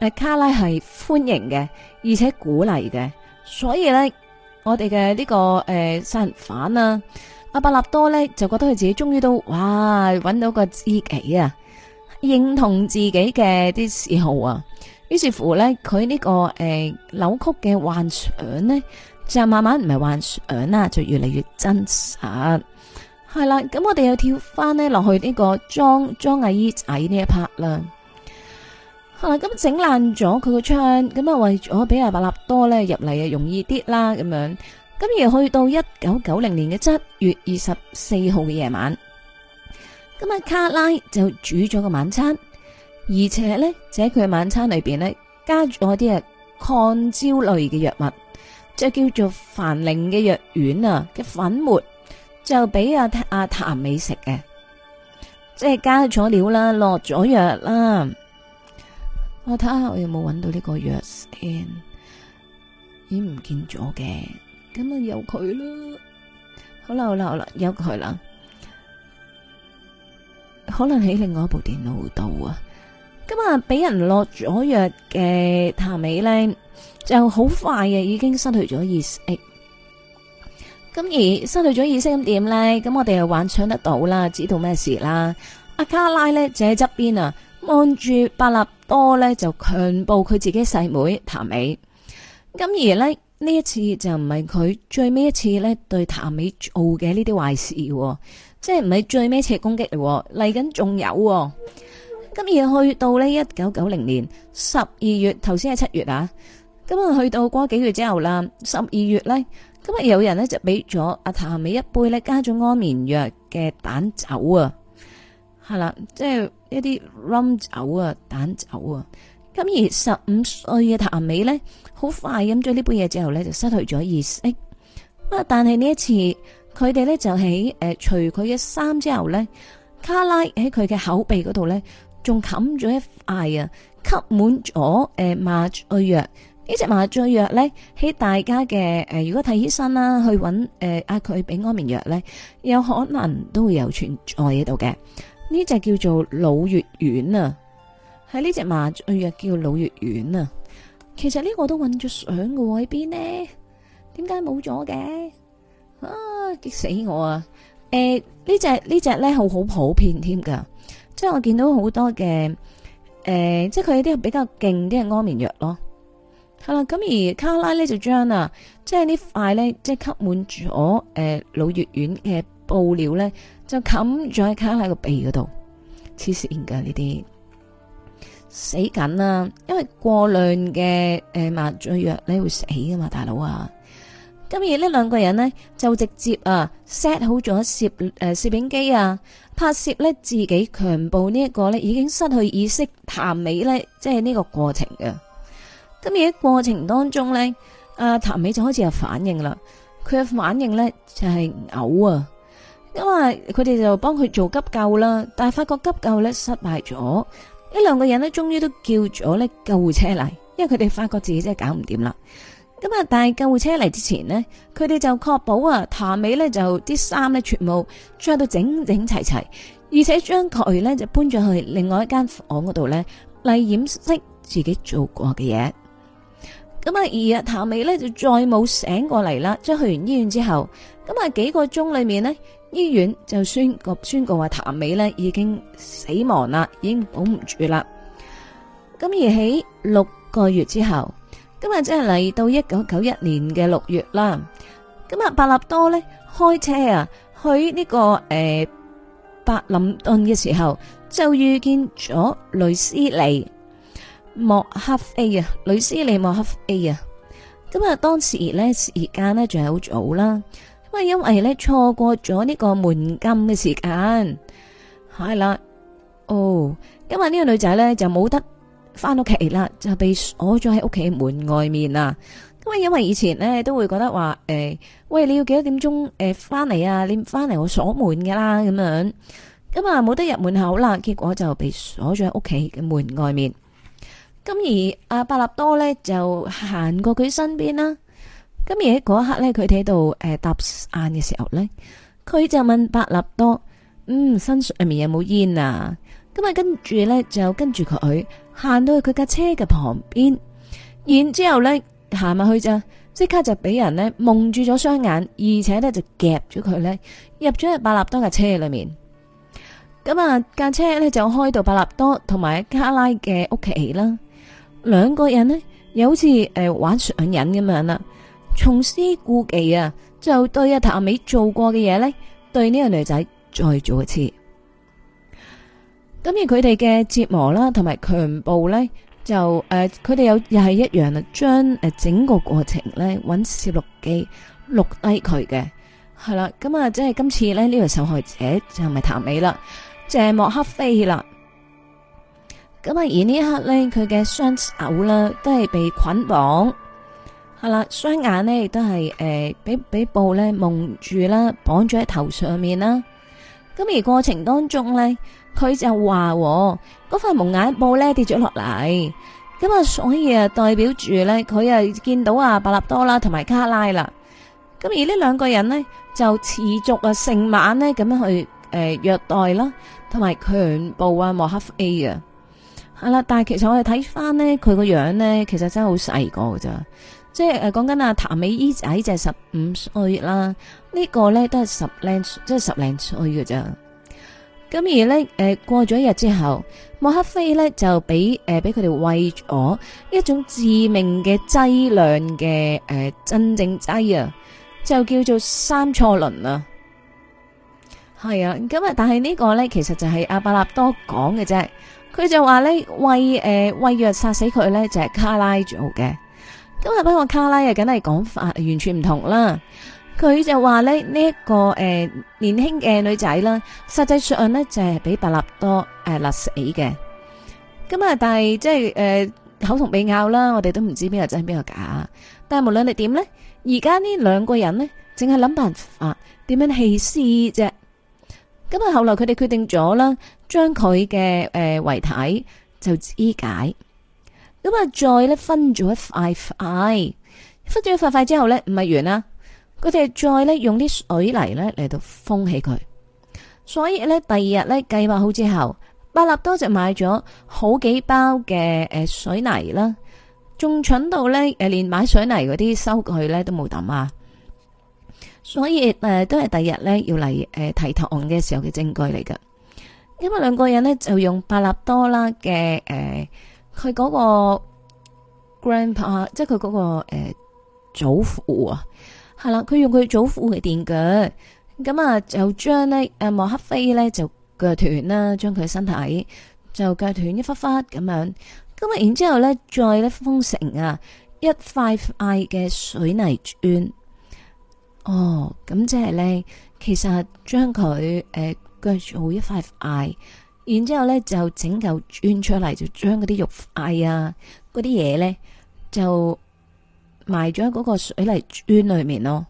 誒卡拉係歡迎嘅，而且鼓勵嘅，所以咧。我哋嘅呢個誒殺、呃、人犯啊，阿伯納多咧就覺得佢自己終於都哇揾到個知己啊，認同自己嘅啲嗜好啊。於是乎咧，佢呢、這個誒、呃、扭曲嘅幻想咧，就慢慢唔係幻想啦，就越嚟越真實係啦。咁我哋又跳翻呢落去呢、這個莊莊阿姨阿呢一 part 啦。啦，咁整爛咗佢個窗，咁啊為咗俾阿伯納多咧入嚟，啊容易啲啦咁樣。咁而去到一九九零年嘅七月二十四號嘅夜晚，咁啊卡拉就煮咗個晚餐，而且咧就喺佢嘅晚餐裏邊咧加咗啲啊抗焦類嘅藥物，即係叫做凡靈嘅藥丸啊嘅粉末，就俾阿阿譚美食嘅，即係加咗料啦，落咗藥啦。我睇下我有冇揾到呢個藥先？咦，已唔見咗嘅。咁啊，由佢啦。好啦，好啦，好啦，由佢啦。可能喺另外一部電腦度啊。咁啊，俾人落咗藥嘅譚尾呢，就好快嘅已經失去咗意識。咁、欸、而失去咗意識咁點呢？咁我哋又幻想得到啦，知道咩事啦？阿卡拉咧就喺側邊啊，望住伯立多呢就強暴佢自己細妹譚美，咁而呢呢一次就唔係佢最尾一次呢對譚美做嘅呢啲壞事，哦，即係唔係最尾一次攻擊嚟，嚟緊仲有，哦。咁而去到呢一九九零年十二月，頭先係七月啊，咁啊去到過幾個月之後啦，十二月呢，咁啊有人呢就俾咗阿譚美一杯呢，加咗安眠藥嘅蛋酒啊。係啦，即係一啲 rum 酒啊，蛋酒啊。咁而十五歲嘅譚美咧，好快飲咗呢杯嘢之後咧，就失去咗意識。但係呢一次佢哋咧就喺、呃、除佢嘅衫之後咧，卡拉喺佢嘅口鼻嗰度咧，仲冚咗一塊、呃呃、啊，吸滿咗麻醉藥。呢隻麻醉藥咧喺大家嘅誒，如果睇醫生啦，去揾誒嗌佢俾安眠藥咧，有可能都會有存在喺度嘅。呢隻叫做老月丸啊，係呢隻麻醉藥叫老月丸啊。其實呢個都搵咗相嘅，喺邊呢？點解冇咗嘅？啊，激死我啊！誒、呃，呢隻呢隻咧，好好普遍添噶。即係我見到好多嘅，誒、呃，即係佢有啲比較勁啲嘅，就是，安眠藥咯。係、嗯、啦，咁而卡拉咧就將啊，即係呢塊咧，即係吸滿咗誒、呃、老月丸嘅布料咧。就冚咗喺卡拉個鼻嗰度，黐線噶，呢啲死緊啦！因為過量嘅誒麻醉藥咧會死噶嘛，大佬啊！咁而呢兩個人呢，就直接啊 set 好咗攝誒攝影機啊，拍攝呢自己強暴呢一個呢已經失去意識譚美呢，即係呢個過程嘅。咁而喺過程當中呢，阿譚美就開始有反應啦。佢嘅反應呢，就係嘔啊！咁啊，佢哋就幫佢做急救啦，但係發覺急救咧失敗咗，呢兩個人呢終於都叫咗呢救護車嚟，因為佢哋發覺自己真係搞唔掂啦。咁啊，但係救護車嚟之前呢，佢哋就確保啊，譚尾呢就啲衫咧全部着到整整齊齊，而且將佢呢就搬咗去另外一間房嗰度呢，嚟掩飾自己做過嘅嘢。咁啊！二日譚美咧就再冇醒過嚟啦。即係去完醫院之後，咁啊幾個鐘裏面呢，醫院就宣告宣告話譚美咧已經死亡啦，已經保唔住啦。咁而喺六個月之後，今日即係嚟到一九九一年嘅六月啦。咁啊，這個呃，伯納多咧開車啊去呢個誒伯林頓嘅時候，就遇見咗雷斯尼。莫黑 A 啊，女士你莫黑 A 啊。咁啊，當時咧時間咧仲係好早啦。咁啊，因為咧錯過咗呢個門禁嘅時間，係啦。哦，今日呢個女仔咧就冇得翻屋企啦，就被鎖咗喺屋企門外面啊。咁啊，因為以前咧都會覺得話誒、欸，喂你要幾多點鐘誒翻嚟啊？你翻嚟我鎖門㗎啦咁樣。咁啊冇得入門口啦，結果就被鎖咗喺屋企嘅門外面。咁而阿、啊、伯納多咧就行過佢身邊啦。咁而喺嗰一刻咧，佢睇到誒搭眼嘅時候咧，佢就問伯納多：嗯，身上面有冇煙啊？咁、嗯、啊，跟住咧就跟住佢去行到去佢架車嘅旁邊。然之後咧行埋去咋，即刻就俾人咧蒙住咗雙眼，而且咧就夾咗佢咧入咗去伯納多嘅車裏面。咁、嗯、啊架車咧就開到伯納多同埋卡拉嘅屋企啦。兩個人呢又好似誒玩上癮咁樣啦，重施故技啊，就對阿譚美做過嘅嘢呢對呢個女仔再做一次。咁而佢哋嘅折磨啦，同埋強暴呢就誒，佢哋又又係一樣啦將誒整個過程呢揾攝錄機錄低佢嘅，係啦。咁、嗯、啊，即係今次呢呢個受害者就係、是、譚美啦，謝莫克菲啦。咁啊，而呢一刻咧，佢嘅雙手呢啦，眼呢都係、呃、被捆綁，係啦，雙眼咧亦都係誒，俾俾布咧蒙住啦，綁住喺頭上面啦。咁而過程當中咧，佢就話嗰塊蒙眼布咧跌咗落嚟。咁啊、呃，所以啊，代表住咧，佢啊見到啊，伯納多啦，同埋卡拉啦。咁而呢兩個人咧，就持續啊，成晚咧咁樣去誒、呃、虐待啦，同埋強暴啊莫克 A 啊。係啦，但係其實我哋睇翻呢，佢個樣呢，其實真係好細個噶啫。即係誒，講緊阿譚美姨仔就係十五歲啦，呢、這個呢，都係十零即係十零歲噶啫。咁而呢，誒，過咗一日之後，莫克菲呢，就俾誒俾佢哋喂咗一種致命嘅劑量嘅誒、呃、鎮靜劑啊，就叫做三唑侖啊。係啊，咁啊，但係呢個呢，其實就係阿伯納多講嘅啫。佢就話咧餵誒餵藥殺死佢咧就係、是、卡拉做嘅，今日不過卡拉又梗係講法完全唔同啦。佢就話咧呢一個誒、呃、年輕嘅女仔啦，實際上咧就係、是、俾白納多誒勒、呃、死嘅。咁啊，但係即係誒、呃、口同鼻拗啦，我哋都唔知邊個真邊個假。但係無論你點咧，而家呢兩個人呢淨係諗辦法點樣棄屍啫。咁啊，後來佢哋決定咗啦，將佢嘅誒遺體就肢解，咁啊，再咧分咗一塊塊，分咗一塊塊之後咧唔係完啦，佢哋再咧用啲水泥咧嚟到封起佢，所以咧第二日咧計劃好之後，伯納多就買咗好幾包嘅誒水泥啦，仲蠢到咧誒連買水泥嗰啲收據咧都冇抌啊！所以誒、呃，都係第日咧要嚟誒、呃、提堂嘅時候嘅證據嚟噶。因為兩個人呢，就用百納多啦嘅誒，佢、呃、嗰個 grandpa，即係佢嗰個誒、呃、祖父啊，係啦，佢用佢祖父嘅電鋸，咁啊就將呢莫克菲呢，就鋸斷啦，將佢身體就鋸斷一忽忽咁樣。咁啊，然之後咧再咧封成啊一塊塊嘅、啊、水泥磚。哦，咁即係咧。其實將佢誒，佢、呃、做一塊塊，然之後咧就整嚿磚出嚟，就將嗰啲肉塊啊，嗰啲嘢咧就埋咗喺嗰個水泥磚裏面咯。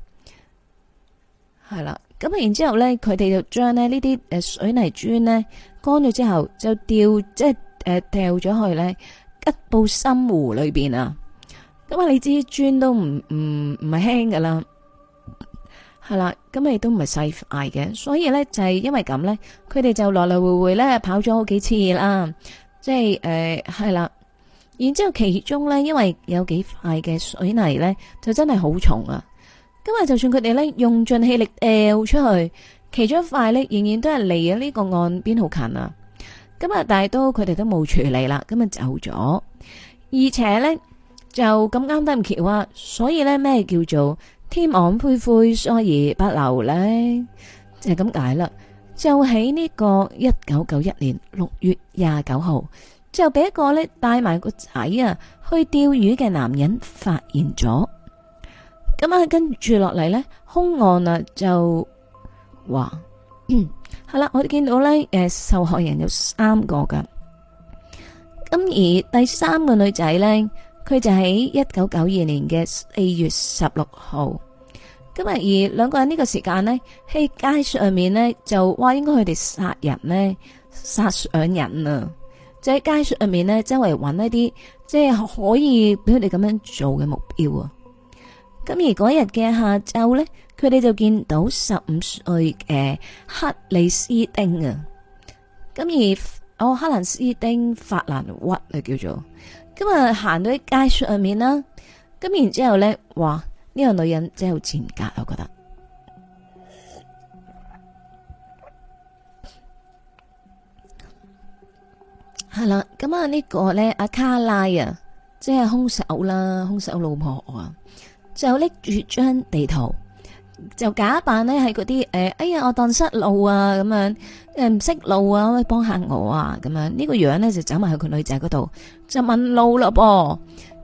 係啦，咁、嗯、然之後咧，佢哋就將咧呢啲誒水泥磚咧乾咗之後，就掉即係誒掉咗去咧吉布森湖裏邊啊。咁、嗯、啊，你知磚都唔唔唔係輕噶啦。嗯係啦，咁亦都唔係細塊嘅，所以咧就係因為咁咧，佢哋就來來回回咧跑咗好幾次啦，即係誒係啦，然之後其中咧，因為有幾塊嘅水泥咧，就真係好重啊，咁啊，就算佢哋咧用盡氣力掟出去，其中一塊咧仍然都係離咗呢個岸邊好近啊，咁啊，但係都佢哋都冇處理啦，咁啊走咗，而且咧就咁啱得唔橋啊，所以咧咩叫做？天網恢恢，疏而不漏呢，就係、是、咁解啦。就喺呢個一九九一年六月廿九號，就俾一個呢帶埋個仔啊去釣魚嘅男人發現咗。咁、嗯、啊，跟住落嚟呢，凶案啊就話，好啦，嗯嗯嗯，我哋見到呢誒、呃，受害人有三個噶。咁、嗯、而第三個女仔呢。佢就喺一九九二年嘅四月十六號，今日而兩個人呢個時間呢，喺街上面呢，就話應該佢哋殺人呢，殺上人啊！就喺街上面呢，周圍揾一啲即係可以俾佢哋咁樣做嘅目標啊！咁而嗰日嘅下晝呢，佢哋就見到十五歲嘅克里斯丁啊！咁而哦，克蘭斯丁，法蘭屈啊叫做。今日行到啲街上面啦，咁然之後呢，哇！呢個女人真係好賤格，我覺得。係、嗯、啦，咁啊呢個呢，阿卡拉啊，即係兇手啦，兇手老婆啊，就拎住張地圖。就假扮咧喺嗰啲誒，哎呀我蕩失路啊咁樣，誒唔識路啊，幫下我啊咁樣呢、這個樣咧就走埋去佢女仔嗰度，就問路咯噃。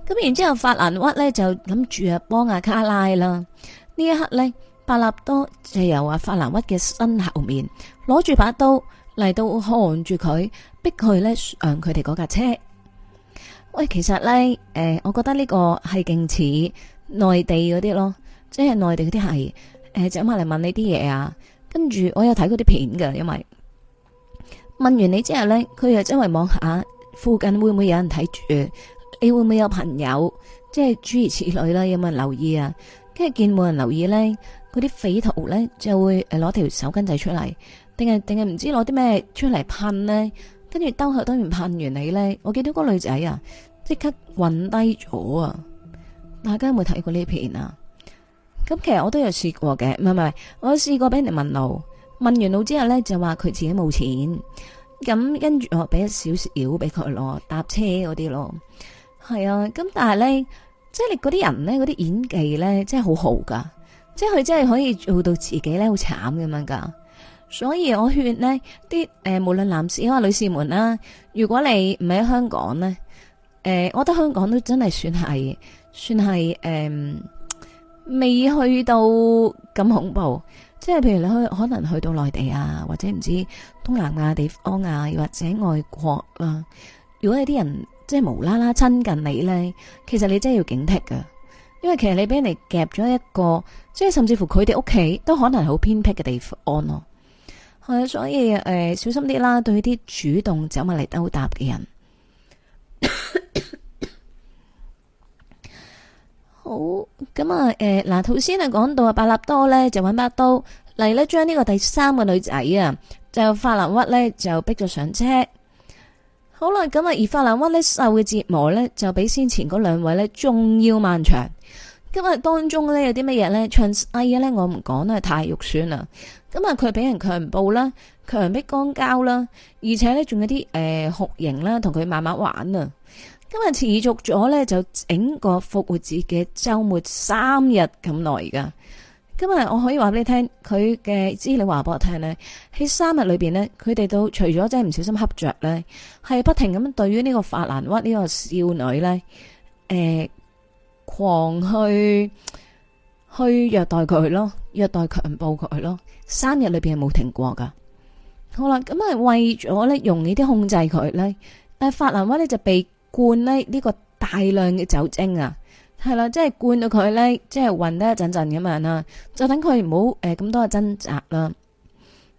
咁然之後法蘭屈咧就諗住啊幫阿卡拉啦。呢一刻咧，伯納多就由啊法蘭屈嘅身後面攞住把刀嚟，到看住佢，逼佢咧上佢哋嗰架車。喂，其實咧誒、呃，我覺得呢個係勁似內地嗰啲咯，即係內地嗰啲係。誒，走埋嚟問你啲嘢啊，跟住我有睇嗰啲片噶因為問完你之後呢，佢又周圍望下附近會唔會有人睇住，你會唔會有朋友，即係諸如此類啦，有冇人留意啊？跟住見冇人留意呢，嗰啲匪徒呢就會攞條手巾仔出嚟，定係定係唔知攞啲咩出嚟噴呢？跟住兜口兜面噴完你呢，我見到嗰女仔啊，即刻暈低咗啊！大家有冇睇過呢片啊？咁其實我都有試過嘅，唔係唔係，我試過俾人問路，問完路之後咧就話佢自己冇錢，咁跟住我俾一少少俾佢攞搭車嗰啲咯，係啊，咁但係咧，即係你嗰啲人咧，嗰啲演技咧，真係好好噶，即係佢真係可以做到自己咧好慘咁樣噶，所以我勸呢啲誒、呃、無論男士或者女士們啦，如果你唔喺香港咧，誒、呃，我覺得香港都真係算係算係誒。呃未去到咁恐怖，即係譬如你去可能去到內地啊，或者唔知東南亞地方啊，又或者外國啦、啊。如果有啲人即係無啦啦親近你呢，其實你真係要警惕噶，因為其實你俾人哋夾咗一個，即係甚至乎佢哋屋企都可能係好偏僻嘅地方咯。係啊，所以誒、欸、小心啲啦，對啲主動走埋嚟兜搭嘅人。 [coughs] 好，咁啊，誒，嗱、呃，頭先啊講到啊，伯納多咧就搵把刀嚟咧，將呢個第三個女仔啊，就法蘭屈咧就逼咗上車。好啦，咁啊，而法蘭屈咧受嘅折磨咧，就比先前嗰兩位咧仲要漫長。今日當中咧有啲乜嘢咧？詳細咧我唔講啦，太肉酸啦。咁啊，佢俾人強暴啦，強逼肛交啦，而且咧仲有啲誒、呃、酷刑啦，同佢慢慢玩啊。今日持續咗咧，就整個復活節嘅周末三日咁耐噶。今日我可以話俾你聽，佢嘅資料話俾我聽咧，喺三日裏邊咧，佢哋都除咗真係唔小心恰着咧，係不停咁對於呢個法蘭屈呢個少女咧，誒、欸、狂去去虐待佢咯，虐待強暴佢咯，三日裏邊係冇停過噶。好啦，咁啊為咗咧容易啲控制佢咧，但係，法蘭屈咧就被灌呢個大量嘅酒精啊，係啦，即係灌到佢呢，即係暈得一陣陣咁樣啦，就等佢唔好誒咁多嘅掙扎啦。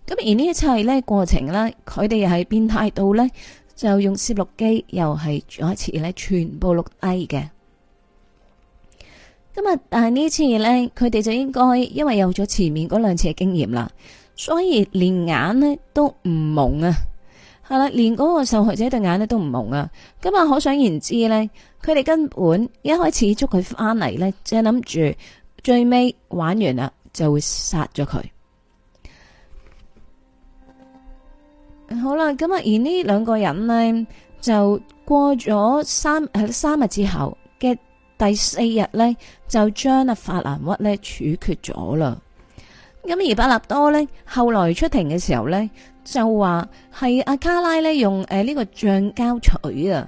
咁而呢一次呢過程呢，佢哋又係變態到呢，就用攝錄機又係再一次呢，全部錄低嘅。咁啊，但係呢次呢，佢哋就應該因為有咗前面嗰兩次嘅經驗啦，所以連眼呢都唔蒙啊。係啦，連嗰個受害者對眼咧都唔蒙啊！咁啊，可想而知，呢佢哋根本一開始捉佢翻嚟呢，即係諗住最尾玩完啦，就會殺咗佢。好啦，咁啊，而呢兩個人呢，就過咗三三日之後嘅第四日呢，就將阿法蘭屈呢處決咗啦。咁而巴納多咧，後來出庭嘅時候咧，就話係阿卡拉咧用誒呢個橡膠錘啊，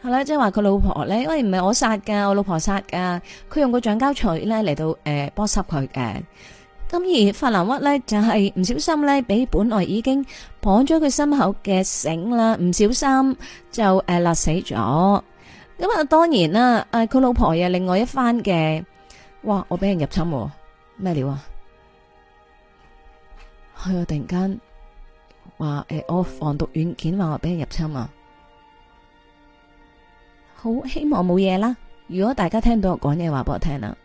係啦，即係話佢老婆咧，因為唔係我殺噶，我老婆殺噶，佢用個橡膠錘咧嚟到誒剝濕佢嘅。咁、呃、而法蘭屈咧就係唔小心咧，俾本來已經綁咗佢身後嘅繩啦，唔小心就誒勒、呃、死咗。咁啊，當然啦，誒、啊、佢老婆又另外一番嘅，哇，我俾人入侵喎，咩料啊？佢突然間話誒，我防毒軟件話我俾人入侵啊，好希望冇嘢啦。如果大家聽到我講嘢話，幫我聽啦。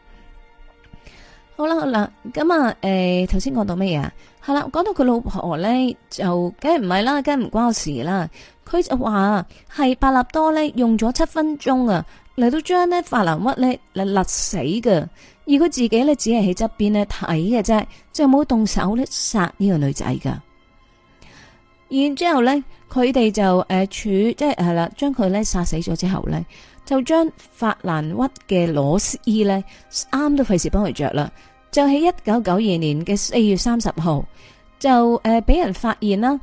好啦好啦，咁啊誒，頭先講到乜嘢啊？好啦，講到佢老婆咧，就梗係唔係啦，梗係唔關我事啦。佢就話係百納多咧，用咗七分鐘啊，嚟到將呢法蘭屈咧嚟勒死嘅。而佢自己咧，只係喺側邊咧睇嘅啫，就冇動手咧殺呢個女仔噶。然之後呢佢哋就誒、呃、處，即係係啦，將佢咧殺死咗之後呢，就將法蘭屈嘅裸衣呢啱都費事幫佢着啦。就喺一九九二年嘅四月三十號，就誒俾、呃、人發現啦，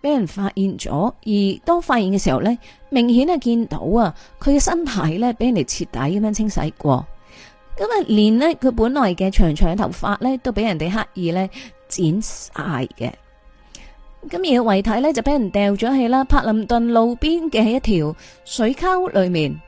俾人發現咗。而當發現嘅時候呢，明顯啊見到啊，佢嘅身體咧俾人哋徹底咁樣清洗過。咁啊，連呢，佢本來嘅長長嘅頭髮咧，都俾人哋刻意咧剪晒嘅。咁而個遺體咧就俾人掉咗喺啦，柏林頓路邊嘅一條水溝裏面。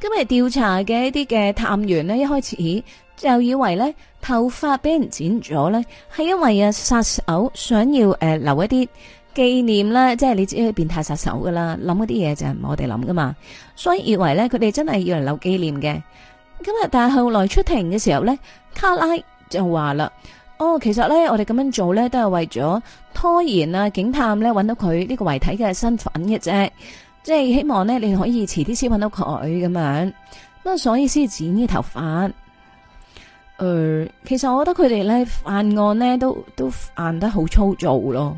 今日調查嘅一啲嘅探員咧，一開始就以為咧頭髮俾人剪咗咧，係因為啊殺手想要誒留一啲紀念啦，即係你知佢變態殺手噶啦諗嗰啲嘢就係我哋諗噶嘛，所以以為咧佢哋真係要人留紀念嘅。今日但係後來出庭嘅時候咧，卡拉就話啦，哦，其實咧我哋咁樣做咧都係為咗拖延啊，警探咧搵到佢呢個遺體嘅身份嘅啫，即係希望咧你可以遲啲先搵到佢咁樣，不過所以先剪呢頭髮。誒、呃，其實我覺得佢哋咧犯案咧都都犯得好粗糙咯，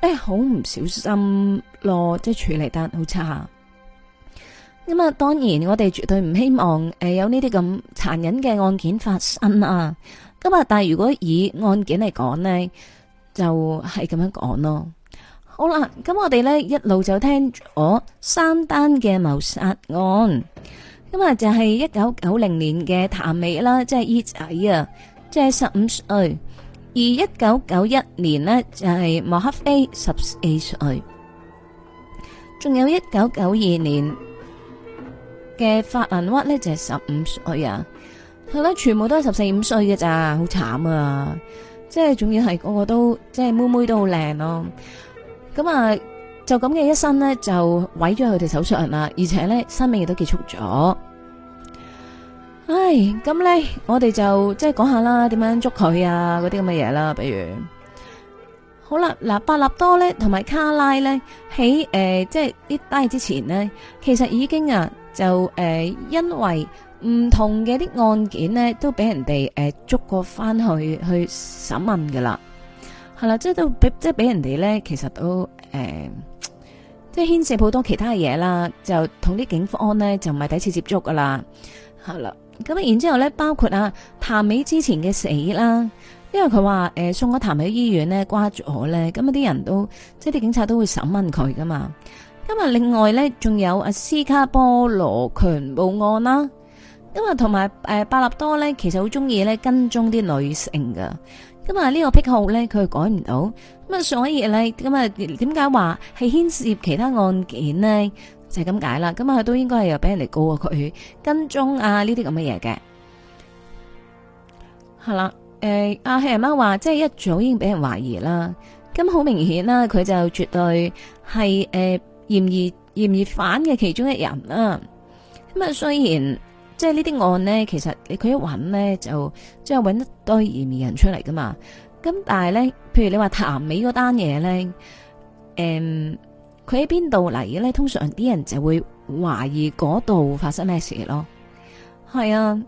即係好唔小心咯，即係處理得好差。咁啊，當然我哋絕對唔希望誒有呢啲咁殘忍嘅案件發生啊！咁啊，但係如果以案件嚟講呢，就係、是、咁樣講咯。好啦，咁我哋呢一路就聽咗三單嘅謀殺案。咁、就、啊、是，就係一九九零年嘅譚美啦，即係 E 仔啊，即係十五歲；而一九九一年呢，就係莫克菲十四歲，仲有一九九二年。嘅法蘭屈咧就係十五歲啊，係啦，全部都係十四五歲嘅咋，好慘啊！即係，仲要係個個都即係妹妹都好靚咯。咁啊，就咁嘅一生咧，就毀咗佢哋手術人啦，而且咧生命亦都結束咗。唉，咁咧我哋就即係講下啦，點樣捉佢啊？嗰啲咁嘅嘢啦，比如好啦，嗱，伯納多咧同埋卡拉咧喺誒，即係跌低之前咧，其實已經啊。就誒、呃，因為唔同嘅啲案件咧，都俾人哋誒捉過返去去審問噶啦，係啦，即係都即係俾人哋咧，其實都誒、呃，即係牽涉好多其他嘢啦。就同啲警方咧，就唔係第一次接觸噶啦，係啦。咁、嗯、然之後咧，包括啊譚美之前嘅死啦，因為佢話誒送咗譚美醫院咧瓜咗咧，咁啲人都即係啲警察都會審問佢噶嘛。咁、嗯、啊！另外咧，仲有阿斯卡波羅強暴案啦。咁、嗯、啊，同埋誒，巴納多咧，其實好中意咧跟蹤啲女性噶。咁、嗯、啊、呢、這個癖好咧，佢改唔到。咁、嗯、啊，所以咧，咁、嗯、啊，點解話係牽涉其他案件呢？就係咁解啦。咁、嗯、啊，佢都應該係又俾人哋告佢跟蹤啊呢啲咁嘅嘢嘅。係啦，誒，阿黑人媽話，即係一早已經俾人懷疑、嗯、啦。咁好明顯啦，佢就絕對係誒。呃嫌疑嫌疑犯嘅其中一人啦、啊，咁啊雖然即係呢啲案呢，其實你佢一揾呢，就即係揾一堆嫌疑人出嚟噶嘛，咁但係呢，譬如你話譚美嗰單嘢呢，誒、嗯，佢喺邊度嚟呢？通常啲人就會懷疑嗰度發生咩事咯。係啊，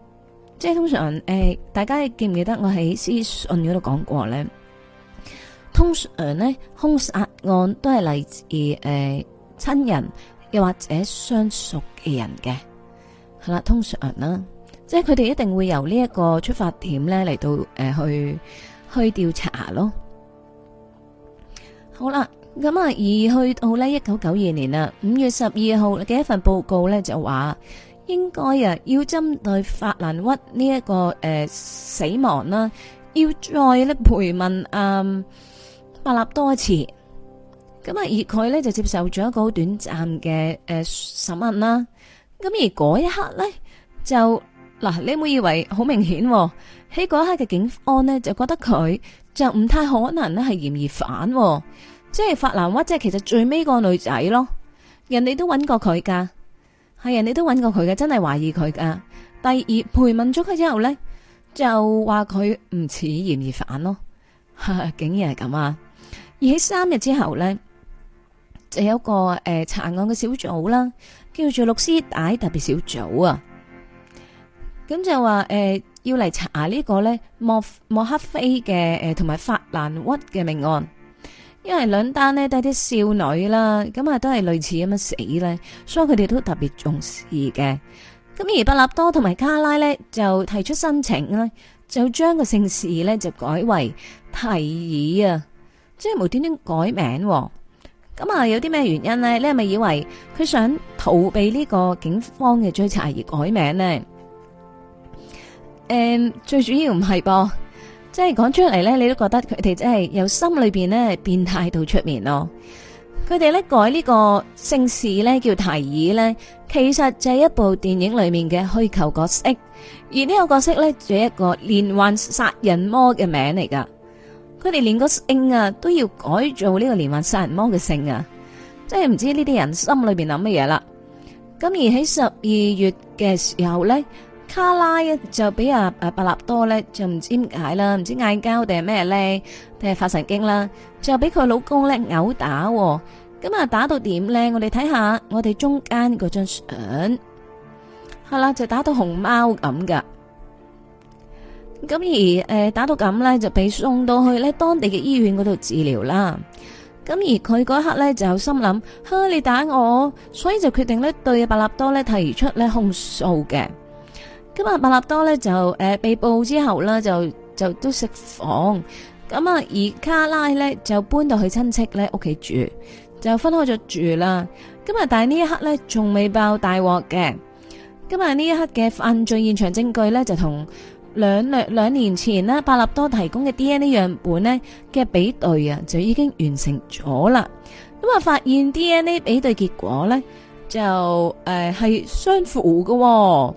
即係通常誒、呃，大家記唔記得我喺屍訊嗰度講過呢？通常呢，凶殺案都係嚟自誒。呃親人又或者相熟嘅人嘅係啦，通常啦，即係佢哋一定會由呢一個出發點呢嚟到誒、呃、去去調查咯。好啦，咁啊，而去到呢一九九二年啊五月十二號嘅一份報告呢，就話，應該啊要針對法蘭屈呢一個誒、呃、死亡啦，要再呢陪問啊，伯、呃、納多一次。咁啊，而佢咧就接受咗一個好短暫嘅誒審問啦。咁而嗰一刻咧，就嗱，你唔好以為好明顯喎、哦。喺嗰一刻嘅警方呢，就覺得佢就唔太可能咧係嫌疑犯、哦，即係法蘭屈，即係其實最尾個女仔咯。人哋都揾過佢噶，係人哋都揾過佢嘅，真係懷疑佢噶。第二陪問咗佢之後咧，就話佢唔似嫌疑犯咯、哦，竟然係咁啊！而喺三日之後咧。就有個誒、呃、查案嘅小組啦，叫做「綠絲帶特別小組」啊。咁就話、是、誒、呃、要嚟查呢個咧莫莫克菲嘅誒同埋法蘭屈嘅命案，因為兩單呢都係啲少女啦，咁啊都係類似咁樣死咧，所以佢哋都特別重視嘅。咁而伯納多同埋卡拉咧就提出申請啦，就將個姓氏咧就改為提爾啊，即係無端端改名。咁啊，有啲咩原因呢？你係咪以為佢想逃避呢個警方嘅追查而改名呢？誒、嗯，最主要唔係噃，即係講出嚟，呢，你都覺得佢哋真係由心裏邊呢變態到出面咯。佢哋呢改呢個姓氏呢，叫提爾呢，其實就係一部電影裏面嘅虛構角色，而呢個角色呢，就係一個連環殺人魔嘅名嚟噶。佢哋連個姓啊都要改造呢個連環殺人魔嘅姓啊，真係唔知呢啲人心裏邊諗乜嘢啦。咁而喺十二月嘅時候咧，卡拉啊就俾阿阿伯納多咧就唔知點解啦，唔知嗌交定係咩咧，定係發神經啦，就俾佢老公咧毆打。咁啊打到點咧？我哋睇下我哋中間嗰張相，係啦就打到熊貓咁噶。咁而誒打到咁呢，就被送到去呢當地嘅醫院嗰度治療啦。咁而佢嗰刻呢，就心諗，呵，你打我，所以就決定對對伯納多呢提出呢控訴嘅。咁啊，伯納多呢，就誒被捕之後呢，就就都釋放。咁啊，而卡拉呢，就搬到去親戚呢屋企住，就分開咗住啦。咁啊，但係呢一刻呢，仲未爆大鑊嘅。咁啊，呢一刻嘅犯罪現場證據呢，就同。兩兩年前呢，伯納多提供嘅 DNA 樣本呢嘅比對啊，就已經完成咗啦。咁啊，發現 DNA 比對結果呢，就誒係、呃、相符嘅、哦。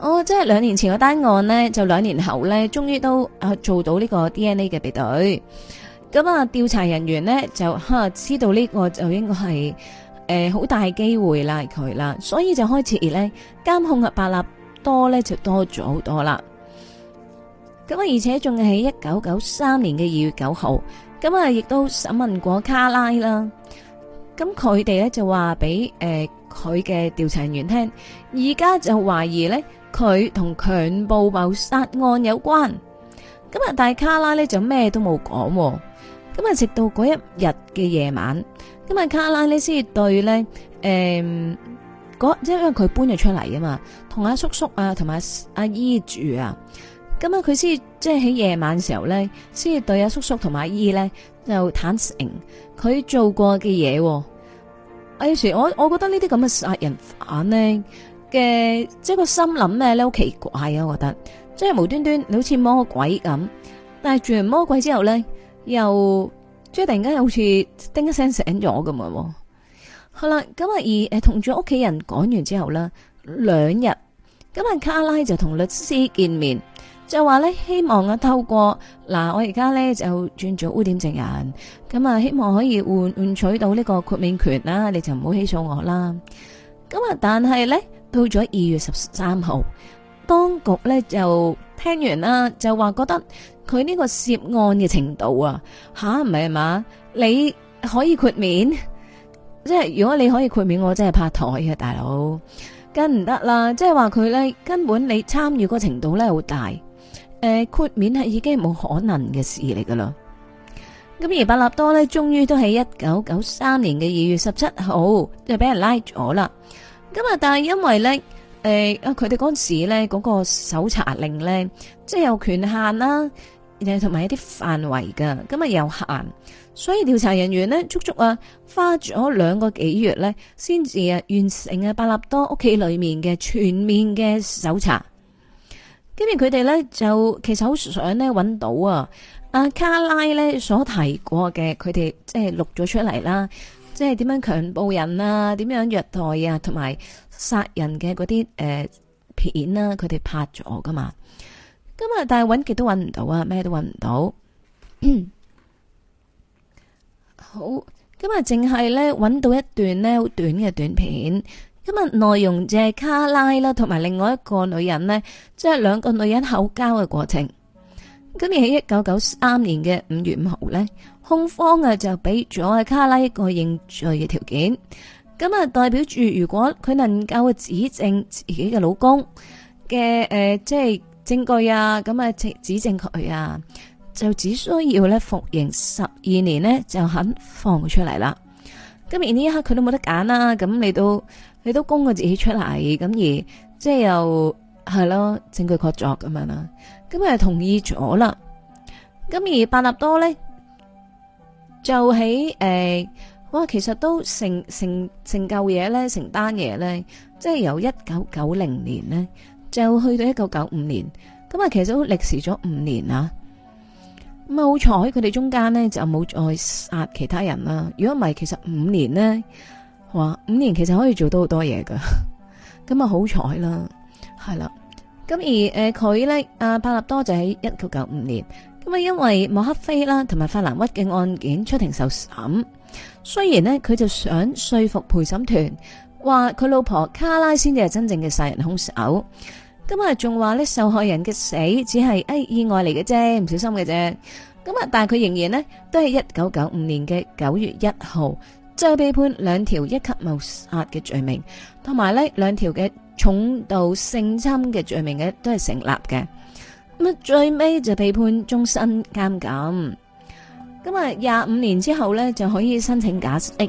哦，即係兩年前嘅單案呢，就兩年後呢，終於都啊做到呢個 DNA 嘅比對。咁啊，調查人員呢，就吓、啊、知道呢個就應該係誒好大機會啦，佢啦，所以就開始呢監控阿伯納。多呢就多咗好多啦，咁啊而且仲喺一九九三年嘅二月九號，咁啊亦都審問過卡拉啦，咁佢哋呢就話俾誒佢嘅調查員聽，而家就懷疑呢佢同強暴謀殺案有關，咁啊但係卡拉呢就咩都冇講，咁啊直到嗰一日嘅夜晚，咁啊卡拉呢先對呢誒。嗰即係因為佢搬咗出嚟啊嘛，同阿叔叔啊，同埋阿阿姨住啊，咁啊佢先即係喺夜晚時候咧，先對阿叔叔同埋阿姨咧就坦誠佢做過嘅嘢。有時我我覺得呢啲咁嘅殺人犯咧嘅即係個心諗咩咧好奇怪啊！我覺得即係無端端你好似魔鬼咁，但係住完魔鬼之後咧，又即係突然間又好似叮一聲醒咗咁嘅。好啦，咁啊，二誒同咗屋企人講完之後咧，兩日咁啊，卡拉就同律師見面，就話咧希望啊透過嗱，我而家咧就轉咗污點證人，咁啊希望可以換換取到呢個豁免權啦，你就唔好起訴我啦。咁啊，但係咧到咗二月十三號，當局咧就聽完啦，就話覺得佢呢個涉案嘅程度啊，吓唔係嘛？你可以豁免。即係如果你可以豁免，我真係拍台嘅大佬跟唔得啦。即係話佢咧根本你參與嗰個程度咧好大，誒、呃、豁免係已經冇可能嘅事嚟噶啦。咁而伯納多咧，終於都喺一九九三年嘅二月十七號，就俾人拉咗啦。咁啊，但係因為咧，誒、呃、啊，佢哋嗰陣時咧嗰個搜查令咧，即係有權限啦，同埋一啲範圍噶，咁啊又有限。所以調查人員呢，足足啊花咗兩個幾月呢，先至啊完成啊巴納多屋企裏面嘅全面嘅搜查。跟住佢哋呢，就其實好想呢揾到啊阿卡拉咧所提過嘅，佢哋即係錄咗出嚟啦，即係點樣強暴人啊，點樣虐待啊，同埋殺人嘅嗰啲誒片啊，佢哋拍咗噶嘛。今日但係揾極都揾唔到啊，咩都揾唔到。 [coughs] 好，今日淨係呢搵到一段呢好短嘅短片，今日內容就係卡拉啦，同埋另外一個女人呢，即係兩個女人口交嘅過程。咁而喺一九九三年嘅五月五號呢，控方啊就俾咗阿卡拉一個認罪嘅條件。咁啊，代表住如果佢能夠指證自己嘅老公嘅誒，即係證據啊，咁啊指指證佢啊。就只需要咧服刑十二年呢就肯放佢出嚟啦。咁而呢一刻佢都冇得揀啦，咁你都你都供佢自己出嚟，咁而即係又係咯證據確鑿咁樣啦。咁佢係同意咗啦。咁而八納多咧就喺誒、呃，哇，其實都成成成舊嘢咧，成單嘢咧，即係由一九九零年呢，就去到一九九五年，咁啊，其實都歷時咗五年啊。咁啊好彩佢哋中間呢就冇再殺其他人啦。如果唔係，其實五年呢，哇五年其實可以做到好多嘢噶。咁啊好彩啦，係啦。咁而誒佢、呃、呢，阿帕納多就喺一九九五年，咁啊因為莫克菲啦同埋法蘭屈嘅案件出庭受審，雖然呢，佢就想說服陪審團話佢老婆卡拉先至係真正嘅殺人兇手。咁啊，仲話呢，受害人嘅死只係誒意外嚟嘅啫，唔小心嘅啫。咁啊，但係佢仍然呢，都係一九九五年嘅九月一號，就被判兩條一級謀殺嘅罪名，同埋呢兩條嘅重度性侵嘅罪名嘅都係成立嘅。咁啊，最尾就被判終身監禁。咁啊，廿五年之後呢，就可以申請假釋。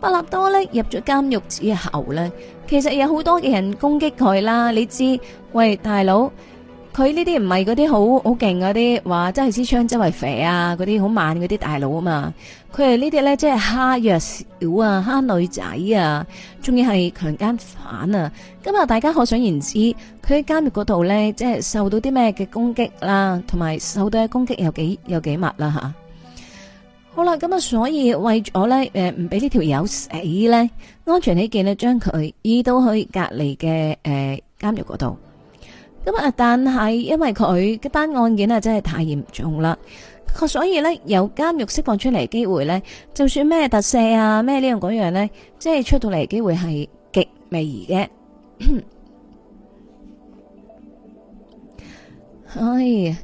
伯納多咧入咗監獄之後咧，其實有好多嘅人攻擊佢啦。你知，喂大佬，佢呢啲唔係嗰啲好好勁嗰啲，話真係支槍周圍射啊，嗰啲好猛嗰啲大佬啊嘛。佢係呢啲咧，即係蝦弱小啊，蝦女仔啊，仲要係強姦犯啊。今日大家可想而知，佢喺監獄嗰度咧，即係受到啲咩嘅攻擊啦，同埋受到嘅攻擊有幾有幾密啦、啊、吓。好啦，咁啊，所以為咗咧，誒，唔俾呢條友死咧，安全起見呢，將佢移到去隔籬嘅誒監獄嗰度。咁、呃、啊，但係因為佢一單案件啊，真係太嚴重啦，所以呢，由監獄釋放出嚟機會呢，就算咩特赦啊，咩呢樣嗰樣呢，即係出到嚟機會係極微嘅。哎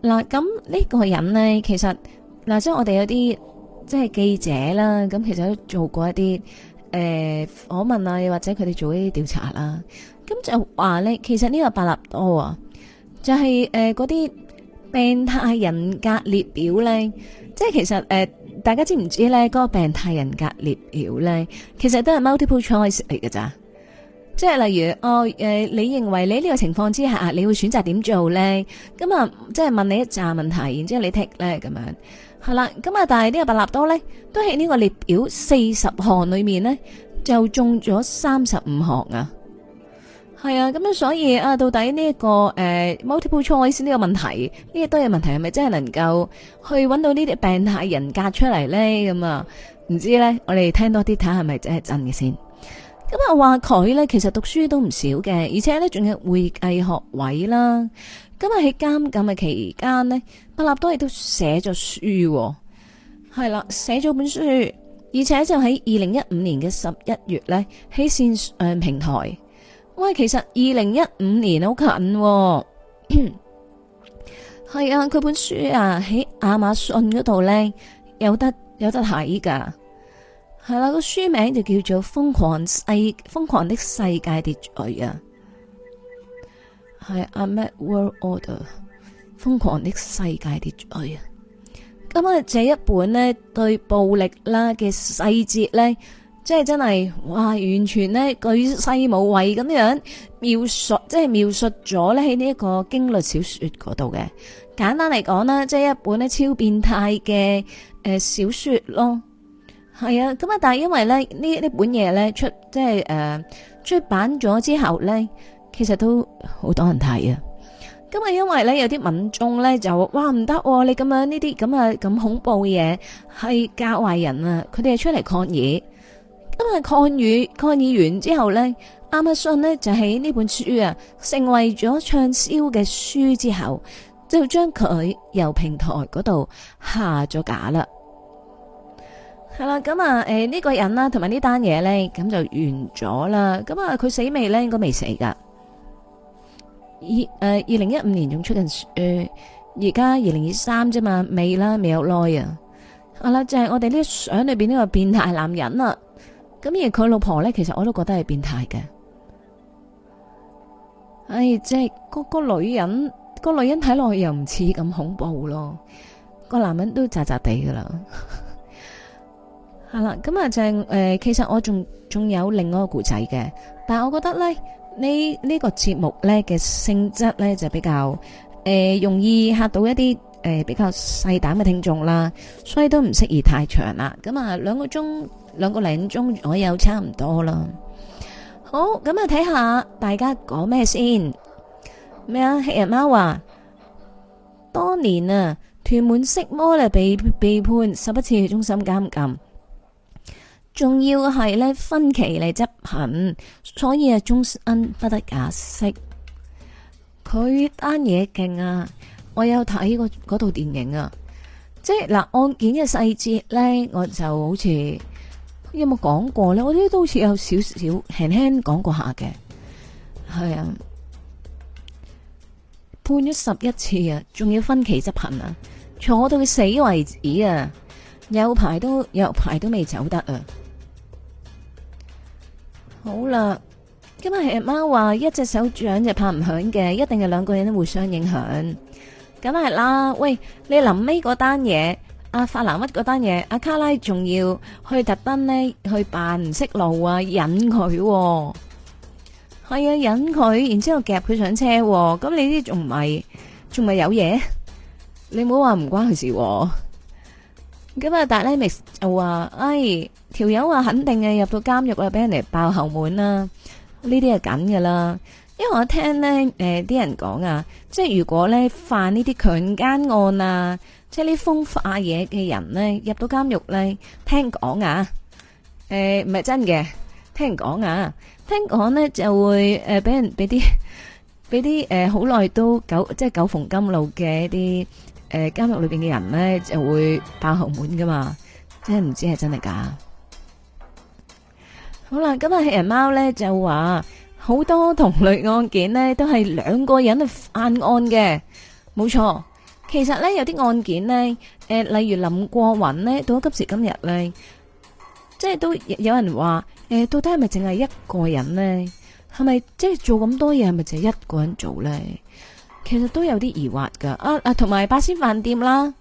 嗱，咁 [coughs] 呢個人呢，其實。嗱、啊，即係我哋有啲即係記者啦，咁其實都做過一啲誒、呃、訪問啊，又或者佢哋做一啲調查啦。咁就話咧，其實呢個百立多啊、哦，就係誒嗰啲病態人格列表咧，即係其實誒、呃、大家知唔知咧？嗰、那個病態人格列表咧，其實都係 multiple choice 嚟噶咋，即係例如哦誒、呃，你認為你呢個情況之下，你會選擇點做咧？咁、嗯、啊，即係問你一紮問題，然之後你 tick 咧咁樣。係啦，咁啊，但係呢個白納多咧，都喺呢個列表四十項裏面呢，就中咗三十五項啊。係啊，咁、嗯、樣所以啊，到底呢、這、一個誒、呃、multiple choice 呢個問題，呢亦多有問題，係咪真係能夠去搵到呢啲病態人格出嚟呢？咁、嗯、啊，唔、嗯、知呢，我哋聽多啲睇係咪真係真嘅先。咁、嗯、啊，話佢呢，其實讀書都唔少嘅，而且呢，仲有會計學位啦。今日喺監禁嘅期間呢，伯納多亦都寫咗書，係啦，寫咗本書，而且就喺二零一五年嘅十一月呢，喺線上平台。喂，其實二零一五年好近，哦，係啊，佢本書啊喺亞馬遜嗰度呢，有得有得睇噶，係啦，個書名就叫做《瘋狂世瘋狂的世界秩序》啊。係《阿 Mad World Order》瘋狂的世界秩序。啊！咁啊，這一本呢對暴力啦嘅細節呢，即係真係哇，完全呢，巨細無遺咁樣描述，即係描述咗呢喺呢一個驚悚小說嗰度嘅。簡單嚟講咧，即係一本呢超變態嘅誒小說咯。係啊，咁啊，但係因為咧呢呢本嘢呢，出即係誒、呃、出版咗之後呢。其實都好多人睇啊！咁啊，因為咧有啲民眾咧就話哇唔得，你咁樣呢啲咁啊咁恐怖嘅嘢係教壞人啊！佢哋係出嚟抗議。咁啊，抗議抗議完之後呢，亞馬遜咧就喺呢本書啊，成為咗暢銷嘅書之後，就將佢由平台嗰度下咗架啦。係啦，咁啊，誒呢個人啦，同埋呢單嘢呢，咁就完咗啦。咁啊，佢死未呢？應該未死噶。二誒，二零一五年仲出緊書，呃、而家二零二三啫嘛，未啦，未有耐啊。好啦，就係我哋呢相裏邊呢個變態男人啊，咁而佢老婆咧，其實我都覺得係變態嘅。唉、哎，即係個個女人，個女人睇落去又唔似咁恐怖咯，個男人都渣渣地噶啦。係啦，咁啊就係誒，其實我仲仲有另外一個故仔嘅，但係我覺得咧。呢呢個節目咧嘅性質咧就比較誒容易嚇到一啲誒比較細膽嘅聽眾啦，所以都唔適宜太長啦。咁啊，兩個鐘，兩個零鐘左右差唔多啦。好，咁啊睇下大家講咩先？咩啊？黑人貓話：當年啊，屯門色魔咧被被判十一次終身監禁。仲要係咧分期嚟執行，所以啊終身不得假釋。佢單嘢勁啊！我有睇過嗰套電影啊，即係嗱案件嘅細節咧，我就好似有冇講過咧？我啲都好似有少少輕輕講過下嘅，係啊，判咗十一次啊，仲要分期執行啊，坐到佢死為止啊，有排都有排都未走得啊！好啦，今日係阿媽話一隻手掌就拍唔響嘅，一定係兩個人都互相影響，梗係啦。喂，你臨尾嗰單嘢，阿、啊、法蘭屈嗰單嘢，阿、啊、卡拉仲要去特登呢去扮唔識路啊，引佢、啊，啊引啊啊係啊，引佢，然之後夾佢上車，咁你啲仲唔係仲咪有嘢？你唔好話唔關佢事。咁啊，達利米就話：，哎，條友話肯定係入到監獄啊，俾人哋爆後門啦。呢啲係緊噶啦，因為我聽咧，誒，啲人講啊，即係如果咧犯呢啲強奸案啊，即係呢風化嘢嘅人咧入到監獄咧，聽講啊，誒，唔係真嘅，聽講啊，聽講咧就會誒俾人俾啲俾啲誒好耐都九即係九逢金路嘅一啲。誒，監獄裏邊嘅人咧就會爆後門噶嘛，即係唔知係真係假。好啦，今日係人貓咧就話好多同類案件咧都係兩個人犯案嘅，冇錯。其實咧有啲案件咧，誒，例如林過雲咧，到咗今時今日咧，即係都有人話，誒，到底係咪淨係一個人咧？係咪即係做咁多嘢係咪淨係一個人做咧？其實都有啲疑惑噶，啊啊，同埋八仙飯店啦，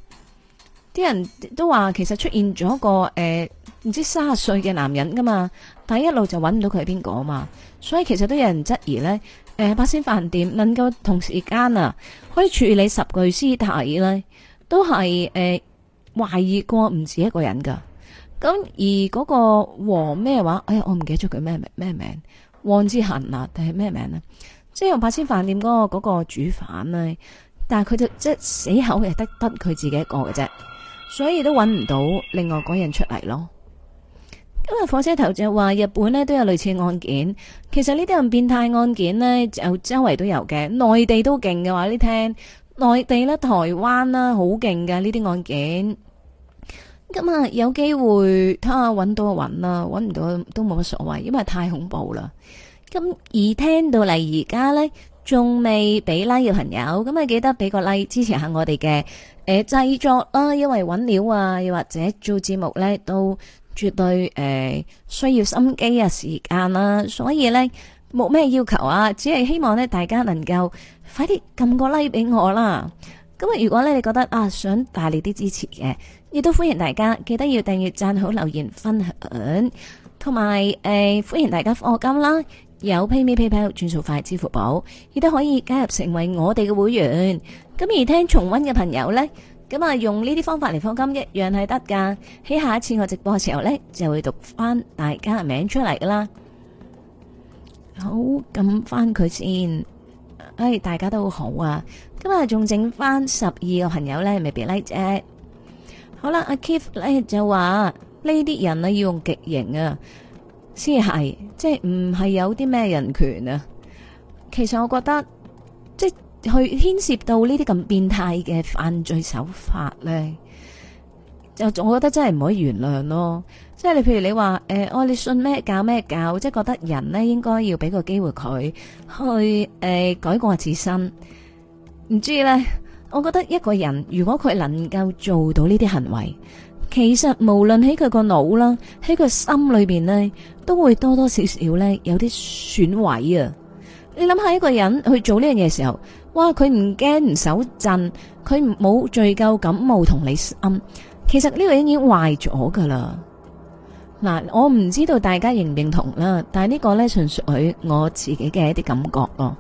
啲人都話其實出現咗個誒唔、呃、知三十歲嘅男人噶嘛，但一路就揾唔到佢係邊個啊嘛，所以其實都有人質疑咧，誒，八仙飯店能夠同時間啊可以處理十具屍體咧，都係誒、呃、懷疑過唔止一個人噶，咁、啊、而嗰個黃咩話，哎呀我唔記得咗佢咩名咩名，黃之恒啊定係咩名咧？即係八仙飯店嗰個主犯呢，但係佢就即係死口嘅，得得佢自己一個嘅啫，所以都揾唔到另外嗰人出嚟咯。咁啊，火車頭就話日本呢都有類似案件，其實呢啲咁變態案件呢，就周圍都有嘅，內地都勁嘅話，你聽內地啦、台灣啦，好勁㗎呢啲案件。咁啊，有機會睇下揾到揾啦，揾唔到都冇乜所謂，因為太恐怖啦。咁而聽到嚟，而家呢，仲未俾 like 嘅朋友，咁啊記得俾個 like 支持下我哋嘅誒製作啦，因為揾料啊，又或者做節目呢，都絕對誒、呃、需要心機啊、時間啦。所以呢，冇咩要求啊，只係希望呢大家能夠快啲撳個 like 俾我啦。咁啊，如果呢你覺得啊想大力啲支持嘅，亦都歡迎大家記得要訂閱、讚好、留言、分享，同埋誒歡迎大家課金啦。有 PayMe、PayPal、轉數快、支付寶，亦都可以加入成為我哋嘅會員。咁而聽重溫嘅朋友呢，咁啊用呢啲方法嚟放金一樣係得噶。喺下一次我直播嘅時候呢，就會讀翻大家嘅名出嚟噶啦。好，撳翻佢先。唉、哎，大家都好啊。今日仲整翻十二個朋友呢，未俾 like 啫。好啦，阿 Keith 呢就話呢啲人呢要用極刑啊。先係，即係唔係有啲咩人權啊？其實我覺得，即係去牽涉到呢啲咁變態嘅犯罪手法咧，就我覺得真係唔可以原諒咯。即係你譬如你話誒，我、呃、你信咩教咩教，即係覺得人咧應該要俾個機會佢去誒、呃、改過自身。唔知咧，我覺得一個人如果佢能夠做到呢啲行為。其實無論喺佢個腦啦，喺佢心裏邊呢，都會多多少少呢有啲損毀啊！你諗下，一個人去做呢樣嘢嘅時候，哇！佢唔驚唔手震，佢冇罪疚感冇同理心，其實呢個人已經壞咗噶啦。嗱，我唔知道大家認唔認同啦，但係呢個咧純粹我自己嘅一啲感覺咯。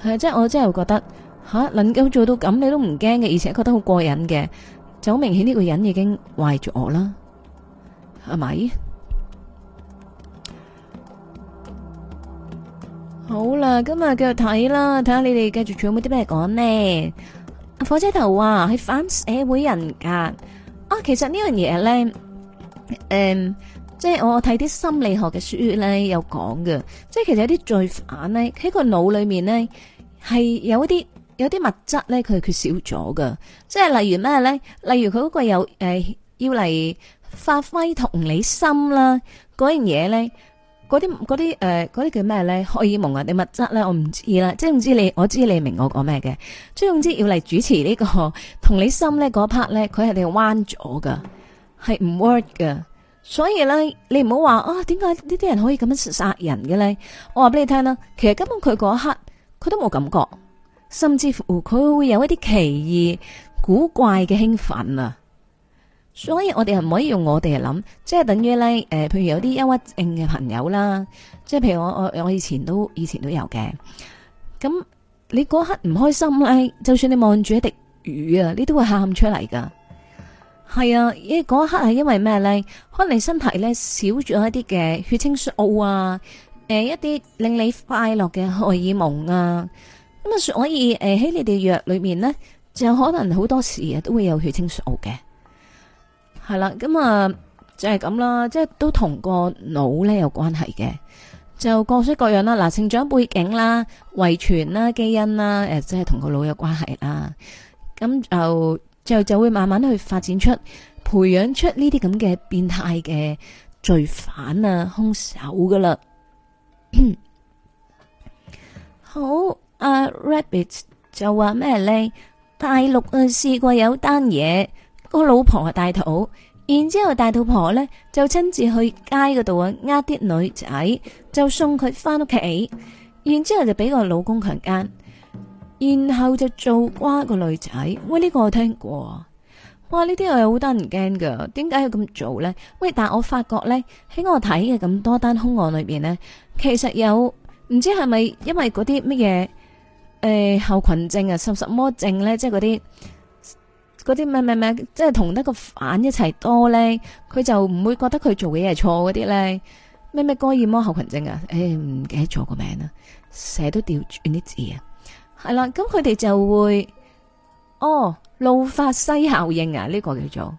係，即係我真係覺得吓能夠做到咁，你都唔驚嘅，而且覺得好過癮嘅。就好明顯呢個人已經壞住我啦，係咪？好啦，今日繼續睇啦，睇下你哋繼續仲有冇啲咩講呢？火車頭話係反社會人格。啊，其實呢樣嘢咧，誒，即係我睇啲心理學嘅書咧，有講嘅，即係其實有啲罪犯咧喺個腦裏面呢係有一啲。有啲物質咧，佢係缺少咗噶，即係例如咩咧？例如佢嗰個有誒、呃、要嚟發揮同理心啦，嗰樣嘢咧，嗰啲嗰啲誒嗰啲叫咩咧？荷爾蒙啊啲物質咧？我唔知啦，即係唔知你我知你明我講咩嘅。即係總之要嚟主持呢、這個同理心咧嗰 part 咧，佢係哋彎咗噶，係唔 work 噶，所以咧你唔好話啊，點解呢啲人可以咁樣殺人嘅咧？我話俾你聽啦，其實根本佢嗰刻佢都冇感覺。甚至乎佢會有一啲奇異古怪嘅興奮啊！所以我哋係唔可以用我哋嚟諗，即係等於咧，誒，譬如有啲憂鬱症嘅朋友啦，即係譬如我我我以前都以前都有嘅。咁你嗰刻唔開心咧，就算你望住一滴雨啊，你都會喊出嚟噶。係啊，因為嗰刻係因為咩咧？可能你身體咧少咗一啲嘅血清素啊，誒，一啲令你快樂嘅荷爾蒙啊。咁啊，所以誒喺、呃、你哋藥裏面呢就可能好多時啊都會有血清素嘅，係啦，咁、嗯、啊就係、是、咁啦，即係都同個腦咧有關係嘅，就各式各樣啦，嗱，成長背景啦、遺傳啦、基因啦，誒，即係同個腦有關係啦，咁就就就會慢慢去發展出、培養出呢啲咁嘅變態嘅罪犯啊、兇手噶啦， [coughs] 好。阿、uh, Rabbit 就話咩咧？大陸啊試過有單嘢個老婆係大肚，然之後大肚婆咧就親自去街嗰度啊，呃啲女仔就送佢翻屋企，然之後就俾個老公強姦，然後就做瓜個女仔。喂，呢、呢個我聽過，哇，呢啲我又好得人驚噶。點解要咁做咧？喂，但我發覺咧喺我睇嘅咁多單凶案裏邊咧，其實有唔知係咪因為嗰啲乜嘢？誒、哎，後群症啊，十什魔症咧，即係嗰啲嗰啲咩咩咩，即係同得個反一齊多咧，佢就唔會覺得佢做嘅嘢係錯嗰啲咧，咩咩哥爾摩後群症啊，誒、哎、唔記得咗個名啦，成日都掉轉啲字啊，係啦，咁佢哋就會哦路法西效應啊，呢、這個叫做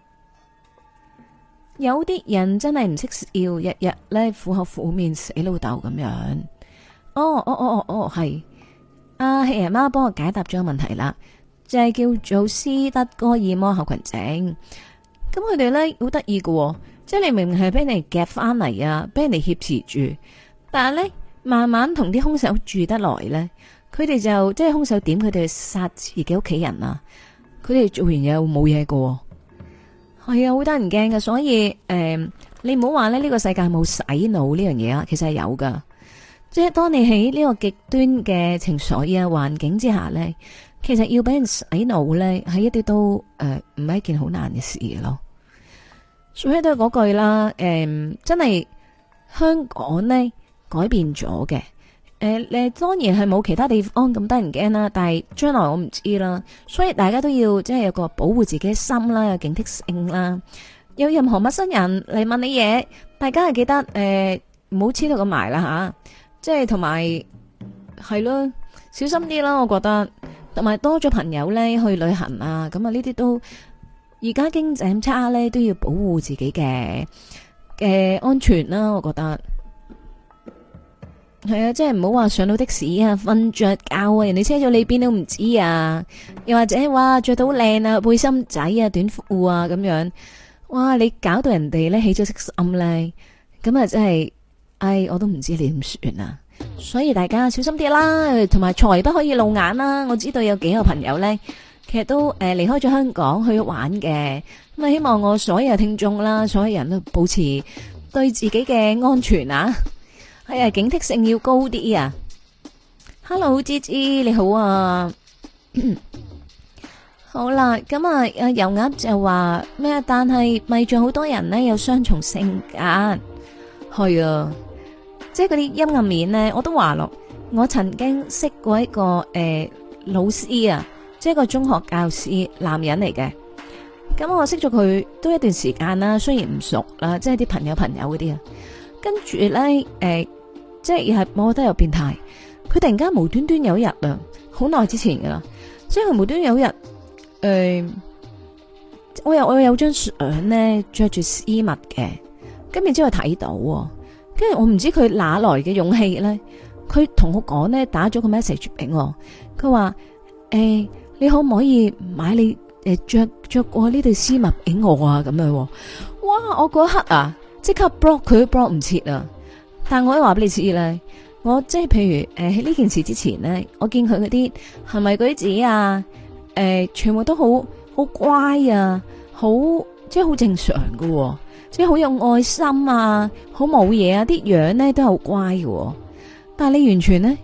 有啲人真係唔識笑，日日咧苦口苦面死老豆咁樣，哦哦哦哦哦係。阿爺媽幫我解答咗個問題啦，就係叫做斯德哥爾摩後群症。咁佢哋咧好得意喎。即係你明明係俾人夾翻嚟啊，俾人哋挾持住，但係咧慢慢同啲凶手住得來咧，佢哋就即係凶手點佢哋殺自己屋企人啊，佢哋做完嘢會冇嘢噶，係啊，好得人驚噶。所以誒、呃，你唔好話咧呢個世界冇洗腦呢樣嘢啊，其實係有噶。即係當你喺呢個極端嘅情緒啊環境之下呢，其實要俾人洗腦呢，喺一啲都誒唔係一件好難嘅事咯。所以頭嗰句啦，誒、嗯，真係香港呢改變咗嘅誒。你當然係冇其他地方咁得人驚啦，但係將來我唔知啦，所以大家都要即係有個保護自己嘅心啦，有警惕性啦。有任何陌生人嚟問你嘢，大家係記得誒，唔好黐到咁埋啦吓。即係同埋係咯，小心啲啦，我覺得同埋多咗朋友呢去旅行啊，咁啊呢啲都而家經濟咁差呢都要保護自己嘅嘅安全啦，我覺得係啊，即係唔好話上到的士啊，瞓着覺啊，人哋車咗你邊都唔知啊，又或者哇着到靚啊，背心仔啊，短褲啊咁樣，哇你搞到人哋呢起咗色心呢，咁啊真係。唉，我都唔知你點算啦，所以大家小心啲啦，同埋財不可以露眼啦。我知道有幾個朋友呢，其實都誒離開咗香港去玩嘅，咁啊希望我所有聽眾啦，所有人都保持對自己嘅安全啊，係啊警惕性要高啲啊。Hello，芝芝你好啊，好啦，咁啊阿油鴨就話咩？但係咪仲好多人呢有雙重性格？係啊。即係嗰啲陰暗面咧，我都話咯。我曾經識過一個誒、呃、老師啊，即係個中學教師，男人嚟嘅。咁、嗯、我識咗佢都一段時間啦，雖然唔熟啦，即係啲朋友朋友嗰啲啊。跟住咧，誒、呃，即係又係我覺得有變態。佢突然間無端端有一日啊，好耐之前噶啦，即係佢無端端有日誒、呃，我又我有張相咧着住絲襪嘅，咁然之後睇到。跟住我唔知佢哪來嘅勇氣咧，佢同我講咧打咗個 message 俾我，佢話誒你可唔可以買你誒、呃、着着過呢對絲襪俾我啊咁樣、哦？哇！我嗰刻啊即刻 block 佢 block 唔切啊！但我都話俾你知啦，我即係譬如誒喺呢件事之前咧，我見佢嗰啲係咪嗰啲仔啊？誒、呃，全部都好好乖啊，好即係好正常噶、哦。即係好有愛心啊，好冇嘢啊，啲樣咧都好乖嘅喎。但係你完全咧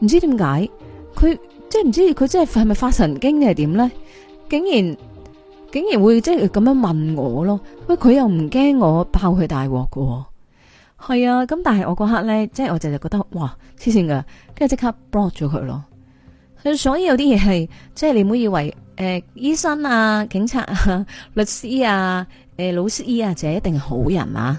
唔知點解，佢即係唔知佢真係係咪發神經定係點咧？竟然竟然會即係咁樣問我咯。佢又唔驚我爆佢大鑊喎。係啊，咁但係我嗰刻咧，即係我就就覺得哇黐線噶，跟住即刻 block 咗佢咯。所以有啲嘢係即係你唔好以為誒、呃、醫生啊、警察啊、律師啊。誒、呃，老師啊，就一定係好人啊！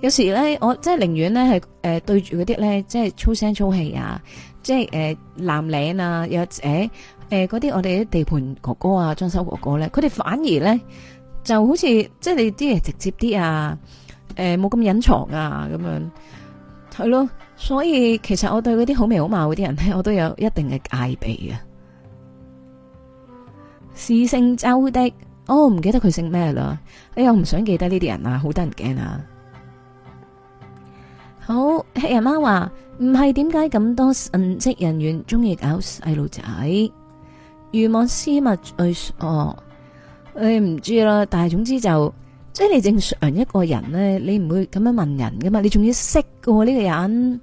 有時咧，我即係寧願咧係誒對住嗰啲咧，即係粗聲粗氣啊，即係誒、呃、藍領啊，或者誒嗰啲我哋啲地盤哥哥啊，裝修哥哥咧，佢哋反而咧就好似即係你啲嘢直接啲啊，誒冇咁隱藏啊，咁樣係咯。所以其實我對嗰啲好眉好貌嗰啲人咧，我都有一定嘅戒備啊。是姓周的。Oh, 我唔記得佢姓咩啦，哎呀，我唔想記得呢啲人啊，好得人驚啊！好，黑、hey, 人媽話唔係，點解咁多神職人員中意搞細路仔，預望絲襪哦，誒唔知啦，但係總之就即係你正常一個人呢，你唔會咁樣問人噶嘛，你仲要識過呢、啊這個人，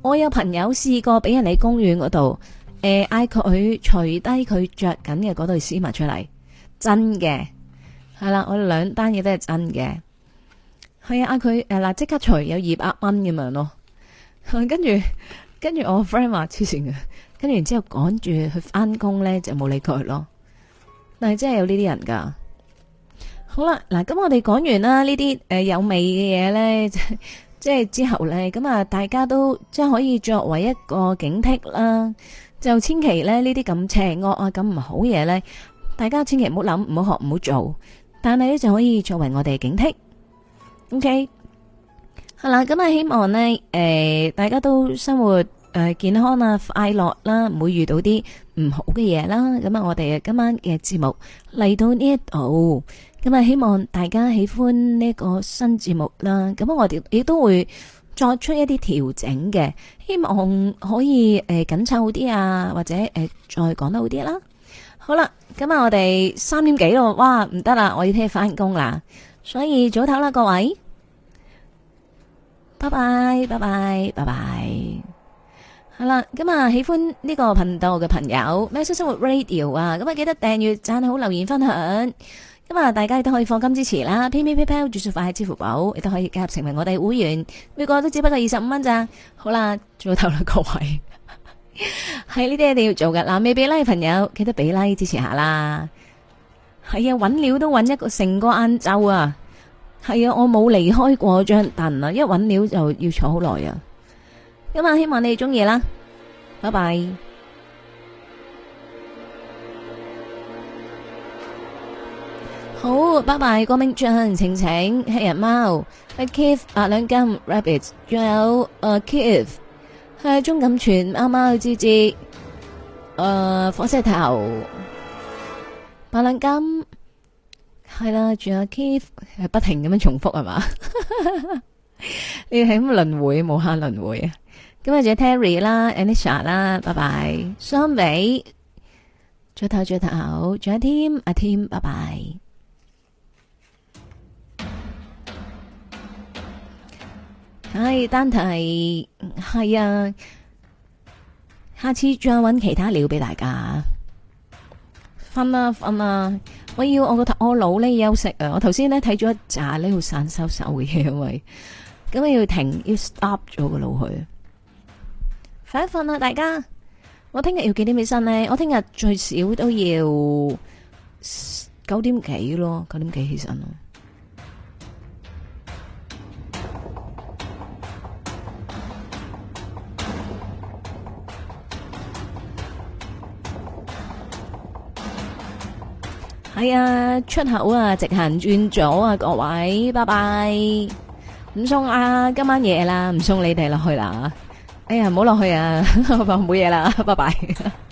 我有朋友試過俾人喺公園嗰度誒，嗌佢除低佢着緊嘅嗰對絲襪出嚟。真嘅係啦，我哋兩單嘢都係真嘅，係啊，佢誒嗱，即刻除有二百蚊咁樣咯，跟住跟住我 friend 話黐線嘅，跟住然之後趕住去翻工咧就冇理佢咯，但係真係有呢啲人噶，好啦嗱，咁、啊啊啊、我哋講完啦、呃、呢啲誒有味嘅嘢咧，即、就、係、是、之後咧咁啊，大家都即係可以作為一個警惕啦，就千祈咧呢啲咁邪惡啊咁唔好嘢咧。大家千祈唔好諗，唔好學，唔好做，但係呢，就可以作為我哋警惕。OK，係啦，咁、嗯、啊，希望呢，誒、呃，大家都生活誒、呃、健康啊，快樂啦、啊，唔會遇到啲唔好嘅嘢啦。咁、嗯、啊，我哋今晚嘅節目嚟到呢一度，咁、嗯、啊，希望大家喜歡呢個新節目啦。咁、嗯、我哋亦都會作出一啲調整嘅，希望可以誒緊湊好啲啊，或者誒、呃、再講得好啲啦。好啦，咁啊我哋三點幾咯，哇，唔得啦，我要聽日翻工啦，所以早唞啦各位，拜拜拜拜拜拜。好啦，咁、嗯、啊，喜歡呢個頻道嘅朋友，喵式生活 radio 啊、嗯，咁、嗯、啊、嗯、記得訂閱，讚好，留言分享，咁、嗯、啊，大家亦都可以放金支持啦 p a p pay pay，轉數快，皮皮皮皮支付寶亦都可以加入成為我哋會員，每個都只不過二十五蚊咋，好啦，早唞啦各位。係呢啲一定要做嘅嗱，未俾拉、like，朋友記得俾拉、like、支持一下啦。係啊，揾料都揾一個成個晏晝啊。係啊，我冇離開過張凳啊，一揾料就要坐好耐啊。今、嗯、晚希望你哋中意啦。拜拜。好，拜拜。光明張晴晴、黑人貓、Kiss、八兩金 Rabbit，仲有誒 Kiss。Uh, Cave, 係鍾錦全，啱啱嘅字字，誒火車頭，白冷金，係啦，仲有 Keith，係不停咁樣重複係嘛，你係咁輪回，冇下輪回啊！今日仲有 Terry 啦，Anisha 啦，拜拜，Sorry，早唞早唞，仲有 Tim，阿 Tim，拜拜。唉，單題係啊，下次再搵其他料俾大家瞓啦瞓啦，我要我個頭我腦呢休息啊！我頭先呢睇咗一紮呢度散修修嘅嘢，因為，咁我要停要 stop 咗個腦去瞓一瞓啦，大家，我聽日要幾點起身呢？我聽日最少都要九點幾咯，九點幾起身咯。係、哎、啊，出口啊，直行轉左啊，各位，拜拜，唔送啊，今晚夜啦，唔送你哋落去啦，哎呀，唔好落去啊，冇嘢啦，拜拜。 [laughs]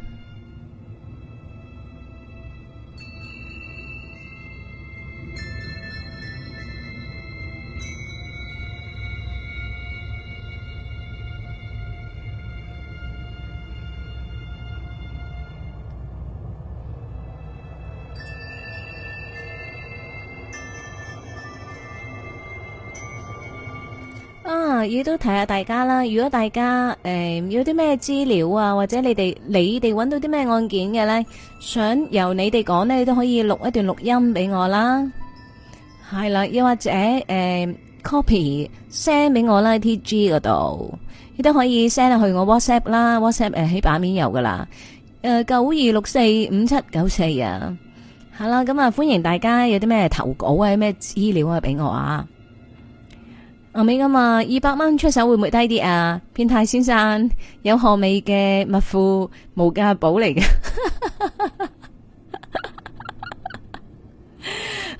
亦都提下大家啦，如果大家誒有啲咩資料啊，或者你哋你哋搵到啲咩案件嘅呢，想由你哋講呢，你都可以錄一段錄音俾我啦。係啦，又或者誒 copy send 俾我啦，T G 嗰度亦都可以 send 去我 WhatsApp 啦，WhatsApp 誒、呃、喺版面有噶啦，誒九二六四五七九四啊。係啦，咁啊歡迎大家有啲咩投稿啊，咩資料啊俾我啊。阿美吖嘛，二百蚊出手會唔會低啲啊？變態先生有賀美嘅物庫無價寶嚟嘅。 [laughs] [laughs]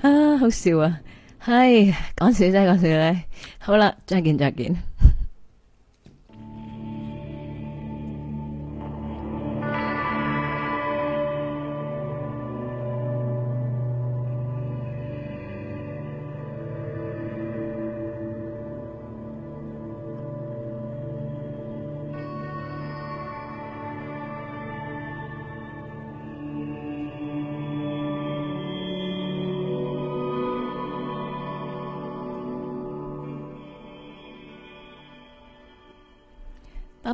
[laughs] 啊好笑啊，係講笑啫講笑咧，好啦再見再見。再見